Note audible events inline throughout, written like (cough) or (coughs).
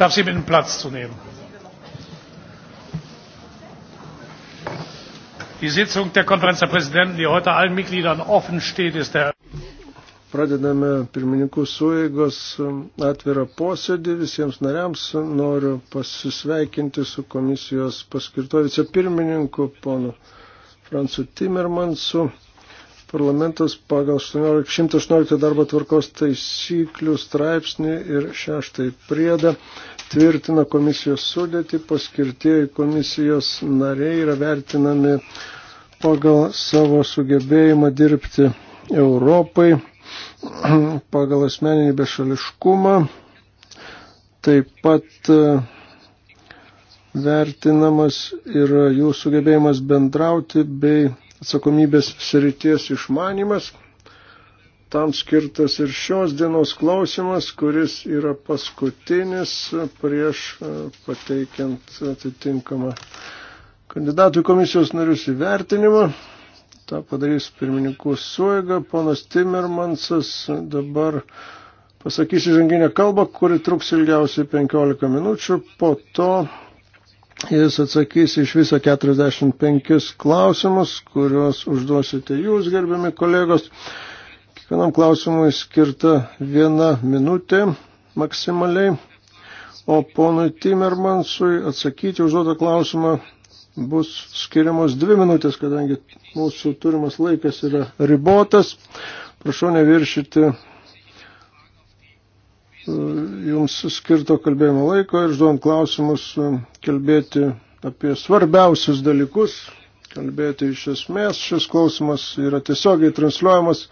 darf sie bitten platz zu nehmen. die sitzung der konferenz der präsidenten die heute allen mitgliedern offen steht ist der Pradedame pirmininkų sueigos um, atvirą posėdį visiems nariams. Noriu pasisveikinti su komisijos paskirto vicepirmininku, ponu Francu Timermansu. Parlamentas pagal 118 darbo tvarkos taisyklių straipsnį ir šeštai priedą tvirtina komisijos sudėtį, paskirtieji komisijos nariai yra vertinami pagal savo sugebėjimą dirbti Europai, (clears throat) pagal asmeninį bešališkumą, taip pat e, vertinamas yra jų sugebėjimas bendrauti bei atsakomybės srities išmanimas. Tam skirtas ir šios dienos klausimas, kuris yra paskutinis prieš e, pateikiant atitinkamą kandidatų komisijos narius įvertinimą. Ta padarys pirmininkų suėga, ponas Timermansas dabar pasakys įžanginę kalbą, kuri truks ilgiausiai 15 minučių, po to Jis atsakys iš viso 45 klausimus, kuriuos užduosite jūs, gerbiami kolegos. Kiekvienam klausimui skirta viena minutė maksimaliai, o ponui Timermansui atsakyti užduotą klausimą bus skiriamos dvi minutės, kadangi mūsų turimas laikas yra ribotas. Prašau neviršyti jums skirto kalbėjimo laiko ir duom klausimus e, kalbėti apie svarbiausius dalykus, kalbėti iš esmės. Šis klausimas yra tiesiogiai transliuojamas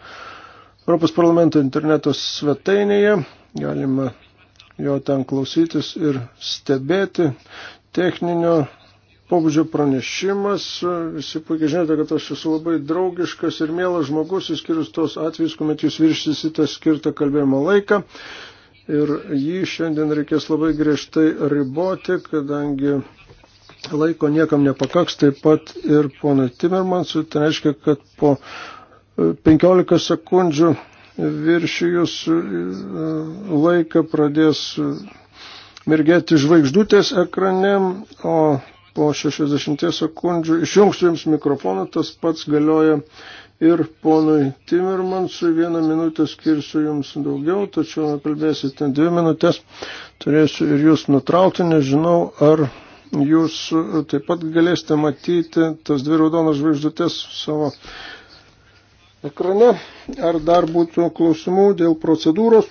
Europos parlamento interneto svetainėje. Galima jo ten klausytis ir stebėti. Techninio pobūdžio pranešimas. Visi puikiai žinote, kad aš esu labai draugiškas ir mielas žmogus, išskyrus tos atvejus, kuomet jūs viršysite skirtą kalbėjimo laiką ir jį šiandien reikės labai griežtai riboti, kadangi laiko niekam nepakaks, taip pat ir ponui Timermansui, tai reiškia, kad po 15 e, sekundžių viršijus e, laiką pradės e, mirgėti žvaigždutės ekrane, o po 60 sekundžių išjungsiu jums mikrofoną, tas pats galioja ir ponui Timirmansui vieną minutę skirsiu jums daugiau, tačiau kalbėsite dvi minutės, turėsiu ir jūs nutraukti, nežinau, ar jūs taip pat galėsite matyti tas dvi raudonas žvaigždutės savo ekrane. Ar dar būtų klausimų dėl procedūros?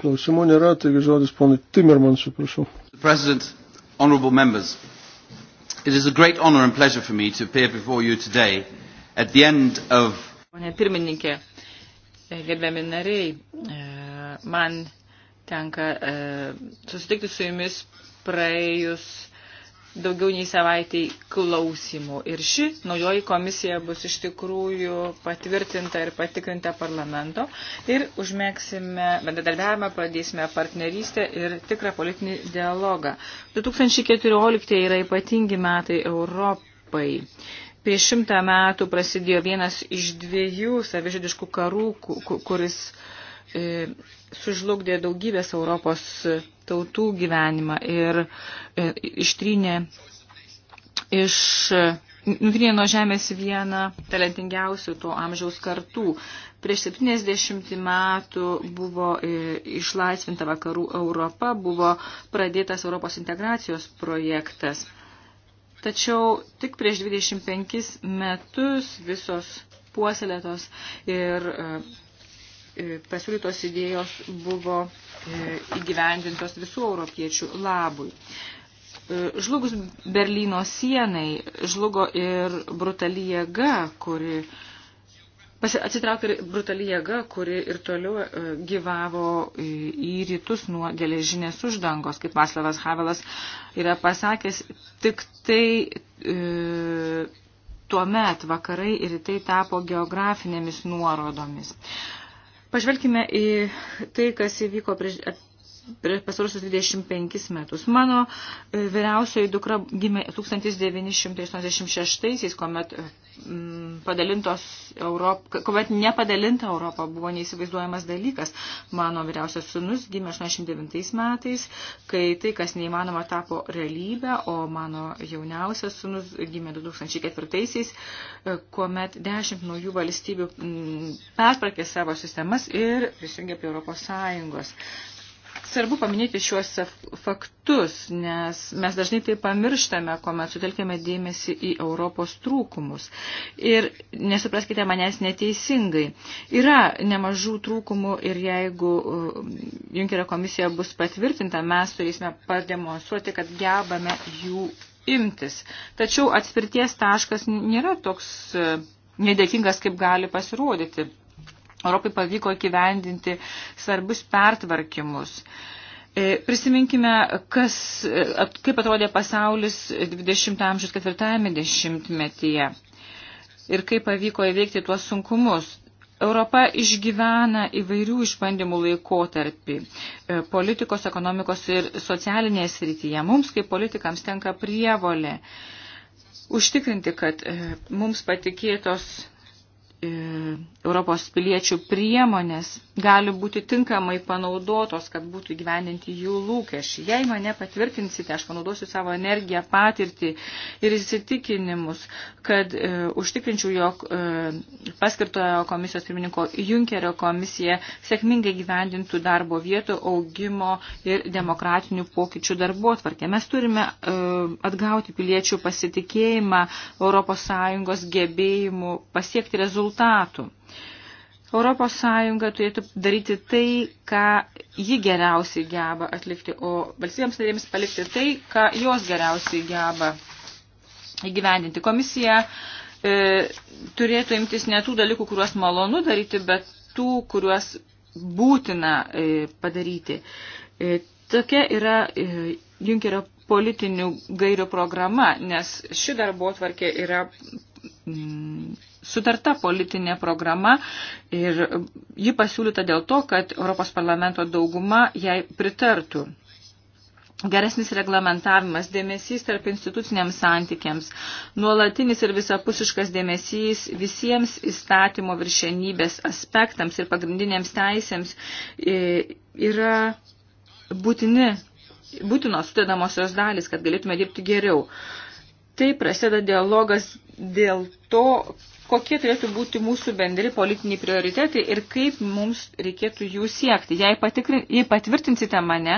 Klausimų nėra, taigi žodis ponui Timirmansui, prašau. President, honorable members, it is a great honor and pleasure for me to appear before you today at the end of... Pone pirmininkė, e, gerbiami nariai, e, man tenka e, susitikti su jumis praėjus daugiau nei savaitėj klausimų. Ir ši naujoji komisija bus iš tikrųjų patvirtinta ir patikrinta parlamento. Ir užmėgsime bendradarbiavimą, pradėsime partnerystę ir tikrą politinį dialogą. 2014 yra ypatingi metai Europai. Prieš šimtą metų prasidėjo vienas iš dviejų savižudiškų karų, kuris e, sužlugdė daugybės Europos tautų gyvenimą ir e, ištrynė iš nutrynė nuo žemės vieną talentingiausių to amžiaus kartų. Prieš 70 metų buvo e, išlaisvinta vakarų Europa, buvo pradėtas Europos integracijos projektas. Tačiau tik prieš 25 metus visos puoselėtos ir e, e, pasiūlytos idėjos buvo e, įgyvendintos visų europiečių labui. Žlugus Berlyno sienai žlugo ir brutali jėga, kuri Atsitraukė ir brutali jėga, kuri ir toliau e, gyvavo e, į rytus nuo geležinės uždangos, kaip Vaslavas Havelas yra pasakęs, tik tai e, tuo met vakarai ir tai tapo geografinėmis nuorodomis. Pažvelkime į tai, kas įvyko prieš pasarusius 25 metus. Mano e, vyriausioji dukra gimė 1986-aisiais, kuomet, e, Europa, kuomet nepadalinta Europa buvo neįsivaizduojamas dalykas. Mano vyriausias sunus gimė 89 metais, kai tai, kas neįmanoma, tapo realybė, o mano jauniausias sunus gimė 2004-aisiais, e, kuomet dešimt naujų valstybių pertvarkė savo sistemas ir prisijungė prie Europos Sąjungos. Svarbu paminėti šiuos faktus, nes mes dažnai tai pamirštame, kuomet sutelkėme dėmesį į Europos trūkumus. Ir nesupraskite manęs neteisingai. Yra nemažų trūkumų ir jeigu uh, Junkerio komisija bus patvirtinta, mes turėsime pademonstruoti, kad gebame jų imtis. Tačiau atspirties taškas nėra toks uh, nedėkingas, kaip gali pasirodyti. Europai pavyko įgyvendinti svarbus pertvarkimus. E, prisiminkime, kas, e, kaip atrodė pasaulis 20-ojo amžiaus ketvirtajame dešimtmetyje ir kaip pavyko įveikti tuos sunkumus. Europa išgyvena įvairių išbandymų laikotarpį e, politikos, ekonomikos ir socialinėje srityje. Mums kaip politikams tenka prievolė užtikrinti, kad mums patikėtos E, Europos piliečių priemonės gali būti tinkamai panaudotos, kad būtų gyveninti jų lūkesčiai. Jei mane patvirtinsite, aš panaudosiu savo energiją, patirtį ir įsitikinimus, kad e, užtikrinčiau, jog e, paskirtojo komisijos pirmininko Junkerio komisija sėkmingai gyvendintų darbo vietų augimo ir demokratinių pokyčių darbo atvarkę. Mes turime e, atgauti piliečių pasitikėjimą ES gebėjimu pasiekti rezultatų rezultatų. Europos Sąjunga turėtų daryti tai, ką ji geriausiai geba atlikti, o valstybėms narėms palikti tai, ką jos geriausiai geba įgyvendinti. Komisija e, turėtų imtis ne tų dalykų, kuriuos malonu daryti, bet tų, kuriuos būtina e, padaryti. E, tokia yra e, Junkerio politinių gairių programa, nes ši darbo tvarkė yra. Mm, sutarta politinė programa ir ji pasiūlyta dėl to, kad Europos parlamento dauguma jai pritartų. Geresnis reglamentavimas, dėmesys tarp instituciniams santykiams, nuolatinis ir visapusiškas dėmesys visiems įstatymo viršenybės aspektams ir pagrindinėms teisėms e, yra būtini, būtinos sudedamosios dalis, kad galėtume dirbti geriau. Tai prasideda dialogas dėl to, kokie turėtų būti mūsų bendri politiniai prioritetai ir kaip mums reikėtų jų siekti. Jei, patikrin, jei patvirtinsite mane,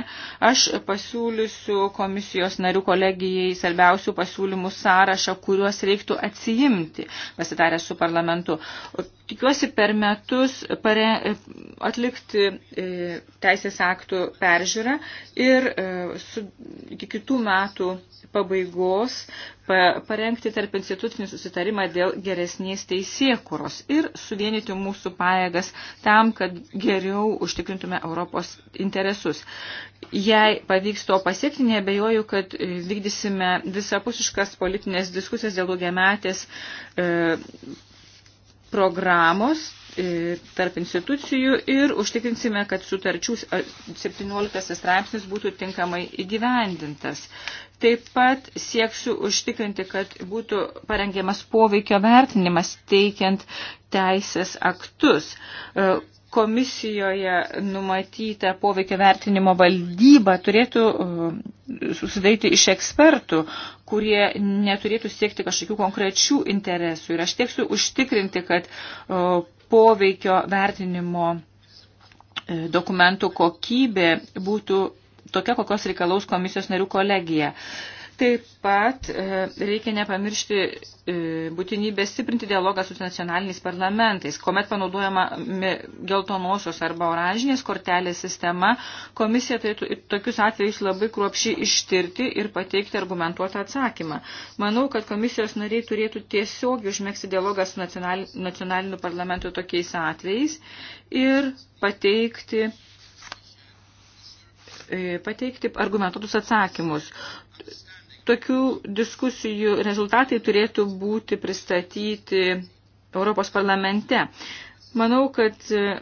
aš pasiūlysiu komisijos narių kolegijai svarbiausių pasiūlymų sąrašą, kuriuos reiktų atsijimti, pasitarę su parlamentu tikiuosi per metus pare, atlikti e, teisės aktų peržiūrą ir e, su, iki kitų metų pabaigos pa, parengti tarp institucinį susitarimą dėl geresnės teisėkuros ir suvienyti mūsų pajėgas tam, kad geriau užtikrintume Europos interesus. Jei pavyks to pasiekti, nebejoju, kad e, vykdysime visapusiškas politinės diskusijas dėl daugiametės e, programos e, tarp institucijų ir užtikrinsime, kad sutarčių 17 e, straipsnis būtų tinkamai įgyvendintas. Taip pat sieksiu užtikrinti, kad būtų parengiamas poveikio vertinimas teikiant teisės aktus, e, komisijoje numatyta poveikio vertinimo valdyba turėtų e, susidaryti iš ekspertų, kurie neturėtų siekti kažkokių konkrečių interesų. Ir aš tieksiu užtikrinti, kad e, poveikio vertinimo e, dokumentų kokybė būtų tokia, kokios reikalaus komisijos narių kolegija. Taip pat e, reikia nepamiršti e, būtinybės stiprinti dialogą su nacionaliniais parlamentais. Komet panaudojama geltonosios arba oranžinės kortelės sistema, komisija turėtų tokius atvejus labai kruopšiai ištirti ir pateikti argumentuotą atsakymą. Manau, kad komisijos nariai turėtų tiesiog užmėgsti dialogą su nacionaliniu parlamentu tokiais atvejais ir pateikti e, pateikti argumentuotus atsakymus. Tokių diskusijų rezultatai turėtų būti pristatyti Europos parlamente. Manau, kad, e,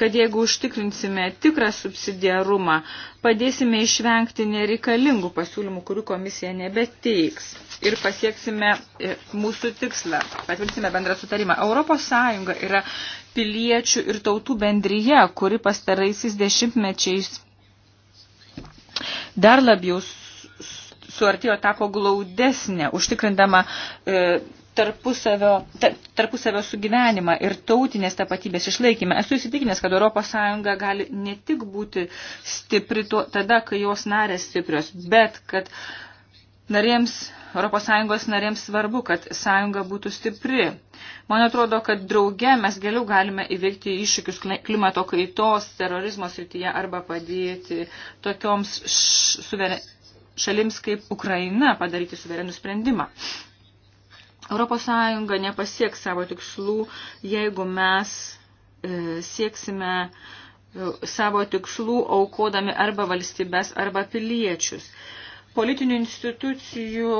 kad jeigu užtikrinsime tikrą subsidiarumą, padėsime išvengti nereikalingų pasiūlymų, kurių komisija nebeteiks ir pasieksime e, mūsų tikslą, patvirtinsime bendrą sutarimą. Europos Sąjunga yra piliečių ir tautų bendryje, kuri pastaraisiais dešimtmečiais dar labiau suartėjo tapo glaudesnė, užtikrindama e, tarpusavio, ta, tarpusavio sugyvenimą ir tautinės tapatybės išlaikymą. Esu įsitikinęs, kad ES gali ne tik būti stipri tuo, tada, kai jos narės stiprios, bet kad e, narėms, ES narėms svarbu, kad sąjunga būtų stipri. Man atrodo, kad drauge mes geriau galime įveikti iššūkius klimato kaitos, terorizmo srityje arba padėti tokioms suveren... šalims kaip Ukraina padaryti suverenų sprendimą. ES nepasieks savo tikslų, jeigu mes e, sieksime e, savo tikslų aukodami arba valstybės, arba piliečius. E, politinių institucijų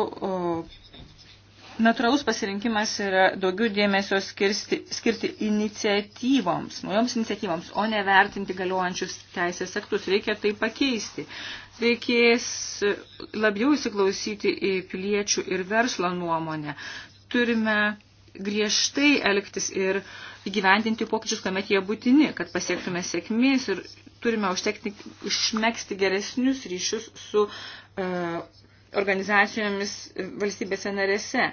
natūralus pasirinkimas yra daugiau dėmesio skirsti, skirti iniciatyvoms, naujoms iniciatyvoms, o ne vertinti galiojančius teisės aktus. Reikia tai pakeisti. Reikės labiau įsiklausyti į piliečių ir verslo nuomonę. Turime griežtai elgtis ir įgyvendinti pokyčius, kuomet jie būtini, kad pasiektume sėkmės ir turime užtekti, išmėgsti geresnius ryšius su E, organizacijomis valstybėse narėse.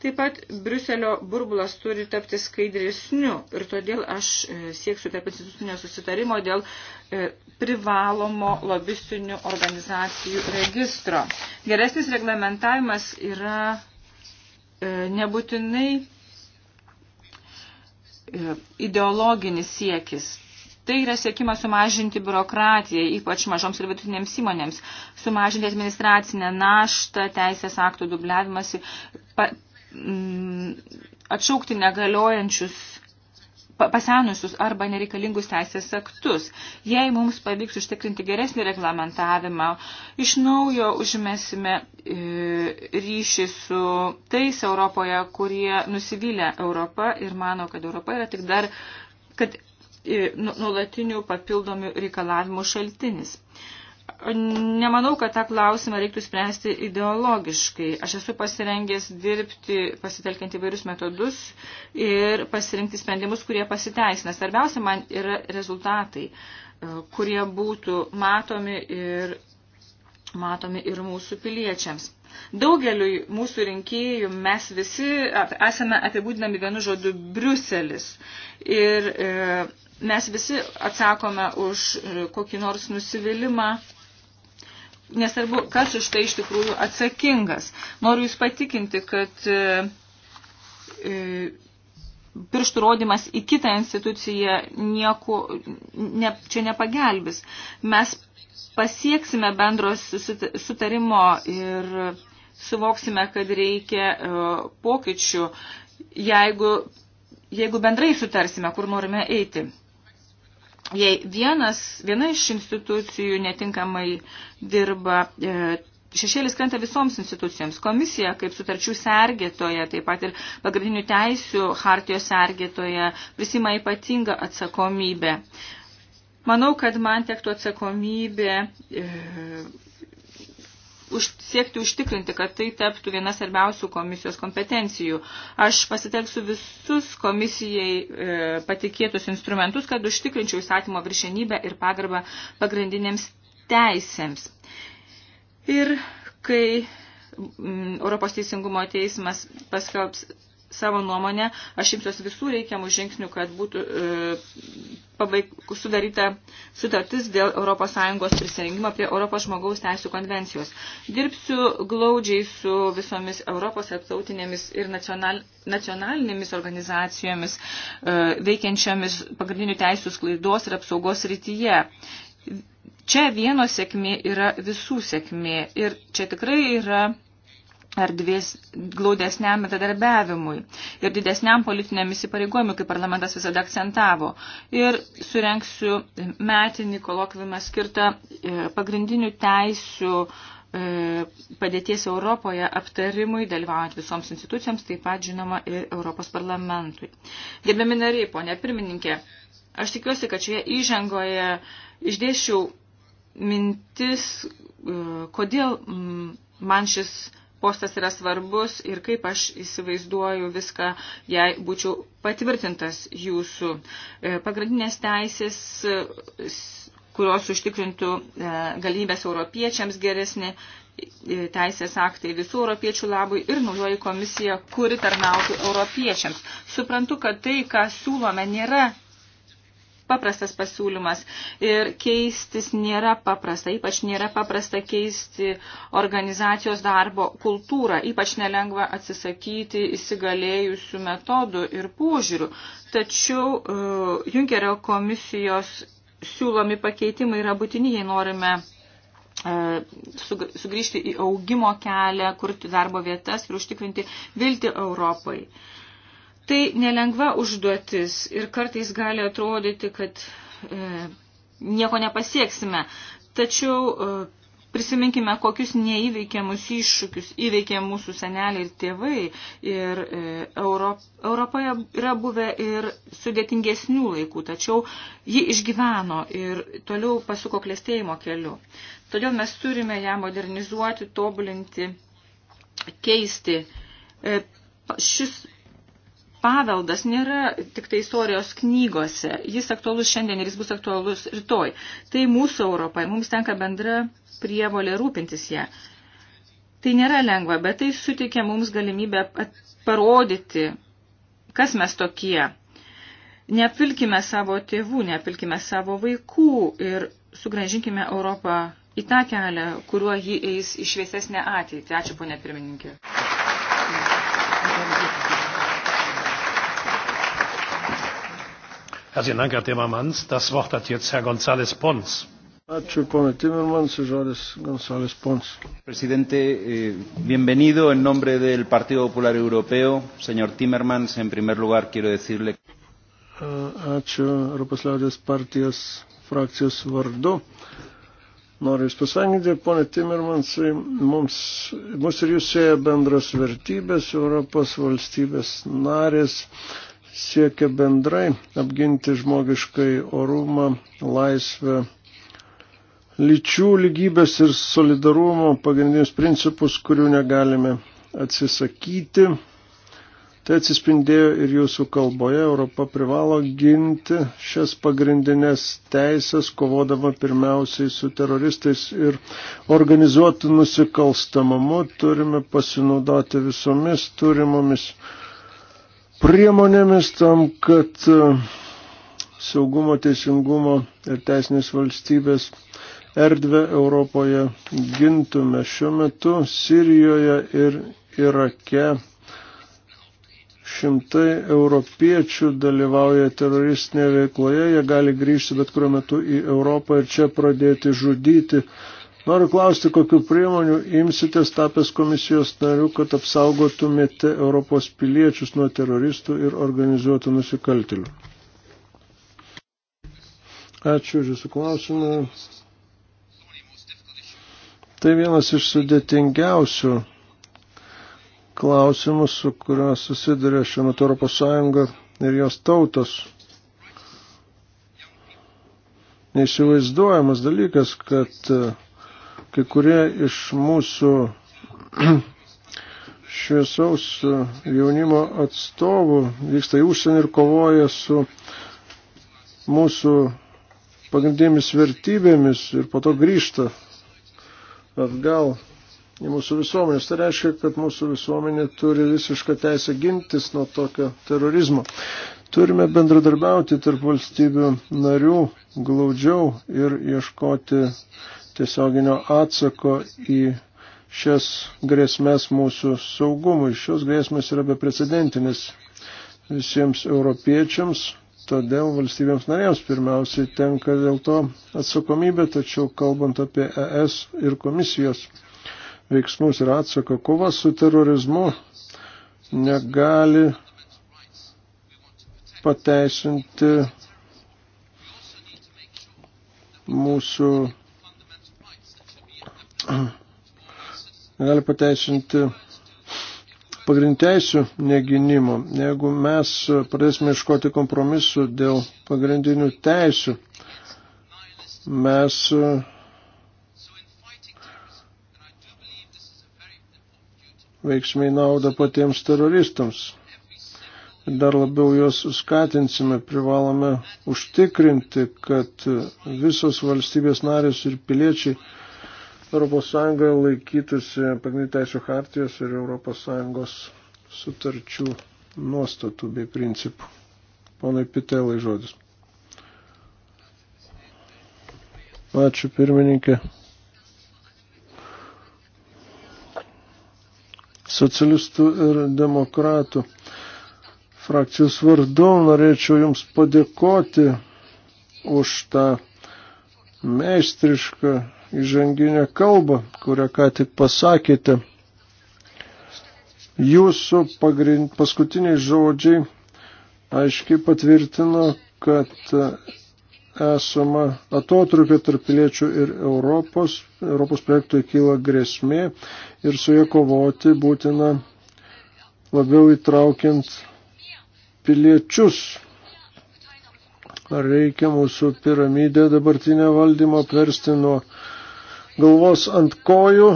Taip pat Briuselio burbulas turi tapti skaidresniu ir todėl aš e, sieksiu tarp institucinio susitarimo dėl e, privalomo lobistinių organizacijų registro. Geresnis reglamentavimas yra nebūtinai ideologinis siekis. Tai yra siekimas sumažinti biurokratiją, ypač mažoms ir vidutinėms įmonėms, sumažinti administracinę naštą, teisės aktų dubliavimąsi, pa, mm, atšaukti negaliojančius pasenusius arba nereikalingus teisės aktus. Jei mums pavyks užtikrinti geresnį reglamentavimą, iš naujo užmėsime e, ryšį su tais Europoje, kurie nusivylę Europą ir mano, kad Europa yra tik dar kad Nu, nuolatinių papildomių reikalavimų šaltinis. Nemanau, kad tą klausimą reiktų spręsti ideologiškai. Aš esu pasirengęs dirbti, pasitelkiant įvairius metodus ir pasirinkti sprendimus, kurie pasiteisina. Svarbiausia man yra rezultatai, e, kurie būtų matomi ir matomi ir mūsų piliečiams. Daugeliui mūsų rinkėjų mes visi esame apibūdinami vienu žodžiu Briuselis. Ir e, mes visi atsakome už e, kokį nors nusivylimą, nesvarbu, kas už tai iš tikrųjų atsakingas. Noriu Jūs patikinti, kad e, e, pirštų rodymas į kitą instituciją nieko, ne, čia nepagelbis. Mes pasieksime bendro sutarimo ir suvoksime, kad reikia pokyčių, jeigu, jeigu bendrai sutarsime, kur norime eiti jei vienas, viena iš institucijų netinkamai dirba, e, šešėlis krenta visoms institucijoms. Komisija, kaip sutarčių sergėtoja, taip pat ir pagrindinių teisių hartijos sergėtoja, prisima ypatingą atsakomybę. Manau, kad man tektų atsakomybė. E, už, siekti užtikrinti, kad tai taptų viena svarbiausių komisijos kompetencijų. Aš pasitelksiu visus komisijai e, patikėtus instrumentus, kad užtikrinčiau įstatymo viršenybę ir pagarbą pagrindinėms teisėms. Ir kai Europos teisingumo teismas paskelbs savo nuomonę, aš imsiuos visų reikiamų žingsnių, kad būtų e, pabaig, sudaryta sutartis dėl ES prisijungimo prie Europos žmogaus teisų konvencijos. Dirbsiu glaudžiai su visomis Europos atautinėmis ir nacional, nacionalinėmis organizacijomis e, veikiančiomis pagrindinių teisų sklaidos ir apsaugos rytyje. Čia vieno sėkmė yra visų sėkmė ir čia tikrai yra erdvės glaudesniam bendradarbiavimui ir didesniam politiniam įsipareigojimui, kaip parlamentas visada akcentavo. Ir surenksiu metinį kolokvimą skirtą e, pagrindinių teisių e, padėties Europoje aptarimui, dalyvaujant visoms institucijoms, taip pat žinoma ir Europos parlamentui. Gerbiami nariai, ponė pirmininkė, aš tikiuosi, kad šioje įžengoje išdėšiau mintis, e, kodėl man šis postas yra svarbus ir kaip aš įsivaizduoju viską, jei būčiau patvirtintas jūsų e, pagrindinės teisės e, kurios užtikrintų e, galimybės europiečiams geresnį teisės aktai visų europiečių labui ir naujoji komisija, kuri tarnautų europiečiams. Suprantu, kad tai, ką siūlome, nėra paprastas pasiūlymas ir keistis nėra paprasta, ypač nėra paprasta keisti organizacijos darbo kultūrą, ypač nelengva atsisakyti įsigalėjusių metodų ir požiūrių. Tačiau uh, Junkerio komisijos siūlomi pakeitimai yra būtini, jei norime e, sugrįžti į augimo kelią, kurti darbo vietas ir užtikrinti viltį Europai. Tai nelengva užduotis ir kartais gali atrodyti, kad e, nieko nepasieksime. Tačiau e, prisiminkime, kokius neįveikiamus iššūkius įveikė mūsų seneliai ir tėvai. Ir e, Europ, Europoje yra buvę ir sudėtingesnių laikų, tačiau ji išgyveno ir toliau pasuko klėstėjimo keliu. Todėl mes turime ją modernizuoti, tobulinti, keisti. E, šis paveldas nėra tik tai istorijos knygose. Jis aktualus šiandien ir jis bus aktualus rytoj. Tai mūsų Europai, mums tenka bendra prievolė rūpintis ją. Tai nėra lengva, bet tai suteikia mums galimybę parodyti, kas mes tokie. Neapvilkime savo tėvų, neapvilkime savo vaikų ir sugražinkime Europą į tą kelią, kuriuo ji eis į šviesesnę ateitį. Ačiū, ponė pirmininkė. Thank you. Herzlichen Dank, Herr Timmermans. Das Wort hat jetzt Herr González Pons. Ačiū, ponai Timmermans, žodis González Pons. Presidente, eh, bienvenido en nombre del Partido Popular Europeo. Señor Timmermans, en primer lugar quiero decirle. Eh, ačiū, Europos liaudės partijos frakcijos vardu. Noriu Jūs pasveikinti, ponė Timmermansai, mums, mus ir Jūs sieja bendros vertybės, Europos valstybės narės siekia bendrai apginti žmogiškai orumą, laisvę, lyčių lygybės ir solidarumo pagrindinius principus, kurių negalime atsisakyti. Tai atsispindėjo ir jūsų kalboje. Europa privalo ginti šias pagrindinės teisės, kovodama pirmiausiai su teroristais ir organizuotų nusikalstamamu. Turime pasinaudoti visomis turimomis priemonėmis tam, kad e, saugumo, teisingumo ir teisinės valstybės erdvę Europoje gintume. Šiuo metu Sirijoje ir Irake šimtai europiečių dalyvauja teroristinėje veikloje, jie gali grįžti bet kuriuo metu į Europą ir čia pradėti žudyti Noriu klausti, kokiu priemonių imsitės tapęs komisijos nariu, kad apsaugotumėte Europos piliečius nuo teroristų ir organizuotų nusikaltelių. Ačiū už Jūsų klausimą. Tai vienas iš sudėtingiausių klausimų, su kuriuo susiduria šiuo metu Europos Sąjunga ir jos tautos. Neįsivaizduojamas dalykas, kad Kai kurie iš mūsų (clears throat) šviesaus jaunimo atstovų vyksta į užsienį ir kovoja su mūsų pagrindėmis vertybėmis ir po to grįžta atgal į mūsų visuomenės. Tai reiškia, kad mūsų visuomenė turi visišką teisę gintis nuo tokio terorizmo. Turime bendradarbiauti tarp valstybių narių glaudžiau ir ieškoti tiesioginio atsako į šias grėsmės mūsų saugumui. Šios grėsmės yra beprecedentinis visiems europiečiams, todėl valstybėms narėms pirmiausiai tenka dėl to atsakomybė, tačiau kalbant apie ES ir komisijos veiksmus ir atsaką, kova su terorizmu negali pateisinti mūsų negali pateisinti pagrindteisių neginimo. Jeigu mes pradėsime iškoti kompromisu dėl pagrindinių teisių, mes uh, veiksmiai naudą patiems teroristams. Dar labiau juos skatinsime, privalome užtikrinti, kad visos valstybės narės ir piliečiai ES laikytųsi pagrindinių teisų hartijos ir ES sutarčių nuostatų bei principų. Ponai Pitelai žodis. Ačiū pirmininkė. Socialistų ir demokratų frakcijos vardu norėčiau Jums padėkoti už tą meistrišką įžanginę kalbą, kurią ką tik pasakėte. Jūsų pagrind, paskutiniai žodžiai aiškiai patvirtino, kad esama atotrukio tarp piliečių ir Europos. Europos projektui kyla grėsmė ir su jie kovoti būtina labiau įtraukiant piliečius. Ar reikia mūsų piramidę dabartinę valdymą apversti nuo galvos ant kojų,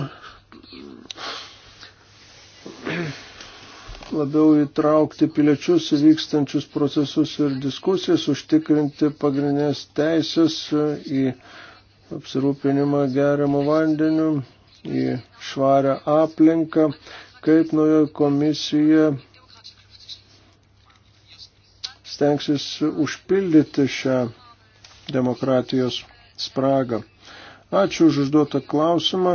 labiau įtraukti piliečius į vykstančius procesus ir diskusijas, užtikrinti pagrindinės teisės į apsirūpinimą geriamų vandenių, į švarę aplinką, kaip naujoji komisija stengsis užpildyti šią demokratijos spragą. Ačiū už užduotą klausimą.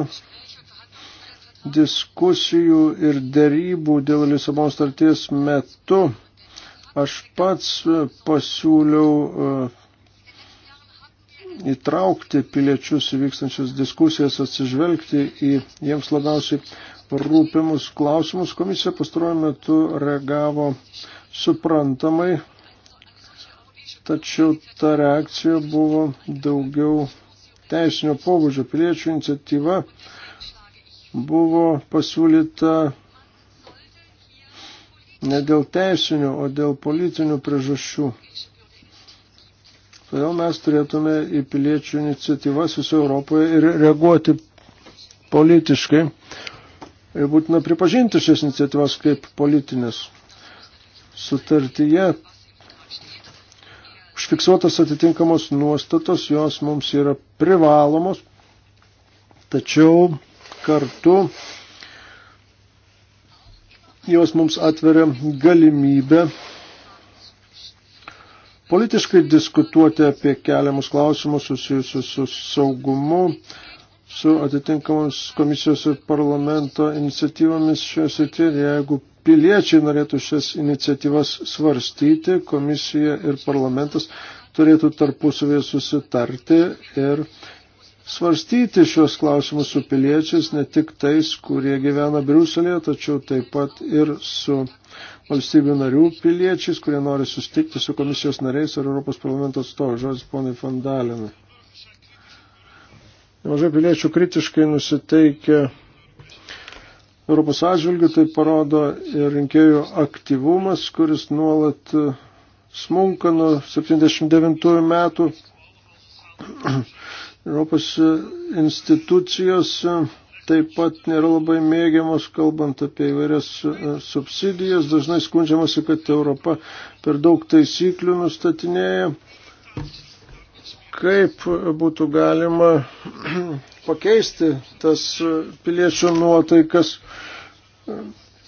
Diskusijų ir dėrybų dėl Lisabono starties metu aš pats pasiūliau e, įtraukti piliečius įvykstančias diskusijas, atsižvelgti į jiems labiausiai rūpimus klausimus. Komisija pastaruoju metu reagavo suprantamai, tačiau ta reakcija buvo daugiau teisinio pobūdžio piliečių iniciatyva buvo pasiūlyta ne dėl teisinių, o dėl politinių priežasčių. Todėl mes turėtume į piliečių iniciatyvas visoje Europoje ir reaguoti politiškai. Ir būtina pripažinti šias iniciatyvas kaip politinės. Sutartyje užfiksuotos atitinkamos nuostatos, jos mums yra privalomos, tačiau kartu jos mums atveria galimybę politiškai diskutuoti apie keliamus klausimus susijusius su saugumu, su atitinkamos komisijos ir parlamento iniciatyvomis šioje srityje. Jeigu piliečiai norėtų šias iniciatyvas svarstyti, komisija ir parlamentas turėtų tarpusavėje susitarti ir svarstyti šios klausimus su piliečiais, ne tik tais, kurie gyvena Briuselėje, tačiau taip pat ir su valstybių narių piliečiais, kurie nori sustikti su komisijos nariais ar Europos parlamento atstovais. Žodis ponai Fandalinai. Nemažai piliečių kritiškai nusiteikia Europos atžvilgių, tai parodo ir rinkėjų aktyvumas, kuris nuolat e, smunka nuo 79 metų. (clears throat) Europos e, institucijos e, taip pat nėra labai mėgiamos, kalbant apie įvairias subsidijas. Dažnai skundžiamasi, kad Europa per daug taisyklių nustatinėja kaip būtų galima (clears throat) pakeisti tas piliečių nuotaikas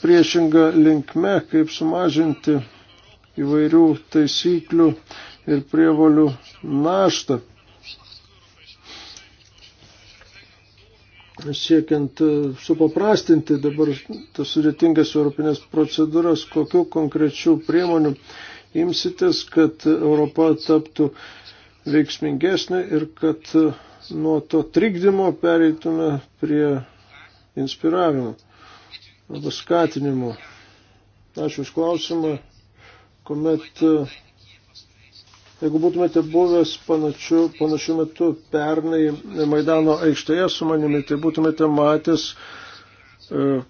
priešingą linkme, kaip sumažinti įvairių taisyklių ir prievolių naštą. Siekiant supaprastinti dabar tas sudėtingas europinės procedūras, kokiu konkrečiu priemoniu imsitės, kad Europa taptų uh, veiksmingesnė ir kad e, nuo to trikdymo pereitume prie inspiravimo arba skatinimo. Ačiū už klausimą, kuomet, e, jeigu būtumėte buvęs panašiu, panašiu metu pernai Maidano aikštėje su manimi, tai būtumėte matęs, e,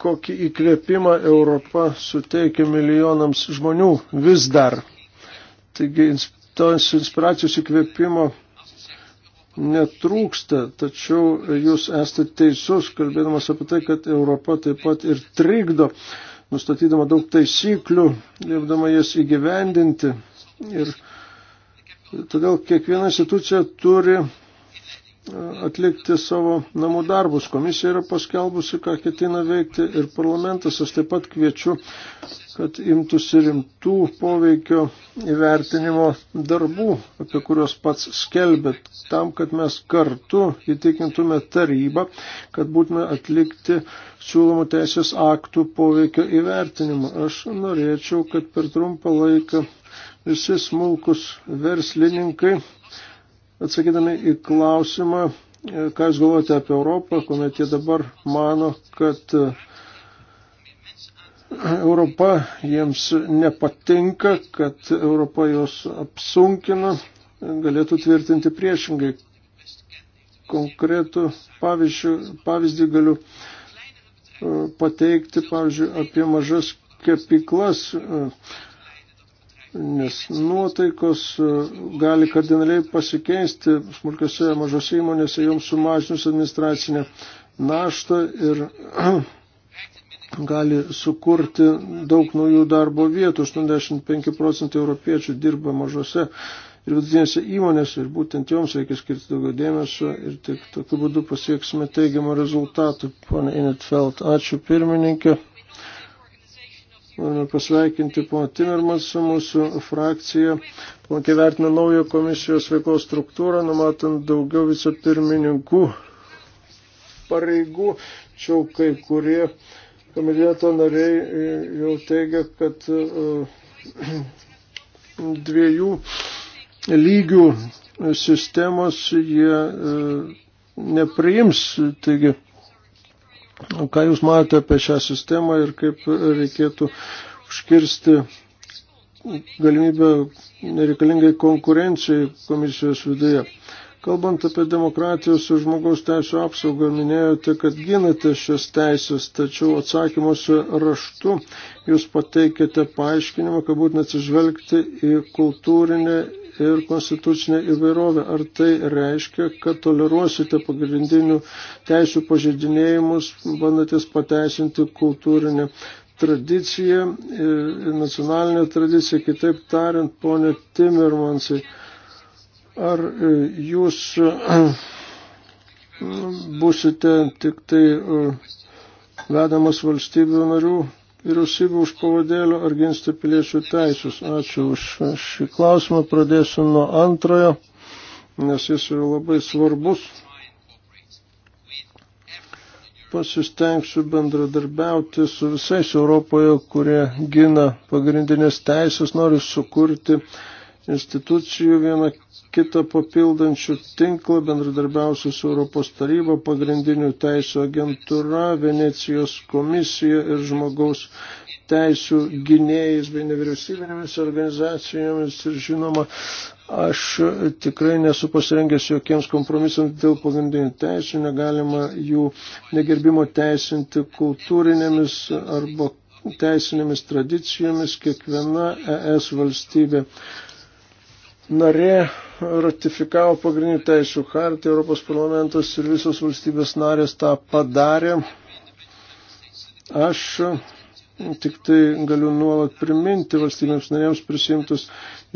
kokį įkvėpimą Europa suteikia milijonams žmonių vis dar. Taigi tos inspiracijos įkvėpimo netrūksta, tačiau jūs esate teisus, kalbėdamas apie tai, kad Europa taip pat ir trikdo, nustatydama daug taisyklių, liepdama jas įgyvendinti. Ir todėl kiekviena institucija turi atlikti savo namų darbus. Komisija yra paskelbusi, ką ketina veikti ir parlamentas. Aš taip pat kviečiu, kad imtųsi rimtų poveikio įvertinimo darbų, apie kuriuos pats skelbėt, tam, kad mes kartu įtikintume tarybą, kad būtume atlikti siūlomų teisės aktų poveikio įvertinimą. Aš norėčiau, kad per trumpą laiką visi smulkus verslininkai atsakydami į klausimą, e, ką jūs galvojate apie Europą, kuomet jie dabar mano, kad e, Europa jiems nepatinka, kad Europa jos apsunkina, galėtų tvirtinti priešingai. Konkretų pavyzdžių, pavyzdį galiu e, pateikti, pavyzdžiui, apie mažas kepiklas, nes nuotaikos e, gali kardinaliai pasikeisti smulkiose mažose įmonėse, joms sumažinus administracinę naštą ir (clears throat) gali sukurti daug naujų darbo vietų. 85 procentai europiečių dirba mažose ir vidutinėse įmonėse ir būtent joms reikia skirti daugiau dėmesio ir tik tokiu būdu pasieksime teigiamą rezultatą. Pane Inetfeld, ačiū pirmininkė. Noriu pasveikinti pono Timirmas su mūsų frakcija. Palankiai vertina naują komisijos veiklos struktūrą, numatant daugiau vicepirmininkų pareigų. Čia kai kurie komiteto nariai jau teigia, kad uh, (clears throat) dviejų lygių sistemos jie uh, nepriims. Taigi, Ką Jūs matote apie šią sistemą ir kaip reikėtų užkirsti galimybę nereikalingai konkurencijai komisijos viduje? Kalbant apie demokratijos ir žmogaus teisų apsaugą, minėjote, kad ginate šios teisės, tačiau atsakymuose raštu jūs pateikėte paaiškinimą, kad būtina atsižvelgti į kultūrinę ir konstitucinę įvairovę. Ar tai reiškia, kad toleruosite pagrindinių teisų pažeidinėjimus, bandatės pateisinti kultūrinę tradiciją, e, nacionalinę tradiciją, kitaip tariant, ponė Timmermansai, ar e, jūs e, būsite tik tai vedamas valstybių narių vyriausybių už pavadėlio ar ginsti piliečių teisus. Ačiū už šį klausimą. Pradėsiu nuo antrojo, nes jis yra labai svarbus. Pasistengsiu bendradarbiauti su visais Europoje, kurie gina pagrindinės teisės, noriu sukurti uh, institucijų vieną kitą papildančių tinklą, bendradarbiausių su Europos taryba, pagrindinių teisų agentūra, Venecijos komisija ir žmogaus teisų gynėjais bei nevyriausybinėmis organizacijomis. Ir žinoma, aš tikrai nesu pasirengęs jokiems kompromisams dėl pagrindinių teisų, negalima jų negerbimo teisinti kultūrinėmis arba teisinėmis tradicijomis kiekviena ES valstybė narė ratifikavo pagrindinių teisų hartį, Europos parlamentas ir visos valstybės narės tą padarė. Aš tik tai galiu nuolat priminti valstybėms narėms prisimtus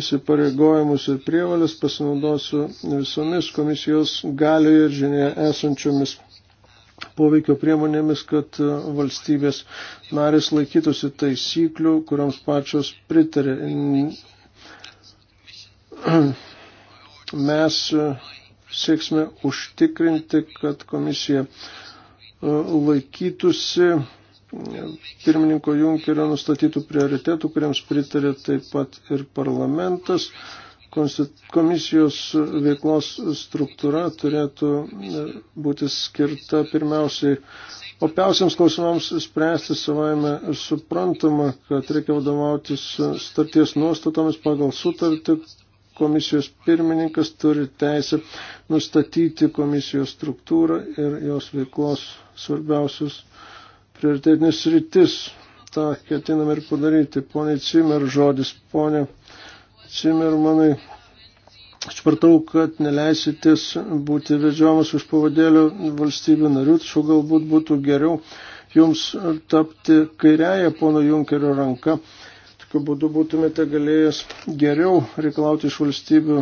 įsipareigojimus ir prievalės, pasinaudosiu visomis komisijos galioje ir žinėje esančiomis poveikio priemonėmis, kad valstybės narės laikytųsi taisyklių, kuriams pačios pritarė. (clears throat) mes e, sieksime užtikrinti, kad komisija e, laikytųsi e, pirmininko Junkerio nustatytų prioritetų, kuriems pritarė taip pat ir parlamentas. Komisijos veiklos struktūra turėtų būti skirta pirmiausiai opiausiams klausimams spręsti savaime suprantama, kad reikia vadovautis starties nuostatomis pagal sutartį, komisijos pirmininkas turi teisę nustatyti komisijos struktūrą ir jos veiklos svarbiausius prioritetinės rytis. Ta ketiname ir padaryti. Pone Cimer, žodis, ponė Cimer, manai, supratau, kad neleisitės būti vedžiomas už pavadėlio valstybių narių, tačiau galbūt būtų geriau jums tapti kairiaja pono Junkerio ranka Tokiu būdu būtumėte galėjęs geriau reikalauti iš valstybių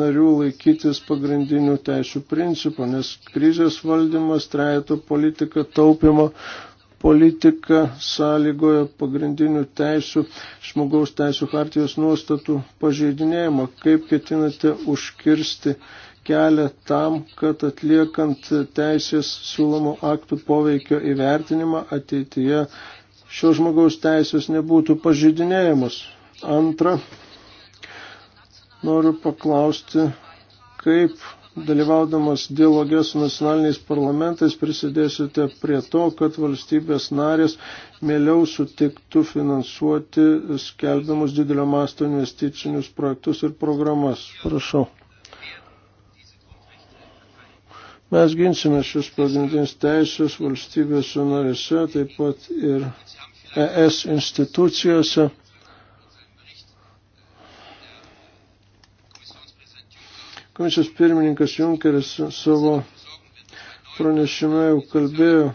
narių laikytis pagrindinių teisų principų, nes krizės valdymas, trejato politika, taupimo politika sąlygoja pagrindinių teisų, žmogaus teisų hartijos nuostatų pažeidinėjimą. Kaip ketinate užkirsti kelią tam, kad atliekant teisės siūlomų aktų poveikio įvertinimą ateityje šios žmogaus teisės nebūtų pažydinėjimus. Antra, noriu paklausti, kaip dalyvaudamas dialogė su nacionaliniais parlamentais prisidėsite prie to, kad valstybės narės mėliau sutiktų finansuoti skelbiamus didelio masto investicinius projektus ir programas. Prašau. Mes ginsime šius pagrindinius teisės valstybės narėse, taip pat ir ES institucijose. Komisijos pirmininkas Junkeris savo pranešime jau kalbėjo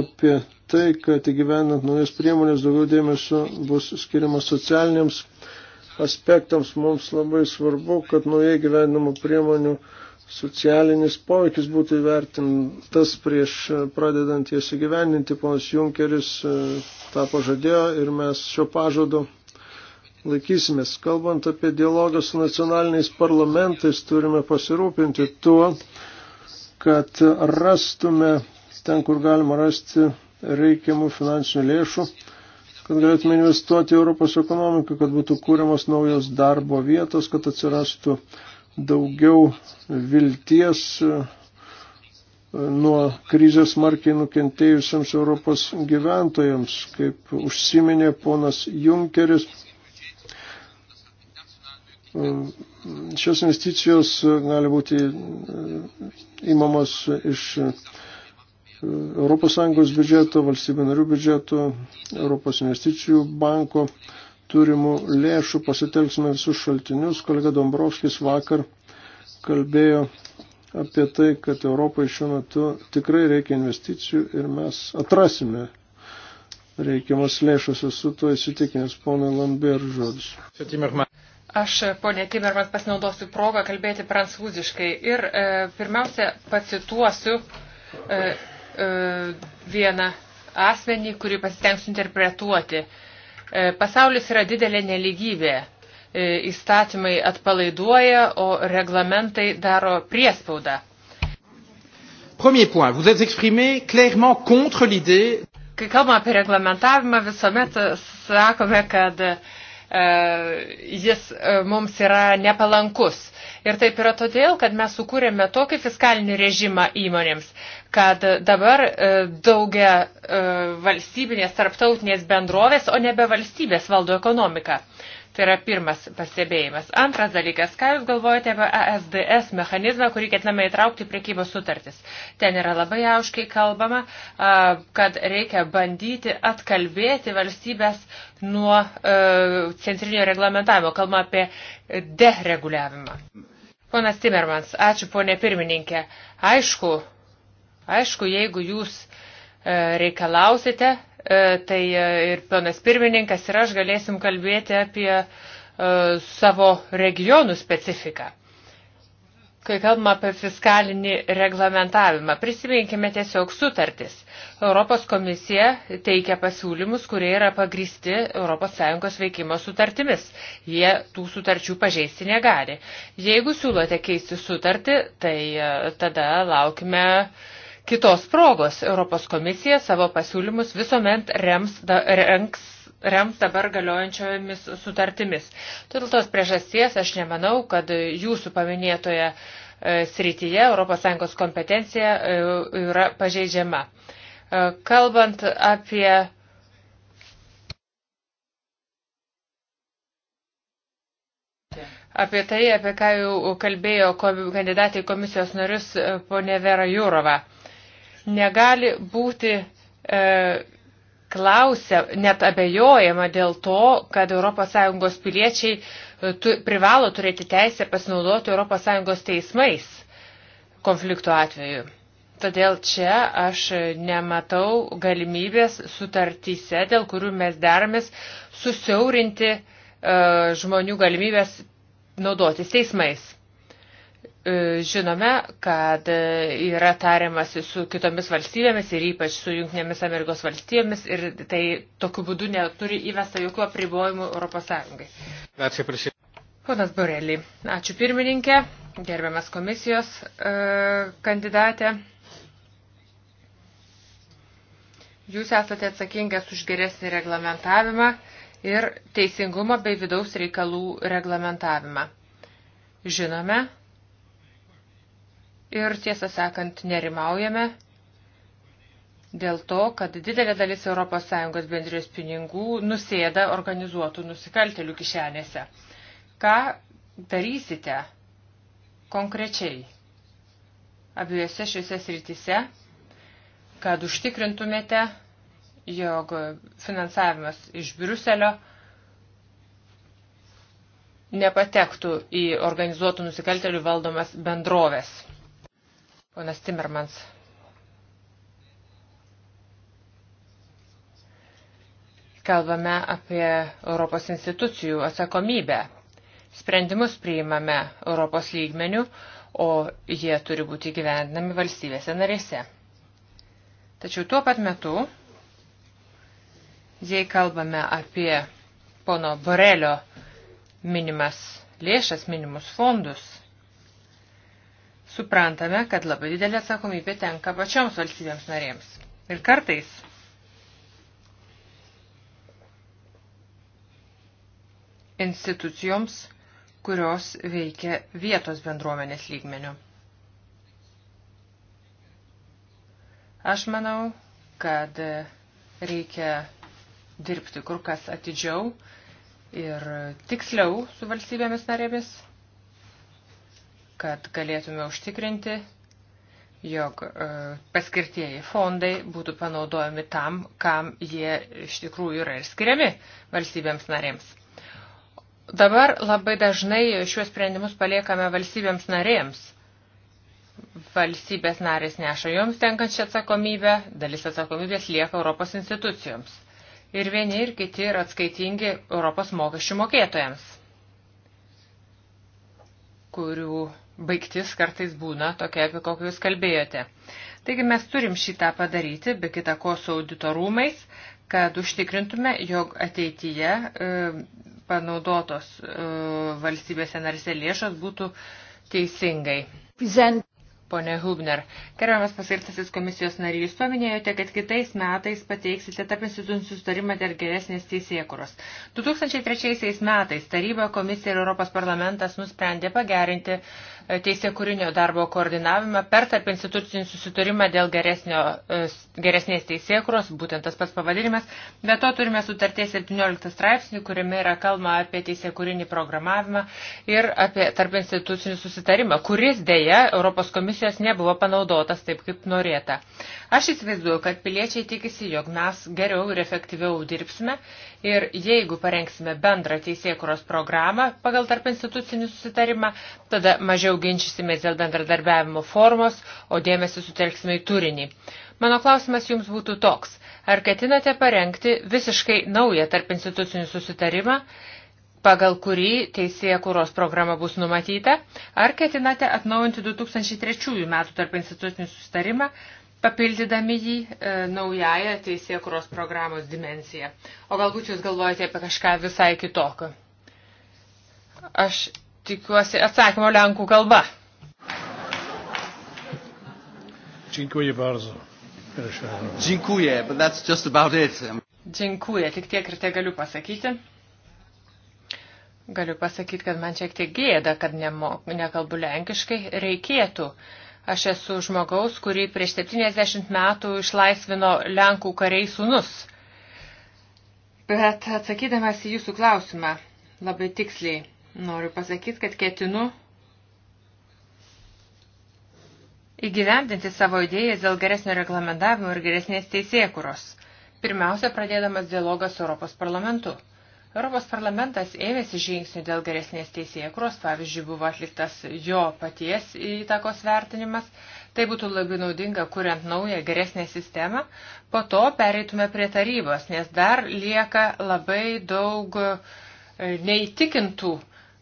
apie tai, kad įgyvenant naujas priemonės daugiau dėmesio bus skiriama socialiniams aspektams. Mums labai svarbu, kad naujai gyvenimo priemonių socialinis poveikis būtų įvertintas prieš pradedant jas įgyvendinti. Ponas Junkeris e, tą pažadėjo ir mes šio pažado laikysimės. Kalbant apie dialogą su nacionaliniais parlamentais, turime pasirūpinti tuo, kad rastume ten, kur galima rasti reikiamų finansinių lėšų, kad galėtume investuoti Europos ekonomiką, kad būtų kūriamos naujos darbo vietos, kad atsirastų uh, daugiau vilties e, nuo krizės markiai nukentėjusiems Europos gyventojams, kaip užsiminė ponas Junkeris. E, šios investicijos e, gali būti įmamos iš ES biudžeto, valstybių narių biudžeto, Europos investicijų banko turimų lėšų, pasitelksime visus šaltinius. Kolega Dombrovskis vakar kalbėjo apie tai, kad Europai šiuo metu tikrai reikia investicijų ir mes atrasime reikiamas lėšas. Esu tuo įsitikinęs, ponai Lambert žodis. Aš, ponė Timerman, pasinaudosiu progą kalbėti prancūziškai ir e, pirmiausia pacituosiu e, e, vieną asmenį, kurį pasitengsiu interpretuoti. E, E, pasaulis yra didelė neligybė. E, įstatymai atpalaiduoja, o reglamentai daro priespaudą. Premier point, vous êtes exprimé clairement contre l'idée. Kai kalbame apie reglamentavimą, visuomet sakome, kad e, jis e, mums yra nepalankus. Ir taip yra todėl, kad mes sukūrėme tokį fiskalinį režimą įmonėms, kad dabar e, daugia e, valstybinės tarptautinės bendrovės, o nebe valstybės valdo ekonomiką. Tai yra pirmas pastebėjimas. Antras dalykas, ką Jūs galvojate apie ASDS mechanizmą, kurį ketiname įtraukti priekybos sutartis. Ten yra labai aiškiai kalbama, kad reikia bandyti atkalbėti valstybės nuo e, centrinio reglamentavimo. Kalbama apie dereguliavimą. Ponas Timermans, ačiū ponė pirmininkė. Aišku, Aišku, jeigu jūs e, reikalausite, e, tai e, ir ponas pirmininkas ir aš galėsim kalbėti apie savo regionų specifiką. Kai kalbame apie fiskalinį reglamentavimą, prisiminkime tiesiog sutartis. Europos komisija teikia pasiūlymus, kurie yra pagristi ES veikimo sutartimis. Jie tų sutarčių pažeisti negali. Jeigu siūlote keisti sutartį, tai tada laukime uh, kitos progos. Europos komisija savo pasiūlymus visuomet rems, da, renks rems dabar galiojančiomis sutartimis. Todėl tos priežasties aš nemanau, kad jūsų paminėtoje e, srityje ES kompetencija e, yra pažeidžiama. E, kalbant apie apie tai, apie ką jau kalbėjo kandidatai komisijos narius ponė Vera Jūrova. Negali būti e, klausia, net abejojama dėl to, kad ES piliečiai e, tu, privalo turėti teisę pasinaudoti ES teismais konflikto atveju. Todėl čia aš nematau galimybės sutartyse, dėl kurių mes deramės, susiaurinti e, žmonių galimybės naudotis teismais. E, žinome, kad e, yra tariamasi su kitomis valstybėmis ir ypač su Junktinėmis Amerikos valstybėmis ir tai tokiu būdu neturi įvesta jokių apribojimų Europos Sąjungai. Ačiū, Ponas Borelį, ačiū pirmininkė, gerbiamas komisijos e, kandidatė. Jūs esate atsakingas už geresnį reglamentavimą ir teisingumo bei vidaus reikalų reglamentavimą. Žinome, ir tiesą sakant nerimaujame dėl to, kad didelė dalis ES bendrijos pinigų nusėda organizuotų nusikaltelių kišenėse. Ką darysite konkrečiai abiejose šiuose srityse, kad užtikrintumėte, jog finansavimas iš Briuselio nepatektų į organizuotų nusikaltelių valdomas bendrovės? Ponas Timmermans. Kalbame apie Europos institucijų atsakomybę. Sprendimus priimame Europos lygmenių, o jie turi būti gyvendinami valstybėse narėse. Tačiau tuo pat metu, jei kalbame apie pono Borelio minimas lėšas, minimus fondus, Suprantame, kad labai didelė atsakomybė tenka pačioms valstybėms narėms. Ir kartais institucijoms, kurios veikia vietos bendruomenės lygmeniu. Aš manau, kad reikia dirbti kur kas atidžiau ir tiksliau su valstybėmis narėmis kad galėtume užtikrinti, jog e, paskirtieji fondai būtų panaudojami tam, kam jie iš tikrųjų yra ir skiriami valstybėms narėms. Dabar labai dažnai šiuos sprendimus paliekame valstybėms narėms. Valstybės narės neša joms tenkančią atsakomybę, dalis atsakomybės lieka Europos institucijoms. Ir vieni ir kiti yra atskaitingi Europos mokesčių mokėtojams, kurių baigtis kartais būna tokia, apie kokią jūs kalbėjote. Taigi mes turim šitą padaryti, be kita ko su auditorumais, kad užtikrintume, jog ateityje e, panaudotos e, valstybėse narse lėšos būtų teisingai. Present. Pone Hubner, gerbiamas paskirtasis komisijos narys, paminėjote, kad kitais metais pateiksite tarp institucijų sustarimą dėl geresnės teisėkuros. 2003 metais taryba, komisija ir Europos parlamentas nusprendė pagerinti e, teisėkurinio darbo koordinavimą per tarp institucijų susitarimą dėl geresnio, e, geresnės teisėkuros, būtent tas pats pavadinimas. Be to turime sutarties 17 straipsnį, kuriame yra kalba apie teisėkurinį programavimą ir apie tarp institucijų susitarimą, kuris dėja Europos komisijos diskusijos nebuvo panaudotas taip, kaip norėta. Aš įsivaizduoju, kad piliečiai tikisi, jog mes geriau ir efektyviau dirbsime ir jeigu parengsime bendrą teisėkuros programą pagal tarp institucinį susitarimą, tada mažiau ginčysimės dėl bendradarbiavimo formos, o dėmesį sutelksime į turinį. Mano klausimas jums būtų toks. Ar ketinate parengti visiškai naują tarp institucinių susitarimą pagal kurį teisėje kūros programa bus numatyta, ar ketinate atnaujinti 2003 metų tarp institucinį sustarimą, papildydami jį e, naująją teisėje kūros programos dimensiją. O galbūt jūs galvojate apie kažką visai kitokio. Aš tikiuosi atsakymo lenkų kalba. Dziękuję bardzo. Dziękuję, but that's just about it. Dziękuję, tik tiek ir tai galiu pasakyti. Galiu pasakyti, kad man šiek tiek gėda, kad nemo, nekalbu lenkiškai. Reikėtų. Aš esu žmogaus, kurį prieš 70 metų išlaisvino Lenkų kariai sunus. Bet atsakydamas į jūsų klausimą labai tiksliai noriu pasakyti, kad ketinu įgyvendinti savo idėjas dėl geresnio reglamentavimo ir geresnės teisėkuros. Pirmiausia, pradėdamas dialogą su Europos parlamentu. Europos parlamentas ėmėsi žingsnių dėl geresnės teisėkros, pavyzdžiui, buvo atliktas jo paties įtakos vertinimas. Tai būtų labai naudinga, kuriant naują geresnę sistemą. Po to pereitume prie tarybos, nes dar lieka labai daug e, neįtikintų e,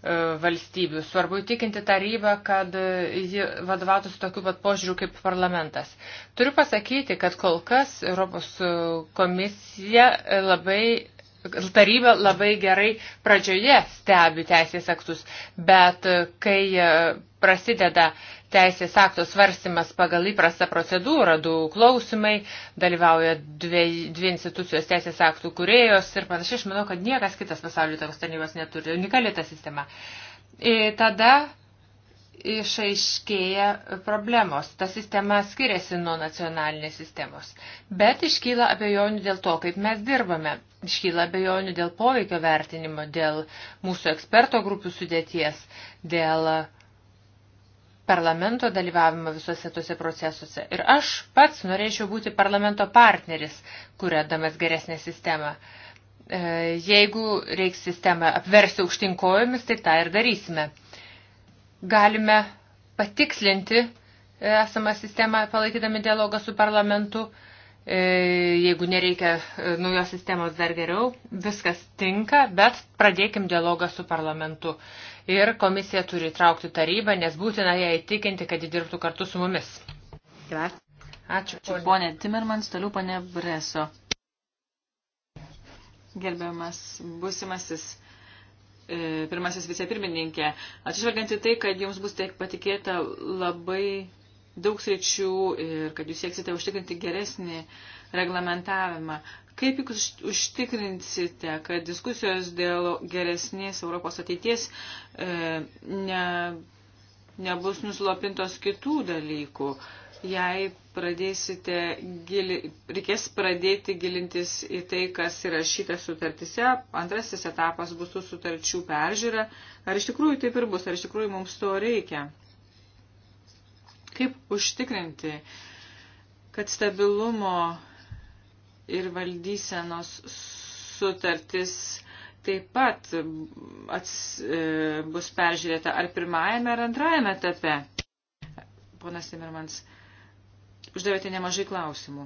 valstybių. Svarbu įtikinti tarybą, kad e, ji vadovautųsi tokiu pat požiūriu kaip parlamentas. Turiu pasakyti, kad kol kas Europos komisija labai taryba labai gerai pradžioje stebi teisės aktus, bet kai e, prasideda teisės akto svarstymas pagal įprastą procedūrą, du klausimai, dalyvauja dvi, dvi institucijos teisės aktų kuriejos ir panašiai, aš manau, kad niekas kitas pasaulio tokios tarnybos neturi, unikali ta sistema. Ir tada išaiškėja problemos. Ta sistema skiriasi nuo nacionalinės sistemos. Bet iškyla abejonių dėl to, kaip mes dirbame. Iškyla abejonių dėl poveikio vertinimo, dėl mūsų eksperto grupių sudėties, dėl parlamento dalyvavimo visuose tuose procesuose. Ir aš pats norėčiau būti parlamento partneris, kuriadamas geresnę sistemą. E, jeigu reiks sistemą apversi aukštinkojomis, tai tą ir darysime galime patikslinti e, esamą sistemą, palaikydami dialogą su parlamentu. E, jeigu nereikia e, naujos sistemos dar geriau, viskas tinka, bet pradėkim dialogą su parlamentu. Ir komisija turi traukti tarybą, nes būtina ją įtikinti, kad ji dirbtų kartu su mumis. Ačiū. Ačiū ponė Timermans, toliau ponė Breso. Gerbiamas būsimasis E, pirmasis vicepirmininkė. Atsižvelgiant į tai, kad jums bus tiek patikėta labai daug sričių ir kad jūs sieksite užtikrinti geresnį reglamentavimą, kaip jūs užtikrinsite, kad diskusijos dėl geresnės Europos ateities e, ne, nebus nuslopintos kitų dalykų, jei pradėsite, gili, reikės pradėti gilintis į tai, kas įrašyta sutartise. Antrasis etapas bus tų sutarčių peržiūra. Ar iš tikrųjų taip ir bus, ar iš tikrųjų mums to reikia? Kaip užtikrinti, kad stabilumo ir valdysenos sutartis taip pat ats, e, bus peržiūrėta ar pirmajame, ar antrajame etape? Ponas Timirmans. E, uždavėte nemažai klausimų.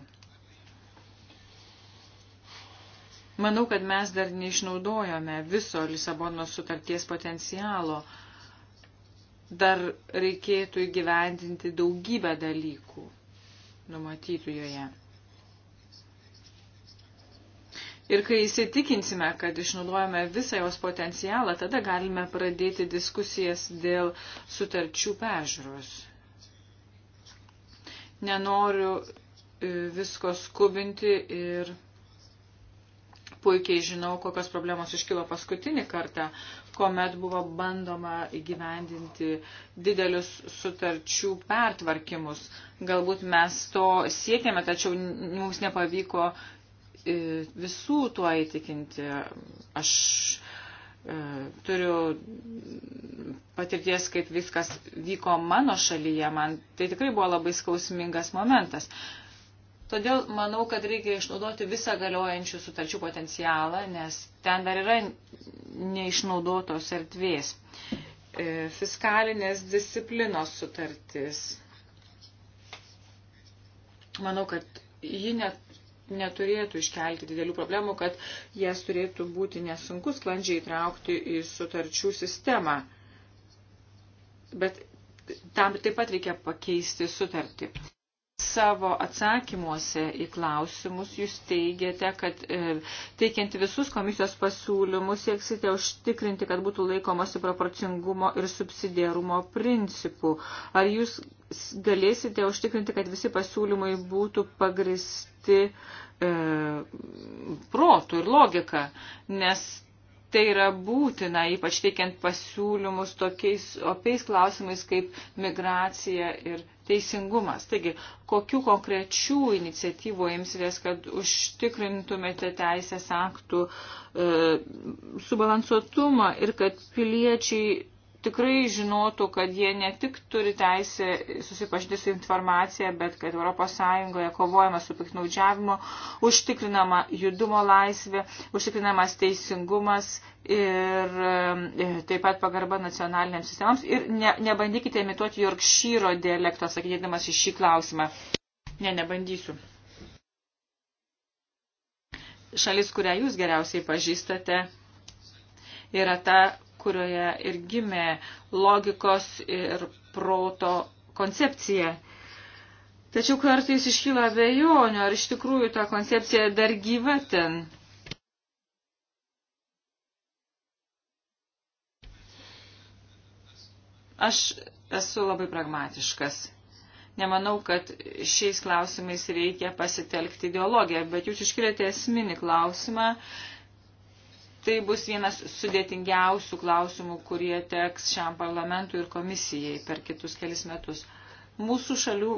Manau, kad mes dar neišnaudojame viso Lisabonos sutarties potencialo. Dar reikėtų įgyvendinti daugybę dalykų numatytų joje. Ir kai įsitikinsime, kad išnaudojame visą jos potencialą, tada galime pradėti diskusijas dėl sutarčių pežiūros. Nenoriu e, visko skubinti ir puikiai žinau, kokios problemos iškilo paskutinį kartą, kuomet buvo bandoma įgyvendinti didelius sutarčių pertvarkimus. Galbūt mes to siekėme, tačiau mums nepavyko e, visų tuo įtikinti. Aš E, turiu patirties, kaip viskas vyko mano šalyje. Man tai tikrai buvo labai skausmingas momentas. Todėl manau, kad reikia išnaudoti visą galiojančių sutarčių potencialą, nes ten dar yra neišnaudotos erdvės. E, fiskalinės disciplinos sutartis. Manau, kad ji net neturėtų iškelti didelių problemų, kad jas turėtų būti nesunku sklandžiai įtraukti į sutarčių sistemą. Bet tam taip pat reikia pakeisti sutartį savo atsakymuose į klausimus jūs teigiate, kad e, teikiant visus komisijos pasiūlymus sieksite užtikrinti, kad būtų laikomasi proporcingumo ir subsidiarumo principų. Ar jūs galėsite užtikrinti, kad visi pasiūlymai būtų pagristi e, protų ir logika, nes tai yra būtina, ypač teikiant pasiūlymus tokiais opiais klausimais kaip migracija ir teisingumas. Taigi, kokiu konkrečių iniciatyvų imsitės, kad užtikrintumėte teisės aktų e, subalansuotumą ir kad piliečiai tikrai žinotų, kad jie ne tik turi teisę susipažinti su informacija, bet kad ES kovojama su piknaudžiavimu, užtikrinama judumo laisvė, užtikrinamas teisingumas ir e, taip pat pagarba nacionaliniams sistemams. Ir ne, nebandykite imituoti Jorkšyro dialekto, sakydamas į šį klausimą. Ne, nebandysiu. Šalis, kurią jūs geriausiai pažįstate, yra ta, kurioje ir gimė logikos ir proto koncepcija. Tačiau kartais iškyla abejonių, ar iš tikrųjų ta koncepcija dar gyva ten. Aš esu labai pragmatiškas. Nemanau, kad šiais klausimais reikia pasitelkti ideologiją, bet jūs iškilėte esminį klausimą Tai bus vienas sudėtingiausių klausimų, kurie teks šiam parlamentui ir komisijai per kitus kelis metus. Mūsų šalių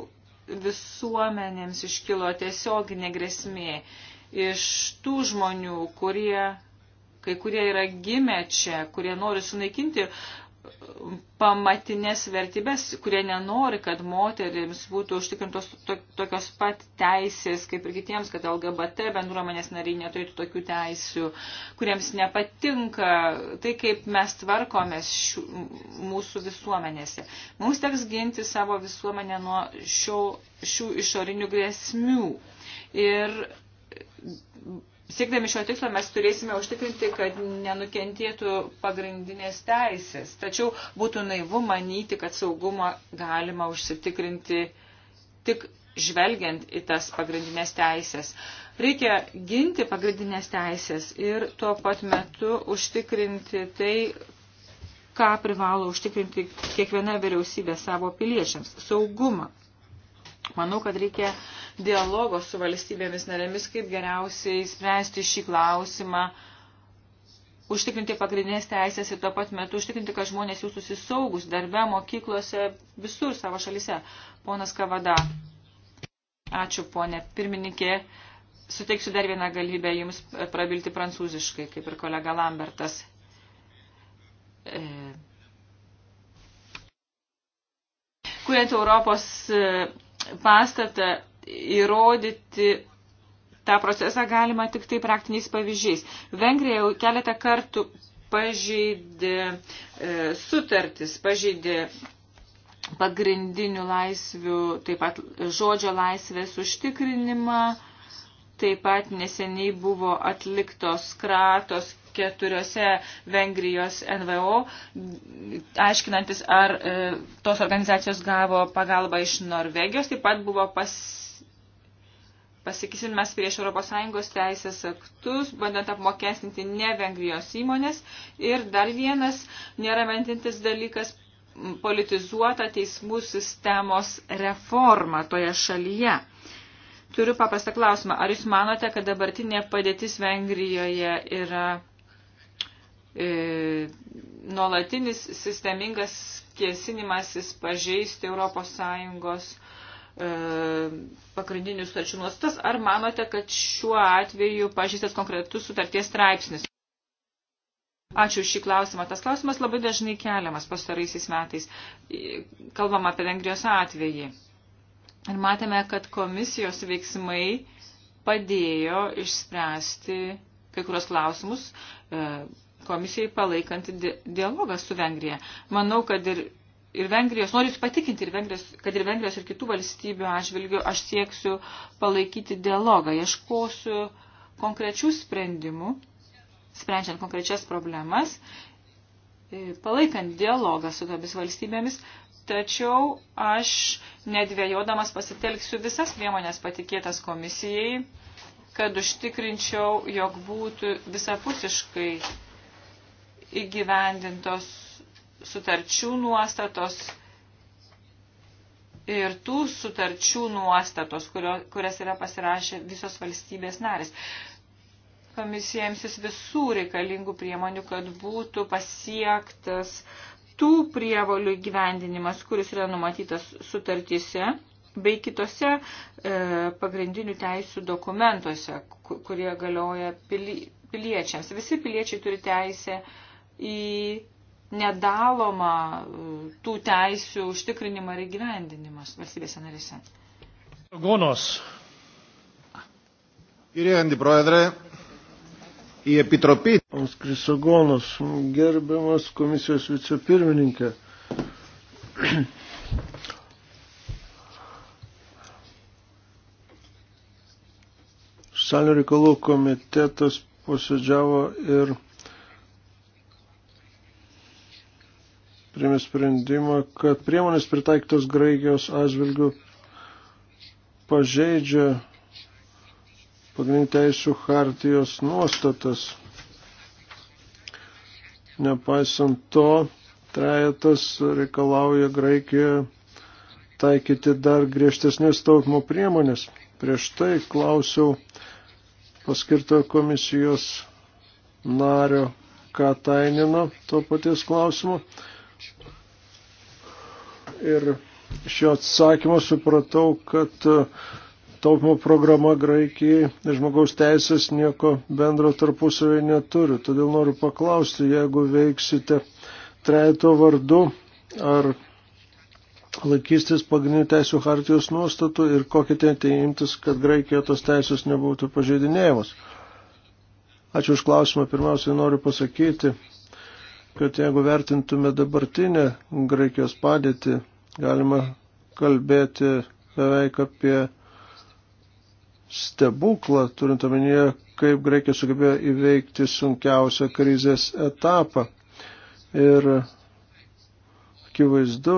visuomenėms iškilo tiesioginė grėsmė iš tų žmonių, kurie, kai kurie yra gimę čia, kurie nori sunaikinti pamatinės vertybės, kurie nenori, kad moterims būtų užtikrintos tokios pat teisės kaip ir kitiems, kad LGBT bendruomenės nariai neturėtų tokių teisių, kuriems nepatinka tai, kaip mes tvarkomės šių, mūsų visuomenėse. Mums teks ginti savo visuomenę nuo šio, šių išorinių grėsmių. Ir siekdami šio tikslo mes turėsime užtikrinti, kad nenukentėtų pagrindinės teisės. Tačiau būtų naivu manyti, kad saugumą galima užsitikrinti tik žvelgiant į tas pagrindinės teisės. Reikia ginti pagrindinės teisės ir tuo pat metu užtikrinti tai, ką privalo užtikrinti kiekviena vyriausybė savo piliečiams - saugumą. Manau, kad reikia dialogo su valstybėmis narėmis, kaip geriausiai spręsti šį klausimą, užtikrinti pagrindinės teisės ir tuo pat metu užtikrinti, kad žmonės jūs susisaugus darbe, mokyklose, visur savo šalise. Ponas Kavada. Ačiū, ponė pirmininkė. Suteiksiu dar vieną galimybę jums prabilti prancūziškai, kaip ir kolega Lambertas. E... Kuriant Europos pastatą įrodyti tą procesą galima tik tai praktiniais pavyzdžiais. Vengrija jau keletą kartų pažeidė e, sutartis, pažeidė pagrindinių laisvių, taip pat žodžio laisvės užtikrinimą. E, Taip pat neseniai buvo atliktos kratos keturiose Vengrijos NVO, aiškinantis, ar e, tos organizacijos gavo pagalbą iš Norvegijos. Taip pat buvo pas, pasikisinimas prieš ES teisės aktus, bandant apmokestinti ne Vengrijos įmonės. Ir dar vienas neramentintis dalykas – politizuota teismų sistemos reforma toje šalyje. Turiu paprastą klausimą. Ar jūs manote, kad dabartinė padėtis Vengrijoje yra e, nuolatinis sistemingas kėsinimasis pažeisti Europos Sąjungos e, pagrindinius sutarčių nuostatas, ar manote, kad šiuo atveju pažįstas konkretus sutarties straipsnis? Ačiū šį klausimą. Tas klausimas labai dažnai keliamas pastaraisiais metais. Kalbam apie Vengrijos atvejį. Ir matėme, kad komisijos veiksmai padėjo išspręsti kai kurios klausimus e, komisijai palaikant di dialogą su Vengrija. Manau, kad ir, ir Vengrijos, noriu patikinti, ir Vengrijos, kad ir Vengrijos ir kitų valstybių atžvilgių aš, aš sieksiu palaikyti dialogą, ieškosiu konkrečių sprendimų, sprendžiant konkrečias problemas, e, palaikant dialogą su tomis valstybėmis, Tačiau aš nedvėjodamas pasitelksiu visas priemonės patikėtas komisijai, kad užtikrinčiau, jog būtų visapusiškai įgyvendintos sutarčių nuostatos ir tų sutarčių nuostatos, kurio, kurias yra pasirašę visos valstybės narės. Komisija imsis visų reikalingų priemonių, kad būtų pasiektas uh, tų prievolių gyvendinimas, kuris yra numatytas sutartyse bei kitose e, pagrindinių teisų dokumentuose, kurie galioja pili, piliečiams. Visi piliečiai turi teisę į nedalomą e, tų teisių užtikrinimą ir įgyvendinimas valstybėse narėse. Gonos. Κύριε Αντιπρόεδρε, į Epitropį. Pons Krisogonas, gerbiamas komisijos vicepirmininkė. Salio reikalų komitetas posėdžiavo ir priėmė sprendimą, kad priemonės pritaikytos Graikijos atžvilgių pažeidžia pagrindinių teisų hartijos nuostatas. Nepaisant to, trejetas reikalauja Graikijoje taikyti dar griežtesnės taupimo priemonės. Prieš tai klausiau paskirtojo komisijos nario Katainino to paties klausimo. Ir šio atsakymo supratau, kad uh, taupimo programa Graikijai ir žmogaus teisės nieko bendro tarpusavėje neturi. Todėl noriu paklausti, jeigu veiksite trejato vardu, ar laikysitės pagrindinių teisų hartijos nuostatų ir kokie tentai imtis, kad Graikijoje tos teisės nebūtų pažeidinėjimas. Ačiū už klausimą. Pirmiausiai noriu pasakyti, kad jeigu vertintume dabartinę Graikijos padėtį, galima kalbėti beveik apie stebuklą, turint omenyje, kaip Graikija sugebėjo įveikti sunkiausią krizės etapą. Ir akivaizdu,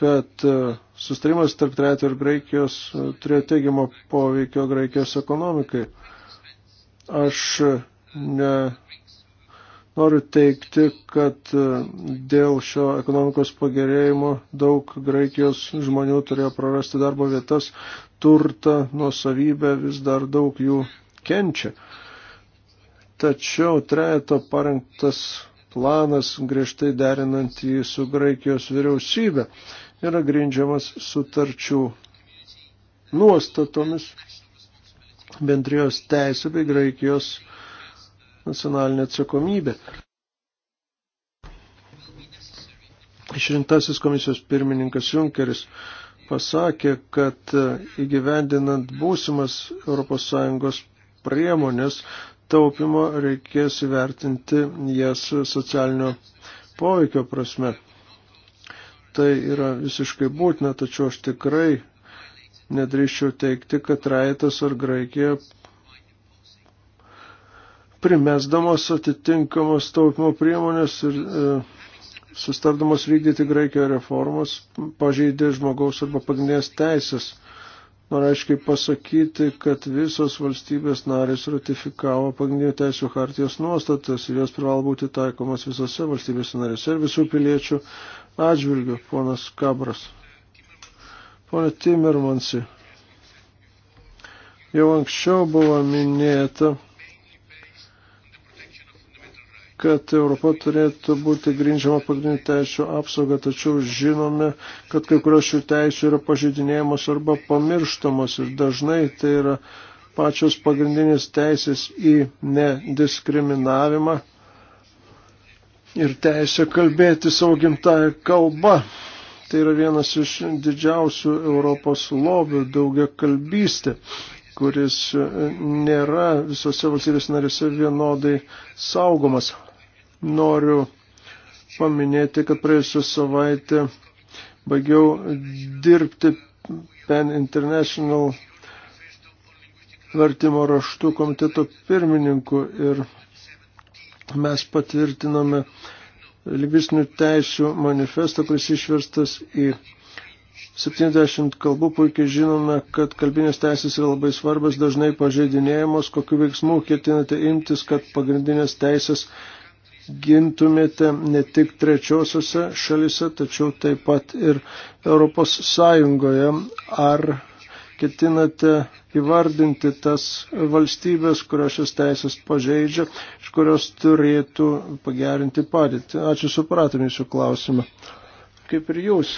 kad e, sustarimas tarp trečio ir Graikijos e, turėjo teigiamo poveikio Graikijos ekonomikai. Aš e, ne noriu teikti, kad dėl šio ekonomikos pagerėjimo daug Graikijos žmonių turėjo prarasti darbo vietas, turtą, nuosavybę, vis dar daug jų kenčia. Tačiau trejato parengtas planas, griežtai derinant jį su Graikijos vyriausybė, yra grindžiamas sutarčių nuostatomis bendrijos teisė bei Graikijos nacionalinė atsakomybė. Išrinktasis komisijos pirmininkas Junkeris pasakė, kad e, įgyvendinant būsimas ES priemonės taupimo reikės įvertinti jas socialinio poveikio prasme. Tai yra visiškai būtina, tačiau aš tikrai nedrįščiau teikti, kad Raitas ar Graikija primesdamos atitinkamos taupimo priemonės ir e, sustardamos vykdyti Graikijoje reformas, pažeidė žmogaus arba pagrindinės teisės. Noriu aiškiai pasakyti, kad visos valstybės narės ratifikavo pagrindinių teisų hartijos nuostatas ir jos privalo būti taikomas visose valstybės narėse ir visų piliečių atžvilgių, ponas Kabras. Pone Timermansi, jau anksčiau buvo minėta, kad Europa turėtų būti grindžiama pagrindinių teisų apsauga, tačiau žinome, kad kai kurios šių teisų yra pažeidinėjamos arba pamirštamos ir dažnai tai yra pačios pagrindinės teisės į nediskriminavimą ir teisę kalbėti savo gimtają kalbą. Tai yra vienas iš didžiausių Europos lobių daugia kalbystė kuris nėra visose valstybės narėse vienodai saugomas noriu paminėti, kad praėjusią savaitę baigiau dirbti PEN International vertimo raštų komiteto pirmininku ir mes patvirtinome lingvistinių teisių manifestą, kuris išverstas į 70 kalbų. Puikiai žinome, kad kalbinės teisės yra labai svarbios, dažnai pažeidinėjamos, kokiu veiksmu ketinate imtis, kad pagrindinės teisės gintumėte ne tik trečiosiose šalise, tačiau taip pat ir Europos Sąjungoje. Ar ketinate įvardinti tas valstybės, kurios šias teisės pažeidžia, iš kurios turėtų pagerinti padėtį? Ačiū supratom jūsų klausimą. Kaip ir jūs.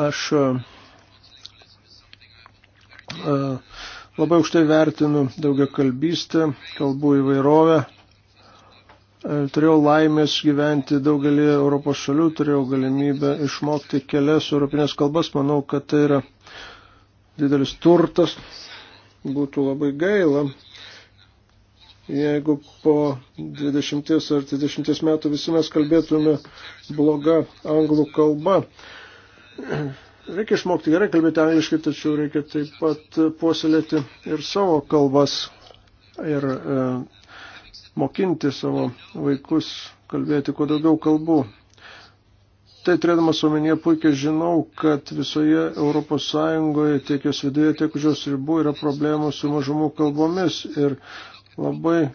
Aš a, Labai aukštai vertinu daugia kalbystę, kalbų įvairovę, E, turėjau laimės gyventi daugelį Europos šalių, turėjau galimybę išmokti kelias europinės kalbas. Manau, kad tai yra didelis turtas. Būtų labai gaila, jeigu po 20 ar 30 metų visi mes kalbėtume bloga anglų kalba. Reikia išmokti gerai kalbėti angliškai, tačiau reikia taip pat puoselėti ir savo kalbas. Ir e, mokinti savo vaikus kalbėti kuo daugiau kalbų. Tai turėdamas omenyje puikiai žinau, kad visoje Europos Sąjungoje tiek jos viduje, tiek už jos ribų yra problemų su mažumų kalbomis ir labai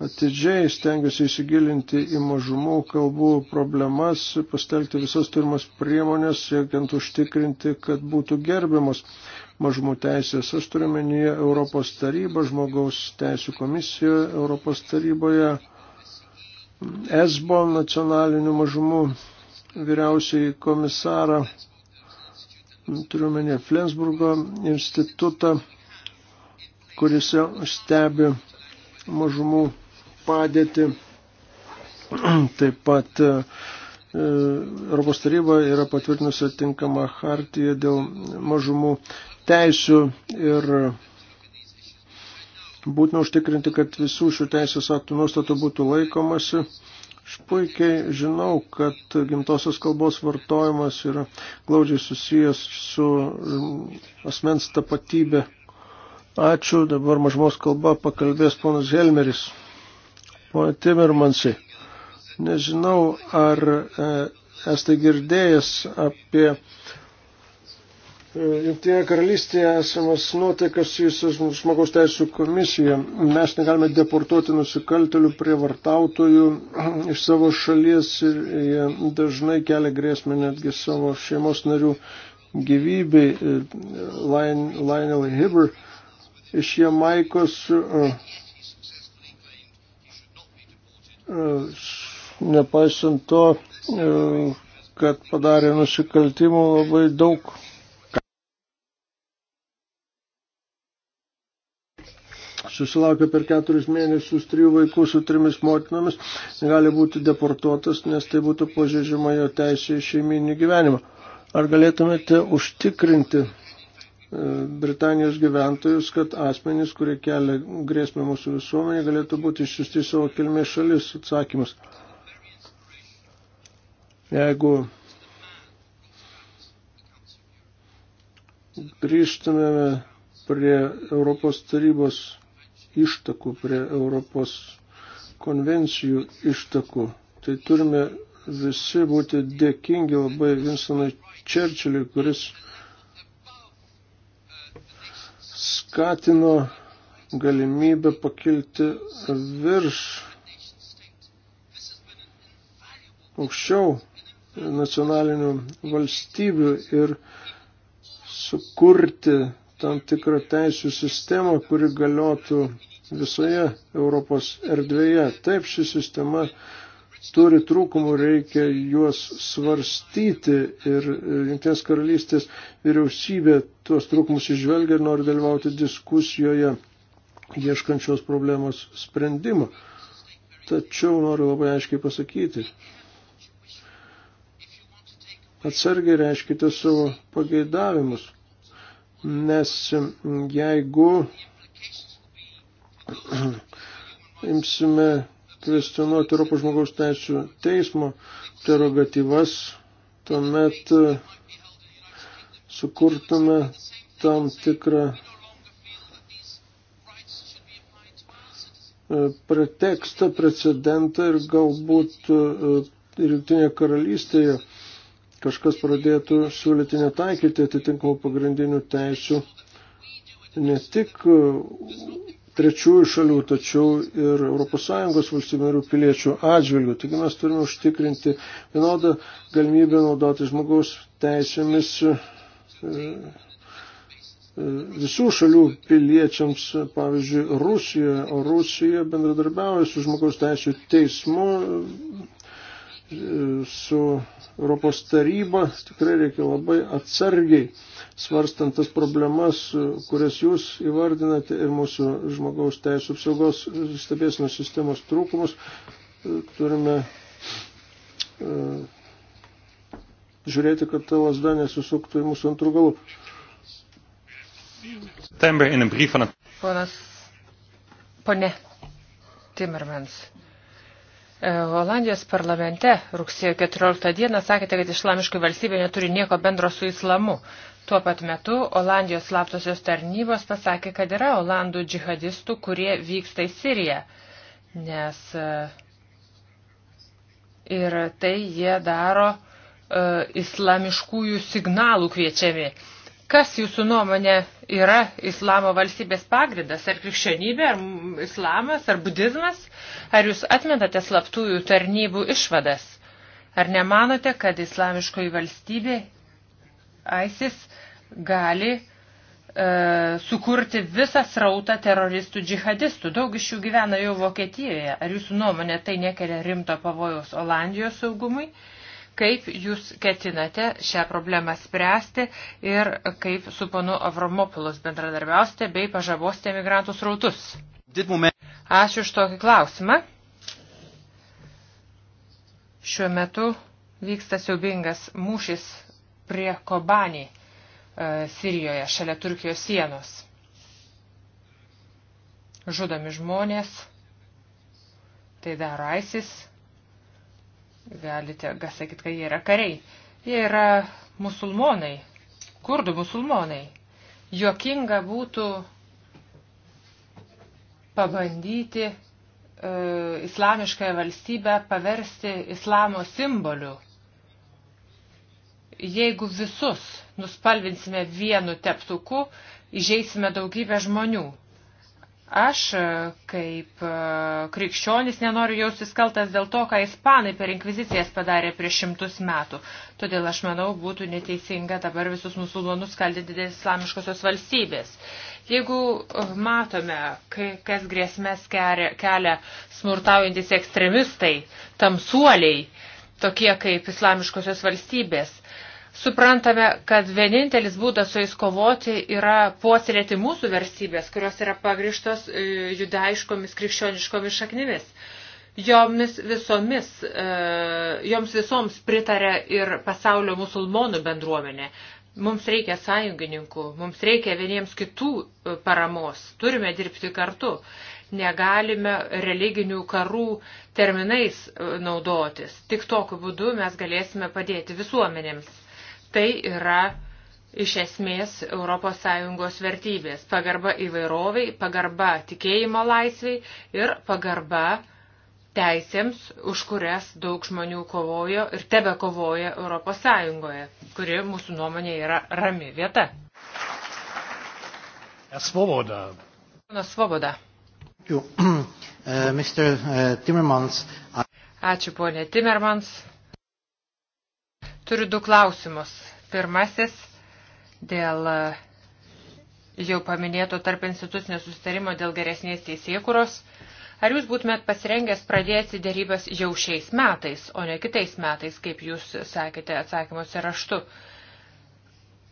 atidžiai stengiuosi įsigilinti į mažumų kalbų problemas, pastelgti visas turimas priemonės, siekiant užtikrinti, kad būtų gerbiamos mažumų teisės. Aš turiu menyje Europos tarybą, žmogaus teisų komisijoje, Europos taryboje, ESBO nacionalinių mažumų vyriausiai komisarą, turiu menyje Flensburgo institutą, kuris stebi mažumų padėtį. Taip pat e, Europos taryba yra patvirtinusi tinkamą hartiją dėl mažumų teisių ir būtina užtikrinti, kad visų šių teisės aktų nuostatų būtų laikomasi. Aš puikiai žinau, kad gimtosios kalbos vartojimas yra glaudžiai susijęs su asmens tapatybė. Ačiū, dabar mažmos kalba pakalbės ponas Helmeris. Pone Timirmansai, nežinau, ar e, esate girdėjęs apie Jungtinėje karalystėje esamas nuotaikas su žmogaus teisų komisija. Mes negalime deportuoti nusikaltelių, prievartautojų (clears throat) iš savo šalies ir jie dažnai kelia grėsmę netgi savo šeimos narių gyvybei. Lionel Hibber iš Jamaikos uh, uh, nepaisant to, uh, kad padarė nusikaltimų labai daug susilaukia per keturis mėnesius trijų vaikų su trimis motinomis, negali būti deportuotas, nes tai būtų pažeidžiama jo teisė į šeiminį gyvenimą. Ar galėtumėte užtikrinti e, Britanijos gyventojus, kad asmenys, kurie kelia grėsmę mūsų visuomenė, galėtų būti išsiusti savo kilmės šalis. Atsakymas. Jeigu grįžtumėme prie Europos tarybos ištakų, prie Europos konvencijų ištakų. Tai turime visi būti dėkingi labai Vinsonui Čerčiliui, kuris skatino galimybę pakilti virš aukščiau nacionalinių valstybių ir sukurti tam tikrą teisų sistemą, kuri galiotų visoje Europos erdvėje. Taip, ši sistema turi trūkumų, reikia juos svarstyti ir e, Junktinės karalystės vyriausybė tuos trūkumus išvelgia ir nori dalyvauti diskusijoje ieškančios problemos sprendimo. Tačiau noriu labai aiškiai pasakyti. Atsargiai reiškite savo pageidavimus nes jeigu imsime kvestionuoti Europos žmogaus teisų teismo prerogatyvas, tuomet e, sukurtume tam tikrą e, pretekstą, precedentą ir galbūt ir e, Junktinėje karalystėje kažkas pradėtų siūlyti netaikyti atitinkamų pagrindinių teisių ne tik uh, trečiųjų šalių, tačiau ir ES valstybėrių piliečių atžvilgių. Taigi mes turime užtikrinti vienodą galimybę naudoti žmogaus teisėmis uh, uh, visų šalių piliečiams, pavyzdžiui, Rusijoje, o Rusija bendradarbiauja su žmogaus teisų teismu su Europos taryba tikrai reikia labai atsargiai svarstant tas problemas, kurias jūs įvardinate ir mūsų žmogaus teisų apsaugos stebėsinos sistemos trūkumus. Turime e, žiūrėti, kad ta lasda nesusuktų į mūsų antrų galų. Ponas, ponė Timmermans E, Olandijos parlamente rugsėjo 14 dieną sakėte, kad islamiškai valstybė neturi nieko bendro su islamu. Tuo pat metu Olandijos slaptosios tarnybos pasakė, kad yra Olandų džihadistų, kurie vyksta į Siriją, nes e, ir tai jie daro e, islamiškųjų signalų kviečiami. Kas jūsų nuomonė yra islamo valstybės pagrindas? Ar krikščionybė, ar islamas, ar budizmas? Ar jūs atmetate slaptųjų tarnybų išvadas? Ar nemanote, kad islamiškoji valstybė ISIS gali e, sukurti visą srautą teroristų džihadistų? Daug iš jų gyvena jau Vokietijoje. Ar jūsų nuomonė tai nekelia rimto pavojaus Olandijos saugumui? E, Kaip jūs ketinate šią problemą spręsti ir kaip su panu Avromopulos bendradarbiausite bei pažabosite migrantų srautus? Ačiū už tokį klausimą. Šiuo metu vyksta siaubingas mūšis prie Kobanį e, Sirijoje, šalia Turkijos sienos. Žudomi žmonės, tai daro ISIS Galite sakyti, kad jie yra kariai. Jie yra musulmonai, kurdų musulmonai. Jokinga būtų pabandyti e, islamiškąją valstybę paversti islamo simboliu. Jeigu visus nuspalvinsime vienu teptuku, įžeisime daugybę žmonių. Aš e, kaip e, krikščionis nenoriu jaustis kaltas dėl to, ką ispanai per inkvizicijas padarė prieš šimtus metų. Todėl aš manau, būtų neteisinga dabar visus musulmonus skaldyti dėl islamiškosios valstybės. Jeigu e, matome, kas grėsmės kelia smurtaujantis ekstremistai, tamsuoliai, tokie kaip islamiškosios valstybės, Suprantame, kad vienintelis būdas su jais kovoti yra puoselėti mūsų vertybės, kurios yra pagrištos e, judaiškomis, krikščioniškomis šaknimis. Jomis visomis, e, joms visoms pritarė ir pasaulio musulmonų bendruomenė. Mums reikia sąjungininkų, mums reikia vieniems kitų e, paramos, turime dirbti kartu, negalime religinių karų terminais naudotis. Tik tokiu būdu mes galėsime padėti visuomenėms. Tai yra iš esmės ES vertybės - pagarba įvairoviai, pagarba tikėjimo laisviai ir pagarba teisėms, už kurias daug žmonių kovojo ir tebe kovoja ES, kuri mūsų nuomonė yra rami vieta. Svoboda. Svoboda. (clears throat) Uh, uh, Ačiū, ponė Timmermans. Ačiū, ponė Timmermans. Turiu du klausimus. Pirmasis dėl e, jau paminėto tarp institucinio sustarimo dėl geresnės teisėkuros. Ar jūs būtumėt pasirengęs pradėti dėrybas jau šiais metais, o ne kitais metais, kaip jūs sakėte atsakymuose raštu?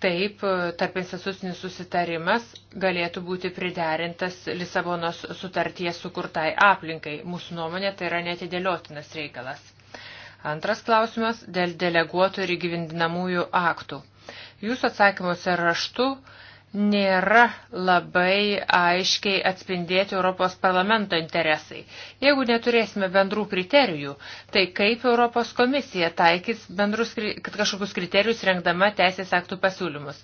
Taip, e, tarp institucinis susitarimas galėtų būti priderintas Lisabonos sutarties sukurtai aplinkai. Mūsų nuomonė tai yra netidėliotinas reikalas. Antras klausimas – dėl deleguotų ir įgyvendinamųjų aktų. Jūsų atsakymuose raštu nėra labai aiškiai atspindėti Europos parlamento interesai. Jeigu neturėsime bendrų kriterijų, tai kaip Europos komisija taikys bendrus, kažkokius kriterijus rengdama teisės aktų pasiūlymus?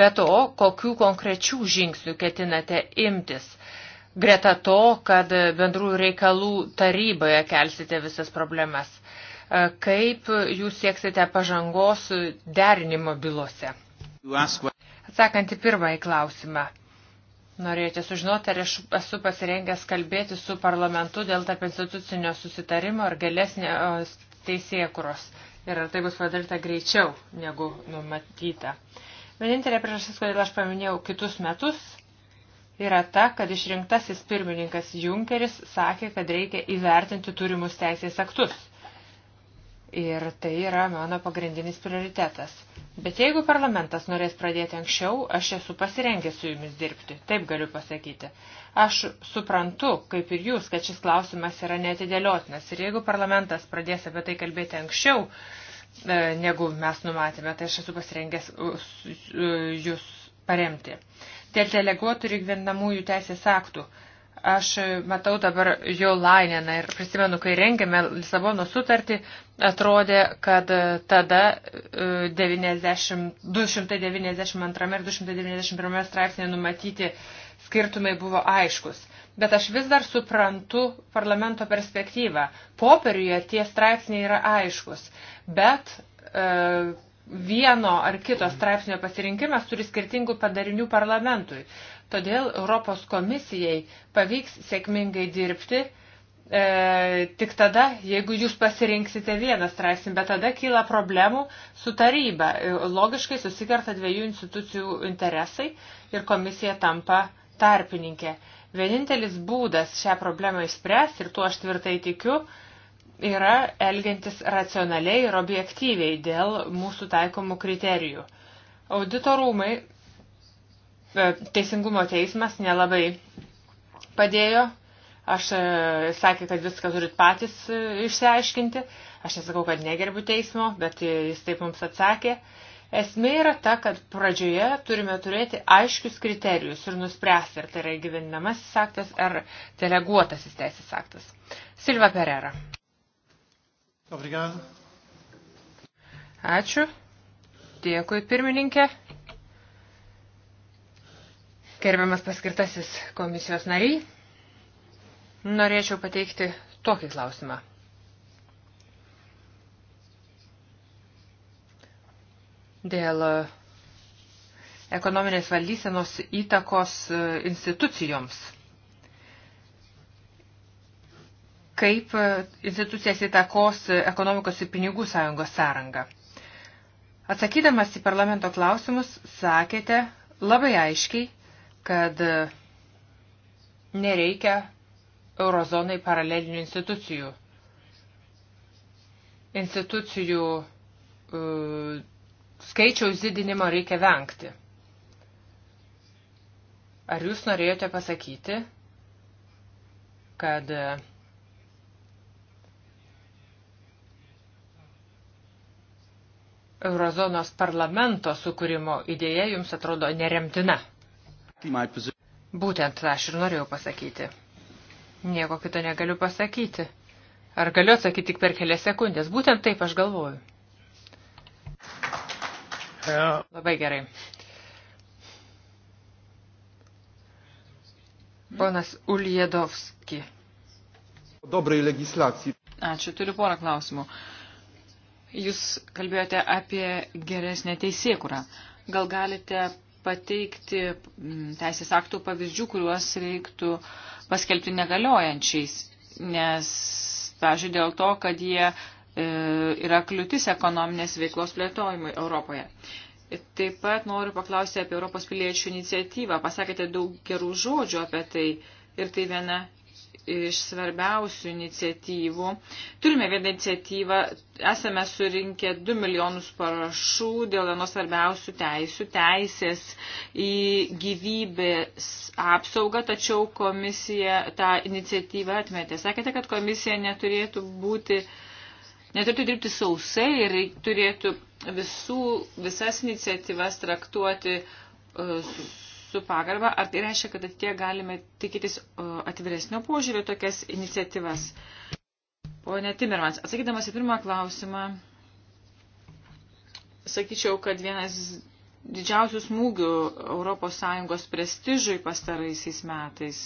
Be to, kokių konkrečių žingsnių ketinate imtis? Greta to, kad bendrų reikalų taryboje kelsite visas problemas. E, kaip jūs sieksite pažangos derinimo bylose? Atsakant į pirmąjį klausimą. Norėjote sužinoti, ar aš esu pasirengęs kalbėti su parlamentu dėl tarp institucinio susitarimo ar galesnės e, teisėkuros ir ar tai bus padaryta greičiau negu numatyta. Vienintelė priežastis, kodėl aš paminėjau kitus metus, yra ta, kad išrinktasis pirmininkas Junkeris sakė, kad reikia įvertinti turimus teisės aktus. Ir tai yra mano pagrindinis prioritetas. Bet jeigu parlamentas norės pradėti anksčiau, aš esu pasirengęs su jumis dirbti, taip galiu pasakyti. Aš suprantu, kaip ir jūs, kad šis klausimas yra netidėliotinas. Ir jeigu parlamentas pradės apie tai kalbėti anksčiau, e, negu mes numatėme, tai aš esu pasirengęs jūs paremti. Dėl deleguotų ir gyvenamųjų teisės aktų Aš matau dabar jo Laineną ir prisimenu, kai rengėme Lisabono sutartį, atrodė, kad tada 90, e, 292 ir 291 straipsnė numatyti skirtumai buvo aiškus. Bet aš vis dar suprantu parlamento perspektyvą. Popieriuje tie straipsniai yra aiškus, bet e, vieno ar kito straipsnio pasirinkimas turi skirtingų padarinių parlamentui. Todėl Europos komisijai pavyks sėkmingai dirbti e, tik tada, jeigu jūs pasirinksite vieną straipsnį, bet tada kyla problemų su taryba. E, logiškai susikerta dviejų institucijų interesai ir komisija tampa tarpininkė. Vienintelis būdas šią problemą išspręsti, ir tuo aš tvirtai tikiu, yra elgiantis racionaliai ir objektyviai dėl mūsų taikomų kriterijų. Auditorumai E, Teisingumo teismas nelabai padėjo. Aš e, sakė, kad viską turit patys e, išsiaiškinti. Aš nesakau, kad negerbiu teismo, bet jis taip mums atsakė. Esmė yra ta, kad pradžioje turime turėti aiškius kriterijus ir nuspręsti, ar tai yra gyvenamasis aktas, ar deleguotasis teisės aktas. Silva Perera. Obrigado. Ačiū. Dėkui, pirmininkė. Gerbiamas paskirtasis komisijos nariai, norėčiau pateikti tokį klausimą. Dėl ekonominės valdysenos įtakos institucijoms. Kaip institucijas įtakos ekonomikos ir pinigų sąjungos sąranga. Atsakydamas į parlamento klausimus, sakėte labai aiškiai, kad nereikia eurozonai paralelinių institucijų. Institucijų uh, skaičiaus didinimo reikia vengti. Ar jūs norėjote pasakyti, kad e, Eurozonos parlamento sukūrimo idėja jums atrodo neremtina? Būtent aš ir norėjau pasakyti. Nieko kito negaliu pasakyti. Ar galiu atsakyti tik per kelias sekundės? Būtent taip aš galvoju. Ja. Labai gerai. Ponas Uljedovski. Dobrai legislacijai. Ačiū, turiu porą klausimų. Jūs kalbėjote apie geresnę teisėkurą. Gal galite pateikti mm, teisės aktų pavyzdžių, kuriuos reiktų paskelbti negaliojančiais, nes, pažiūrėjau, dėl to, kad jie e, yra kliūtis ekonominės veiklos plėtojimui Europoje. Taip pat noriu paklausti apie Europos piliečių iniciatyvą. Pasakėte daug gerų žodžių apie tai ir tai viena iš svarbiausių iniciatyvų. Turime vieną iniciatyvą, esame surinkę 2 milijonus parašų dėl vienos svarbiausių teisių, teisės į gyvybės apsaugą, tačiau komisija tą iniciatyvą atmetė. Sakėte, kad komisija neturėtų būti. Neturėtų dirbti sausai ir turėtų visų, visas iniciatyvas traktuoti uh, su pagarba, ar tai reiškia, kad ateitie galime tikėtis atviresnio požiūrio tokias iniciatyvas? Pone Timirmans, atsakydamas į pirmą klausimą, sakyčiau, kad vienas didžiausių smūgių ES prestižui pastaraisiais metais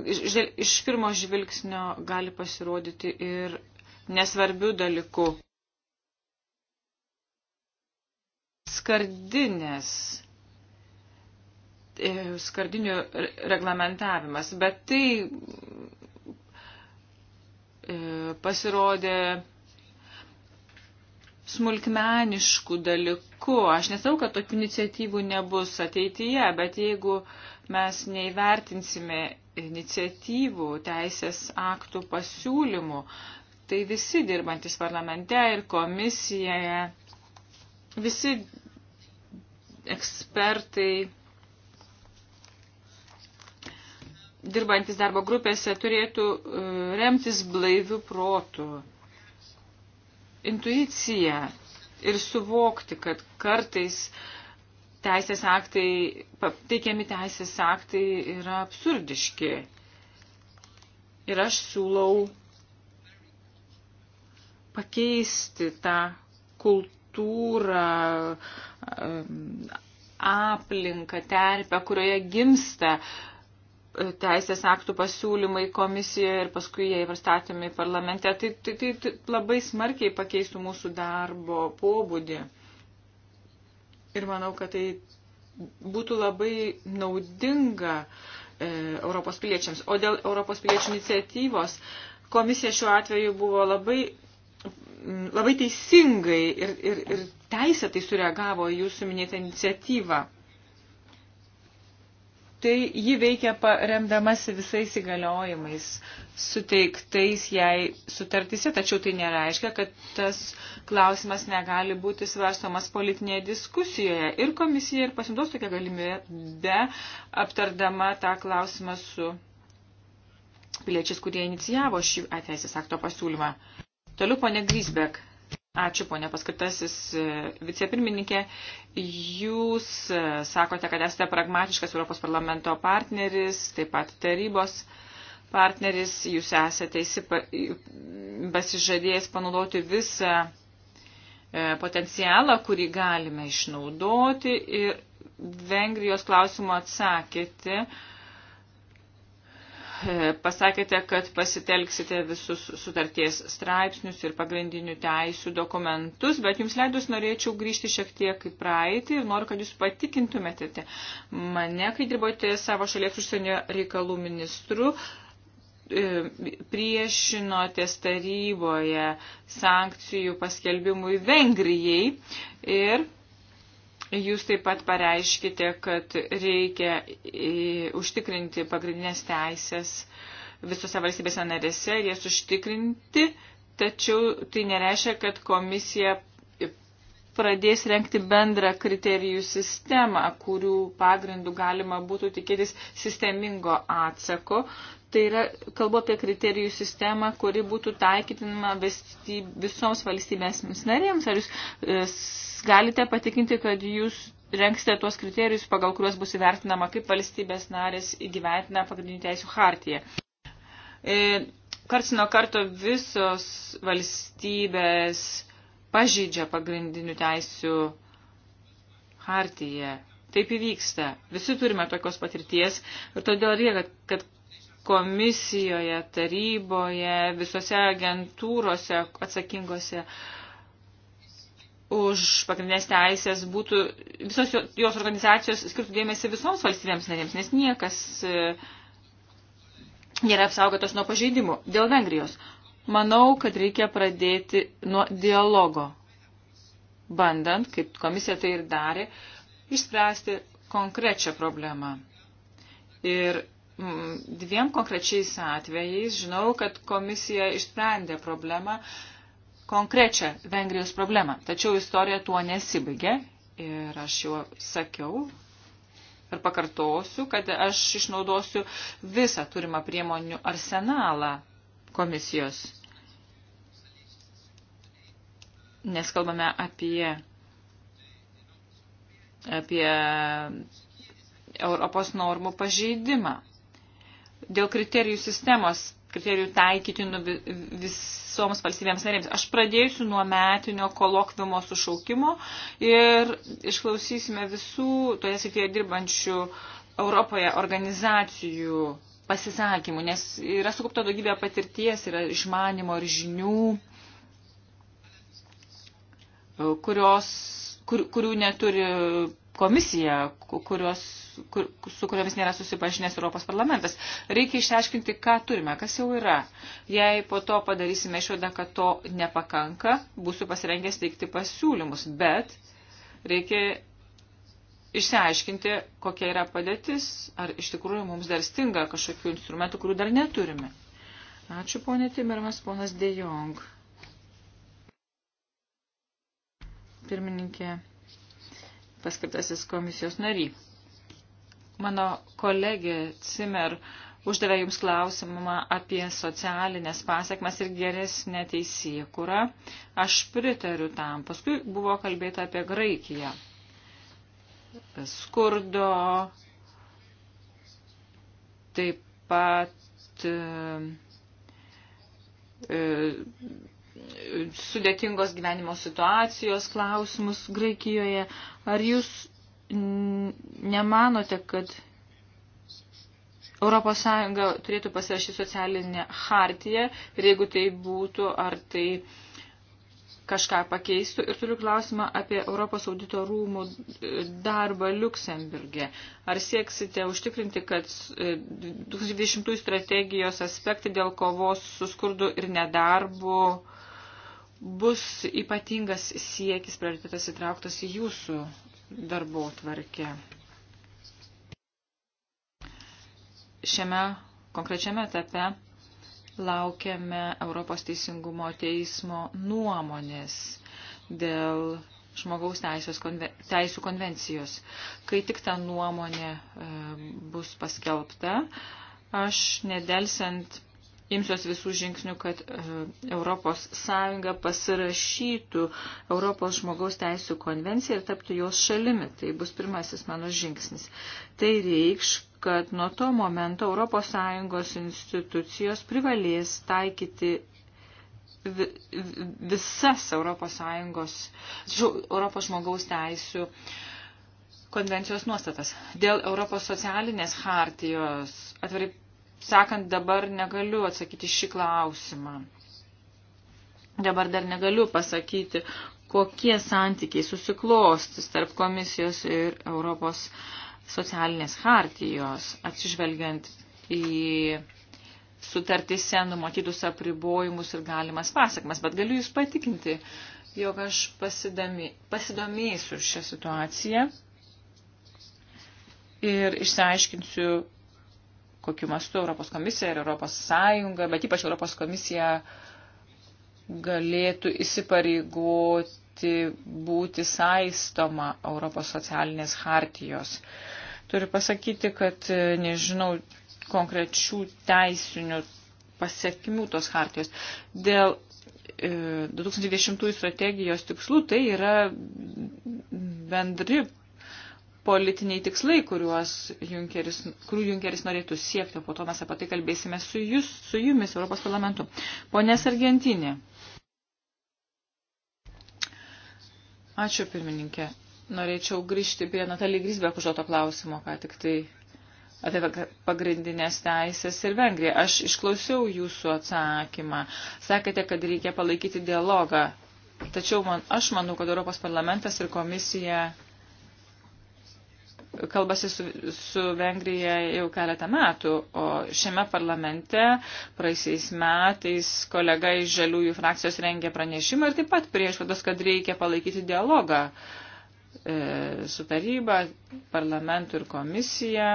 iš, iš pirmo žvilgsnio gali pasirodyti ir nesvarbių dalykų. Skardinės E, skardinių reglamentavimas, bet tai e, pasirodė smulkmeniškų dalykų. Aš nesau, kad tokių iniciatyvų nebus ateityje, bet jeigu mes neįvertinsime iniciatyvų, teisės aktų pasiūlymų, tai visi dirbantis parlamente ir komisijoje, visi ekspertai dirbantis darbo grupėse turėtų e, remtis blaivių protų, intuicija ir suvokti, kad kartais teisės aktai, teikiami teisės aktai yra absurdiški. Ir aš siūlau pakeisti tą kultūrą, aplinką, terpę, kurioje gimsta uh, teisės aktų pasiūlymai komisijoje ir paskui jie įvarstatomi parlamente. Tai, tai, tai, tai labai smarkiai pakeistų mūsų darbo pobūdį. Ir manau, kad tai būtų labai naudinga e, Europos piliečiams. O dėl Europos piliečių iniciatyvos komisija šiuo atveju buvo labai, labai teisingai ir, ir, ir teisėtai sureagavo jūsų minėtą iniciatyvą tai ji veikia paremdamasi visais įgaliojimais suteiktais jai sutartysi, tačiau tai nereiškia, kad tas klausimas negali būti svarstomas politinėje diskusijoje. Ir komisija ir pasinaudos tokia galimybė, aptardama tą klausimą su piliečiais, kurie inicijavo šį ateisės akto pasiūlymą. Toliau ponė Grisbek. Ačiū, ponė paskirtasis e, vicepirmininkė. Jūs e, sakote, kad esate pragmatiškas Europos parlamento partneris, taip pat tarybos partneris. Jūs esate įsipa, besižadėjęs panaudoti visą e, potencialą, kurį galime išnaudoti. Ir Vengrijos klausimą atsakėte. E, pasakėte, kad pasitelksite visus sutarties straipsnius ir pagrindinių teisų dokumentus, bet jums leidus norėčiau grįžti šiek tiek į praeitį ir noriu, kad jūs patikintumėte mane, kai dirbote savo šalies užsienio reikalų ministru, e, priešinotės taryboje sankcijų paskelbimui Vengrijai ir Jūs taip pat pareiškite, kad reikia e, užtikrinti pagrindinės teisės visose valstybėse narėse ir jas užtikrinti, tačiau tai nereiškia, kad komisija pradės renkti bendrą kriterijų sistemą, kurių pagrindų galima būtų tikėtis sistemingo atsako, Tai yra, kalbu apie kriterijų sistemą, kuri būtų taikytinama valstyb, visoms valstybėms narėms. Ar jūs e, galite patikinti, kad jūs renksite tuos kriterijus, pagal kuriuos bus įvertinama, kaip valstybės narės įgyventina pagrindinių teisų hartiją. E, karts nuo karto visos valstybės pažydžia pagrindinių teisų hartiją. Taip įvyksta. Visi turime tokios patirties ir todėl reikia, kad, kad komisijoje, taryboje, visose agentūrose atsakingose už pagrindinės teisės būtų, visos jos organizacijos skirtų dėmesį visoms valstybėms narėms, nes niekas e, nėra apsaugotas nuo pažeidimų. Dėl Vengrijos. Manau, kad reikia pradėti nuo dialogo, bandant, kaip komisija tai ir darė, išspręsti konkrečią problemą. Ir Mm, dviem konkrečiais atvejais žinau, kad komisija išsprendė problemą, konkrečią Vengrijos problemą. Tačiau istorija tuo nesibaigė ir aš jau sakiau ir pakartosiu, kad aš išnaudosiu visą turimą priemonių arsenalą komisijos. Nes kalbame apie, apie Europos normų pažeidimą dėl kriterijų sistemos, kriterijų taikytinų nu, visoms valstybėms narėms. Aš pradėsiu nuo metinio kolokvimo sušaukimo ir išklausysime visų toje srityje dirbančių Europoje organizacijų pasisakymų, nes yra sukaupta daugybė patirties, yra išmanimo ir žinių, kurios, kur, kurių neturi komisija, kurios, kur, su kuriomis nėra susipažinęs Europos parlamentas. Reikia išsiaiškinti, ką turime, kas jau yra. Jei po to padarysime išvadą, kad to nepakanka, būsiu pasirengęs teikti pasiūlymus, bet reikia išsiaiškinti, kokia yra padėtis, ar iš tikrųjų mums dar stinga kažkokių instrumentų, kurių dar neturime. Ačiū, ponė Timermas, ponas Dejong. Pirmininkė paskirtasis komisijos nary. Mano kolegė Cimer uždavė Jums klausimą apie socialinės pasiekmes ir geresnę teisėkurą. Aš pritariu tam. Paskui buvo kalbėta apie Graikiją. Skurdo, taip pat e, e, sudėtingos gyvenimo situacijos klausimus Graikijoje. Ar jūs nemanote, kad ES turėtų pasirašyti socialinę hartiją ir jeigu tai būtų, ar tai kažką pakeistų. Ir turiu klausimą apie Europos audito rūmų darbą Luksemburgė. Ar sieksite užtikrinti, kad 2020 e, strategijos aspektai dėl kovos su skurdu ir nedarbu uh, bus ypatingas siekis prioritetas įtrauktas į jūsų darbo tvarkę. Šiame konkrečiame etape laukiame Europos teisingumo teismo nuomonės dėl žmogaus teisės, konven, teisų konvencijos. Kai tik ta nuomonė e, bus paskelbta, aš nedelsiant imsiuos visų žingsnių, kad e, Europos Sąjunga pasirašytų Europos žmogaus teisų konvenciją ir taptų jos šalimi. Tai bus pirmasis mano žingsnis. Tai reikš, kad nuo to momento Europos Sąjungos institucijos privalės taikyti visas Europos Sąjungos, Europos žmogaus teisų konvencijos nuostatas. Dėl Europos socialinės hartijos atvirai sakant, dabar negaliu atsakyti šį klausimą. Dabar dar negaliu pasakyti, kokie santykiai susiklostys tarp komisijos ir Europos socialinės hartijos, atsižvelgiant į sutartise numatytus apribojimus ir galimas pasakmas, bet galiu Jūs patikinti, jog aš pasidami, pasidomėsiu šią situaciją ir išsiaiškinsiu kokiu mastu Europos komisija ir Europos Sąjunga, bet ypač Europos komisija galėtų įsipareigoti būti saistoma Europos socialinės hartijos. Turiu pasakyti, kad e, nežinau konkrečių teisinių pasiekimių tos hartijos. Dėl 2020 e, strategijos tikslų tai yra bendri politiniai tikslai, kuriuos Junkeris, kurių Junkeris norėtų siekti, o po to mes apie tai kalbėsime su, jūs, su jumis Europos parlamentu. Ponės Argentinė. Ačiū, pirmininkė. Norėčiau grįžti prie Natalį Grisbek užduoto klausimo, ką tik tai apie pagrindinės teisės ir Vengriją. Aš išklausiau jūsų atsakymą. Sakėte, kad reikia palaikyti dialogą. Tačiau man, aš manau, kad Europos parlamentas ir komisija kalbasi su, su Vengrija jau keletą metų, o šiame parlamente praeisiais metais kolega iš Žaliųjų frakcijos rengė pranešimą ir taip pat priešvados, kad reikia palaikyti dialogą e, su taryba, parlamentu ir komisija.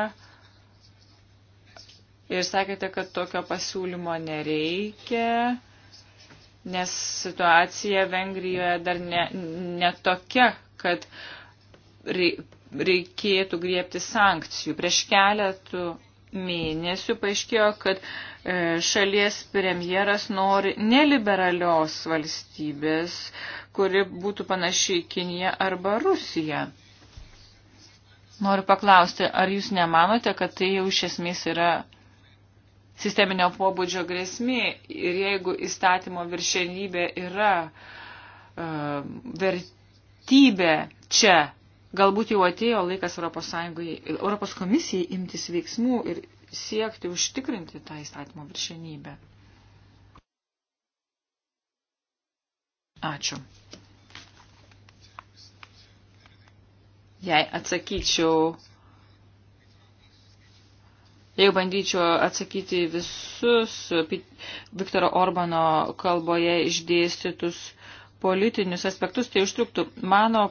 Ir sakėte, kad tokio pasiūlymo nereikia, nes situacija Vengrijoje dar netokia, ne, ne tokia, kad reikėtų griebti sankcijų. Prieš keletų mėnesių paaiškėjo, kad e, šalies premjeras nori neliberalios valstybės, kuri būtų panašiai Kinija arba Rusija. Noriu paklausti, ar jūs nemanote, kad tai jau iš esmės yra sisteminio pobūdžio grėsmė ir jeigu įstatymo viršenybė yra uh, vertybė čia, Galbūt jau atėjo laikas Europos, Europos komisijai imtis veiksmų ir siekti užtikrinti tą įstatymo viršenybę. Ačiū. Jei atsakyčiau, jeigu bandyčiau atsakyti visus Viktoro Orbano kalboje išdėstytus politinius aspektus, tai užtruktų. Mano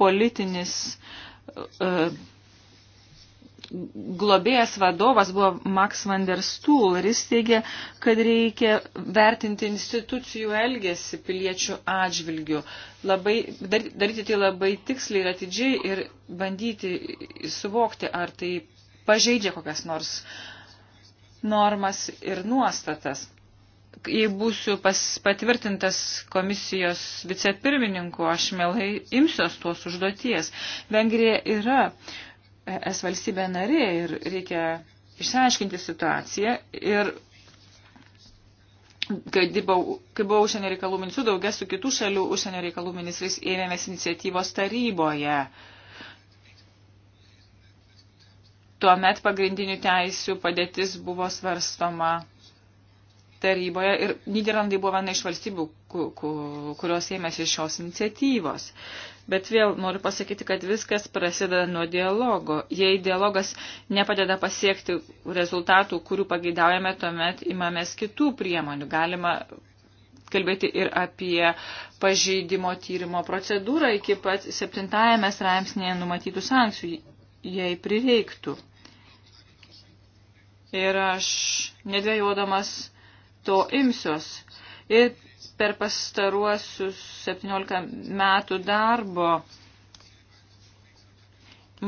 politinis e, globėjas vadovas buvo Max van der Stuhl ir jis teigia, kad reikia vertinti institucijų elgesį piliečių atžvilgių, labai, daryti tai labai tiksliai ir atidžiai ir bandyti suvokti, ar tai pažeidžia kokias nors normas ir nuostatas jei būsiu pas, patvirtintas komisijos vicepirmininku, aš mielai imsiuos tuos užduoties. Vengrija yra es valstybė narė ir reikia išsiaiškinti situaciją. Ir kai, dibau, kai buvau užsienio reikalų ministru, daugia su kitų šalių užsienio reikalų ministrais ėmėmės iniciatyvos taryboje. Tuomet pagrindinių teisių padėtis buvo svarstoma taryboje ir Niderlandai buvo viena iš valstybių, kurios ėmėsi šios iniciatyvos. Bet vėl noriu pasakyti, kad viskas prasideda nuo dialogo. Jei dialogas nepadeda pasiekti rezultatų, kurių pageidaujame, tuomet imamės kitų priemonių. Galima kalbėti ir apie pažeidimo tyrimo procedūrą iki pat septintajame straipsnėje numatytų sankcijų, jei prireiktų. Ir aš nedvėjodamas to imsios. Ir per pastaruosius 17 metų darbo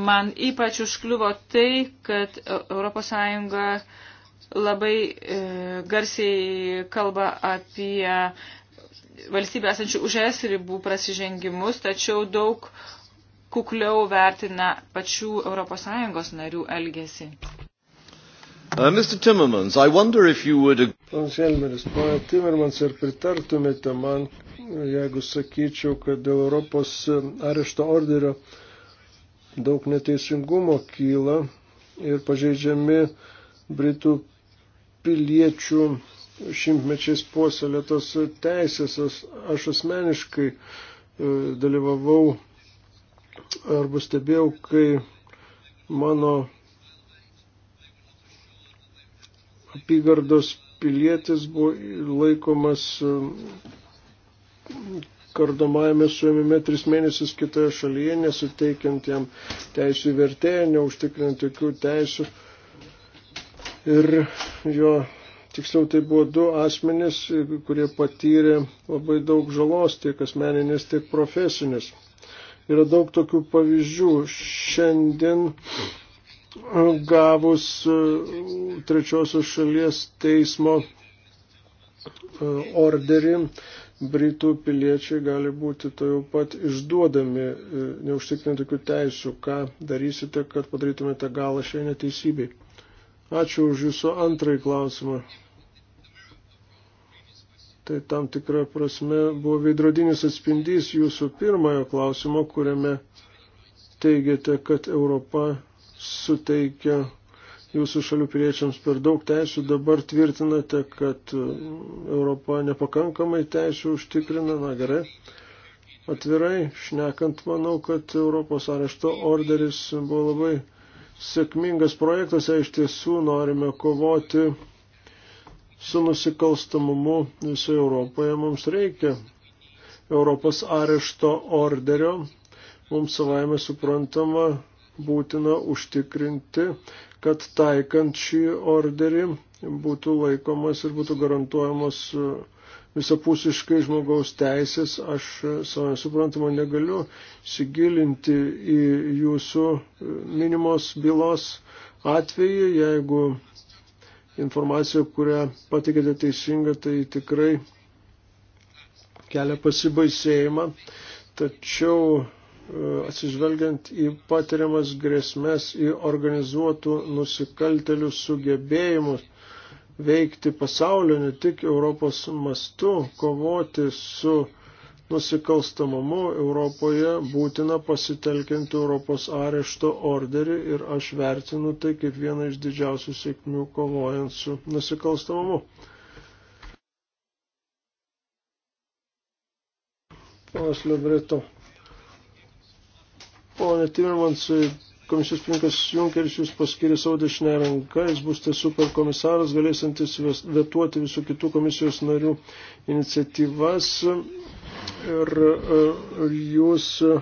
man ypač užkliuvo tai, kad ES labai e, garsiai kalba apie valstybę esančių už es ribų prasižengimus, tačiau daug kukliau vertina pačių ES narių elgesį. Uh, Mr. Timmermans, I wonder if you would... Pons Helmeris, pana Timmermans, ar pritartumėte man, jeigu sakyčiau, kad dėl Europos e, arešto orderio daug neteisingumo kyla ir pažeidžiami Britų piliečių šimtmečiais puoselėtos teisės. Aš asmeniškai e, dalyvavau arba stebėjau, kai mano apygardos pilietis buvo laikomas um, kardomajame suėmime tris mėnesius kitoje šalyje, nesuteikiant jam teisų vertėją, neužtikrinant jokių teisų. Ir jo, tiksliau tai buvo du asmenys, kurie patyrė labai daug žalos, tiek asmeninės, tiek profesinės. Yra daug tokių pavyzdžių. Šiandien uh, gavus e, trečiosios šalies teismo e, orderį, Britų piliečiai gali būti to jau pat išduodami, e, neužtikrinę tokių teisų, ką darysite, kad padarytumėte galą šiai neteisybei. Ačiū už Jūsų antrąjį klausimą. Tai tam tikrą prasme buvo veidrodinis atspindys Jūsų pirmojo klausimo, kuriame teigiate, kad Europa suteikia jūsų šalių piliečiams per daug teisų, dabar tvirtinate, kad e, Europa nepakankamai teisų užtikrina, na gerai. Atvirai, šnekant, manau, kad Europos arešto orderis buvo labai sėkmingas projektas, jei iš tiesų norime kovoti su nusikalstamumu visoje Europoje, mums reikia Europos arešto orderio, mums savaime suprantama būtina užtikrinti, kad taikant šį orderį būtų laikomas ir būtų garantuojamos e, visapusiškai žmogaus teisės. Aš e, savo suprantama negaliu sigilinti į jūsų e, minimos bylos atvejį, jeigu informacija, kurią patikėte teisinga, tai tikrai kelia pasibaisėjimą. Tačiau E, atsižvelgiant į patiriamas grėsmės, į organizuotų nusikaltelių sugebėjimus veikti pasaulio, ne tik Europos mastu, kovoti su nusikalstamumu Europoje būtina pasitelkinti Europos arešto orderį ir aš vertinu tai kaip vieną iš didžiausių sėkmių kovojant su nusikalstamumu. Ponas Lebreto. Pone Timmermansui, komisijos pinkas Junkeris jūs paskiria savo dešinę ranką, jis bus tas superkomisaras, galėsantis vetuoti visų kitų komisijos narių iniciatyvas ir e, jūs e,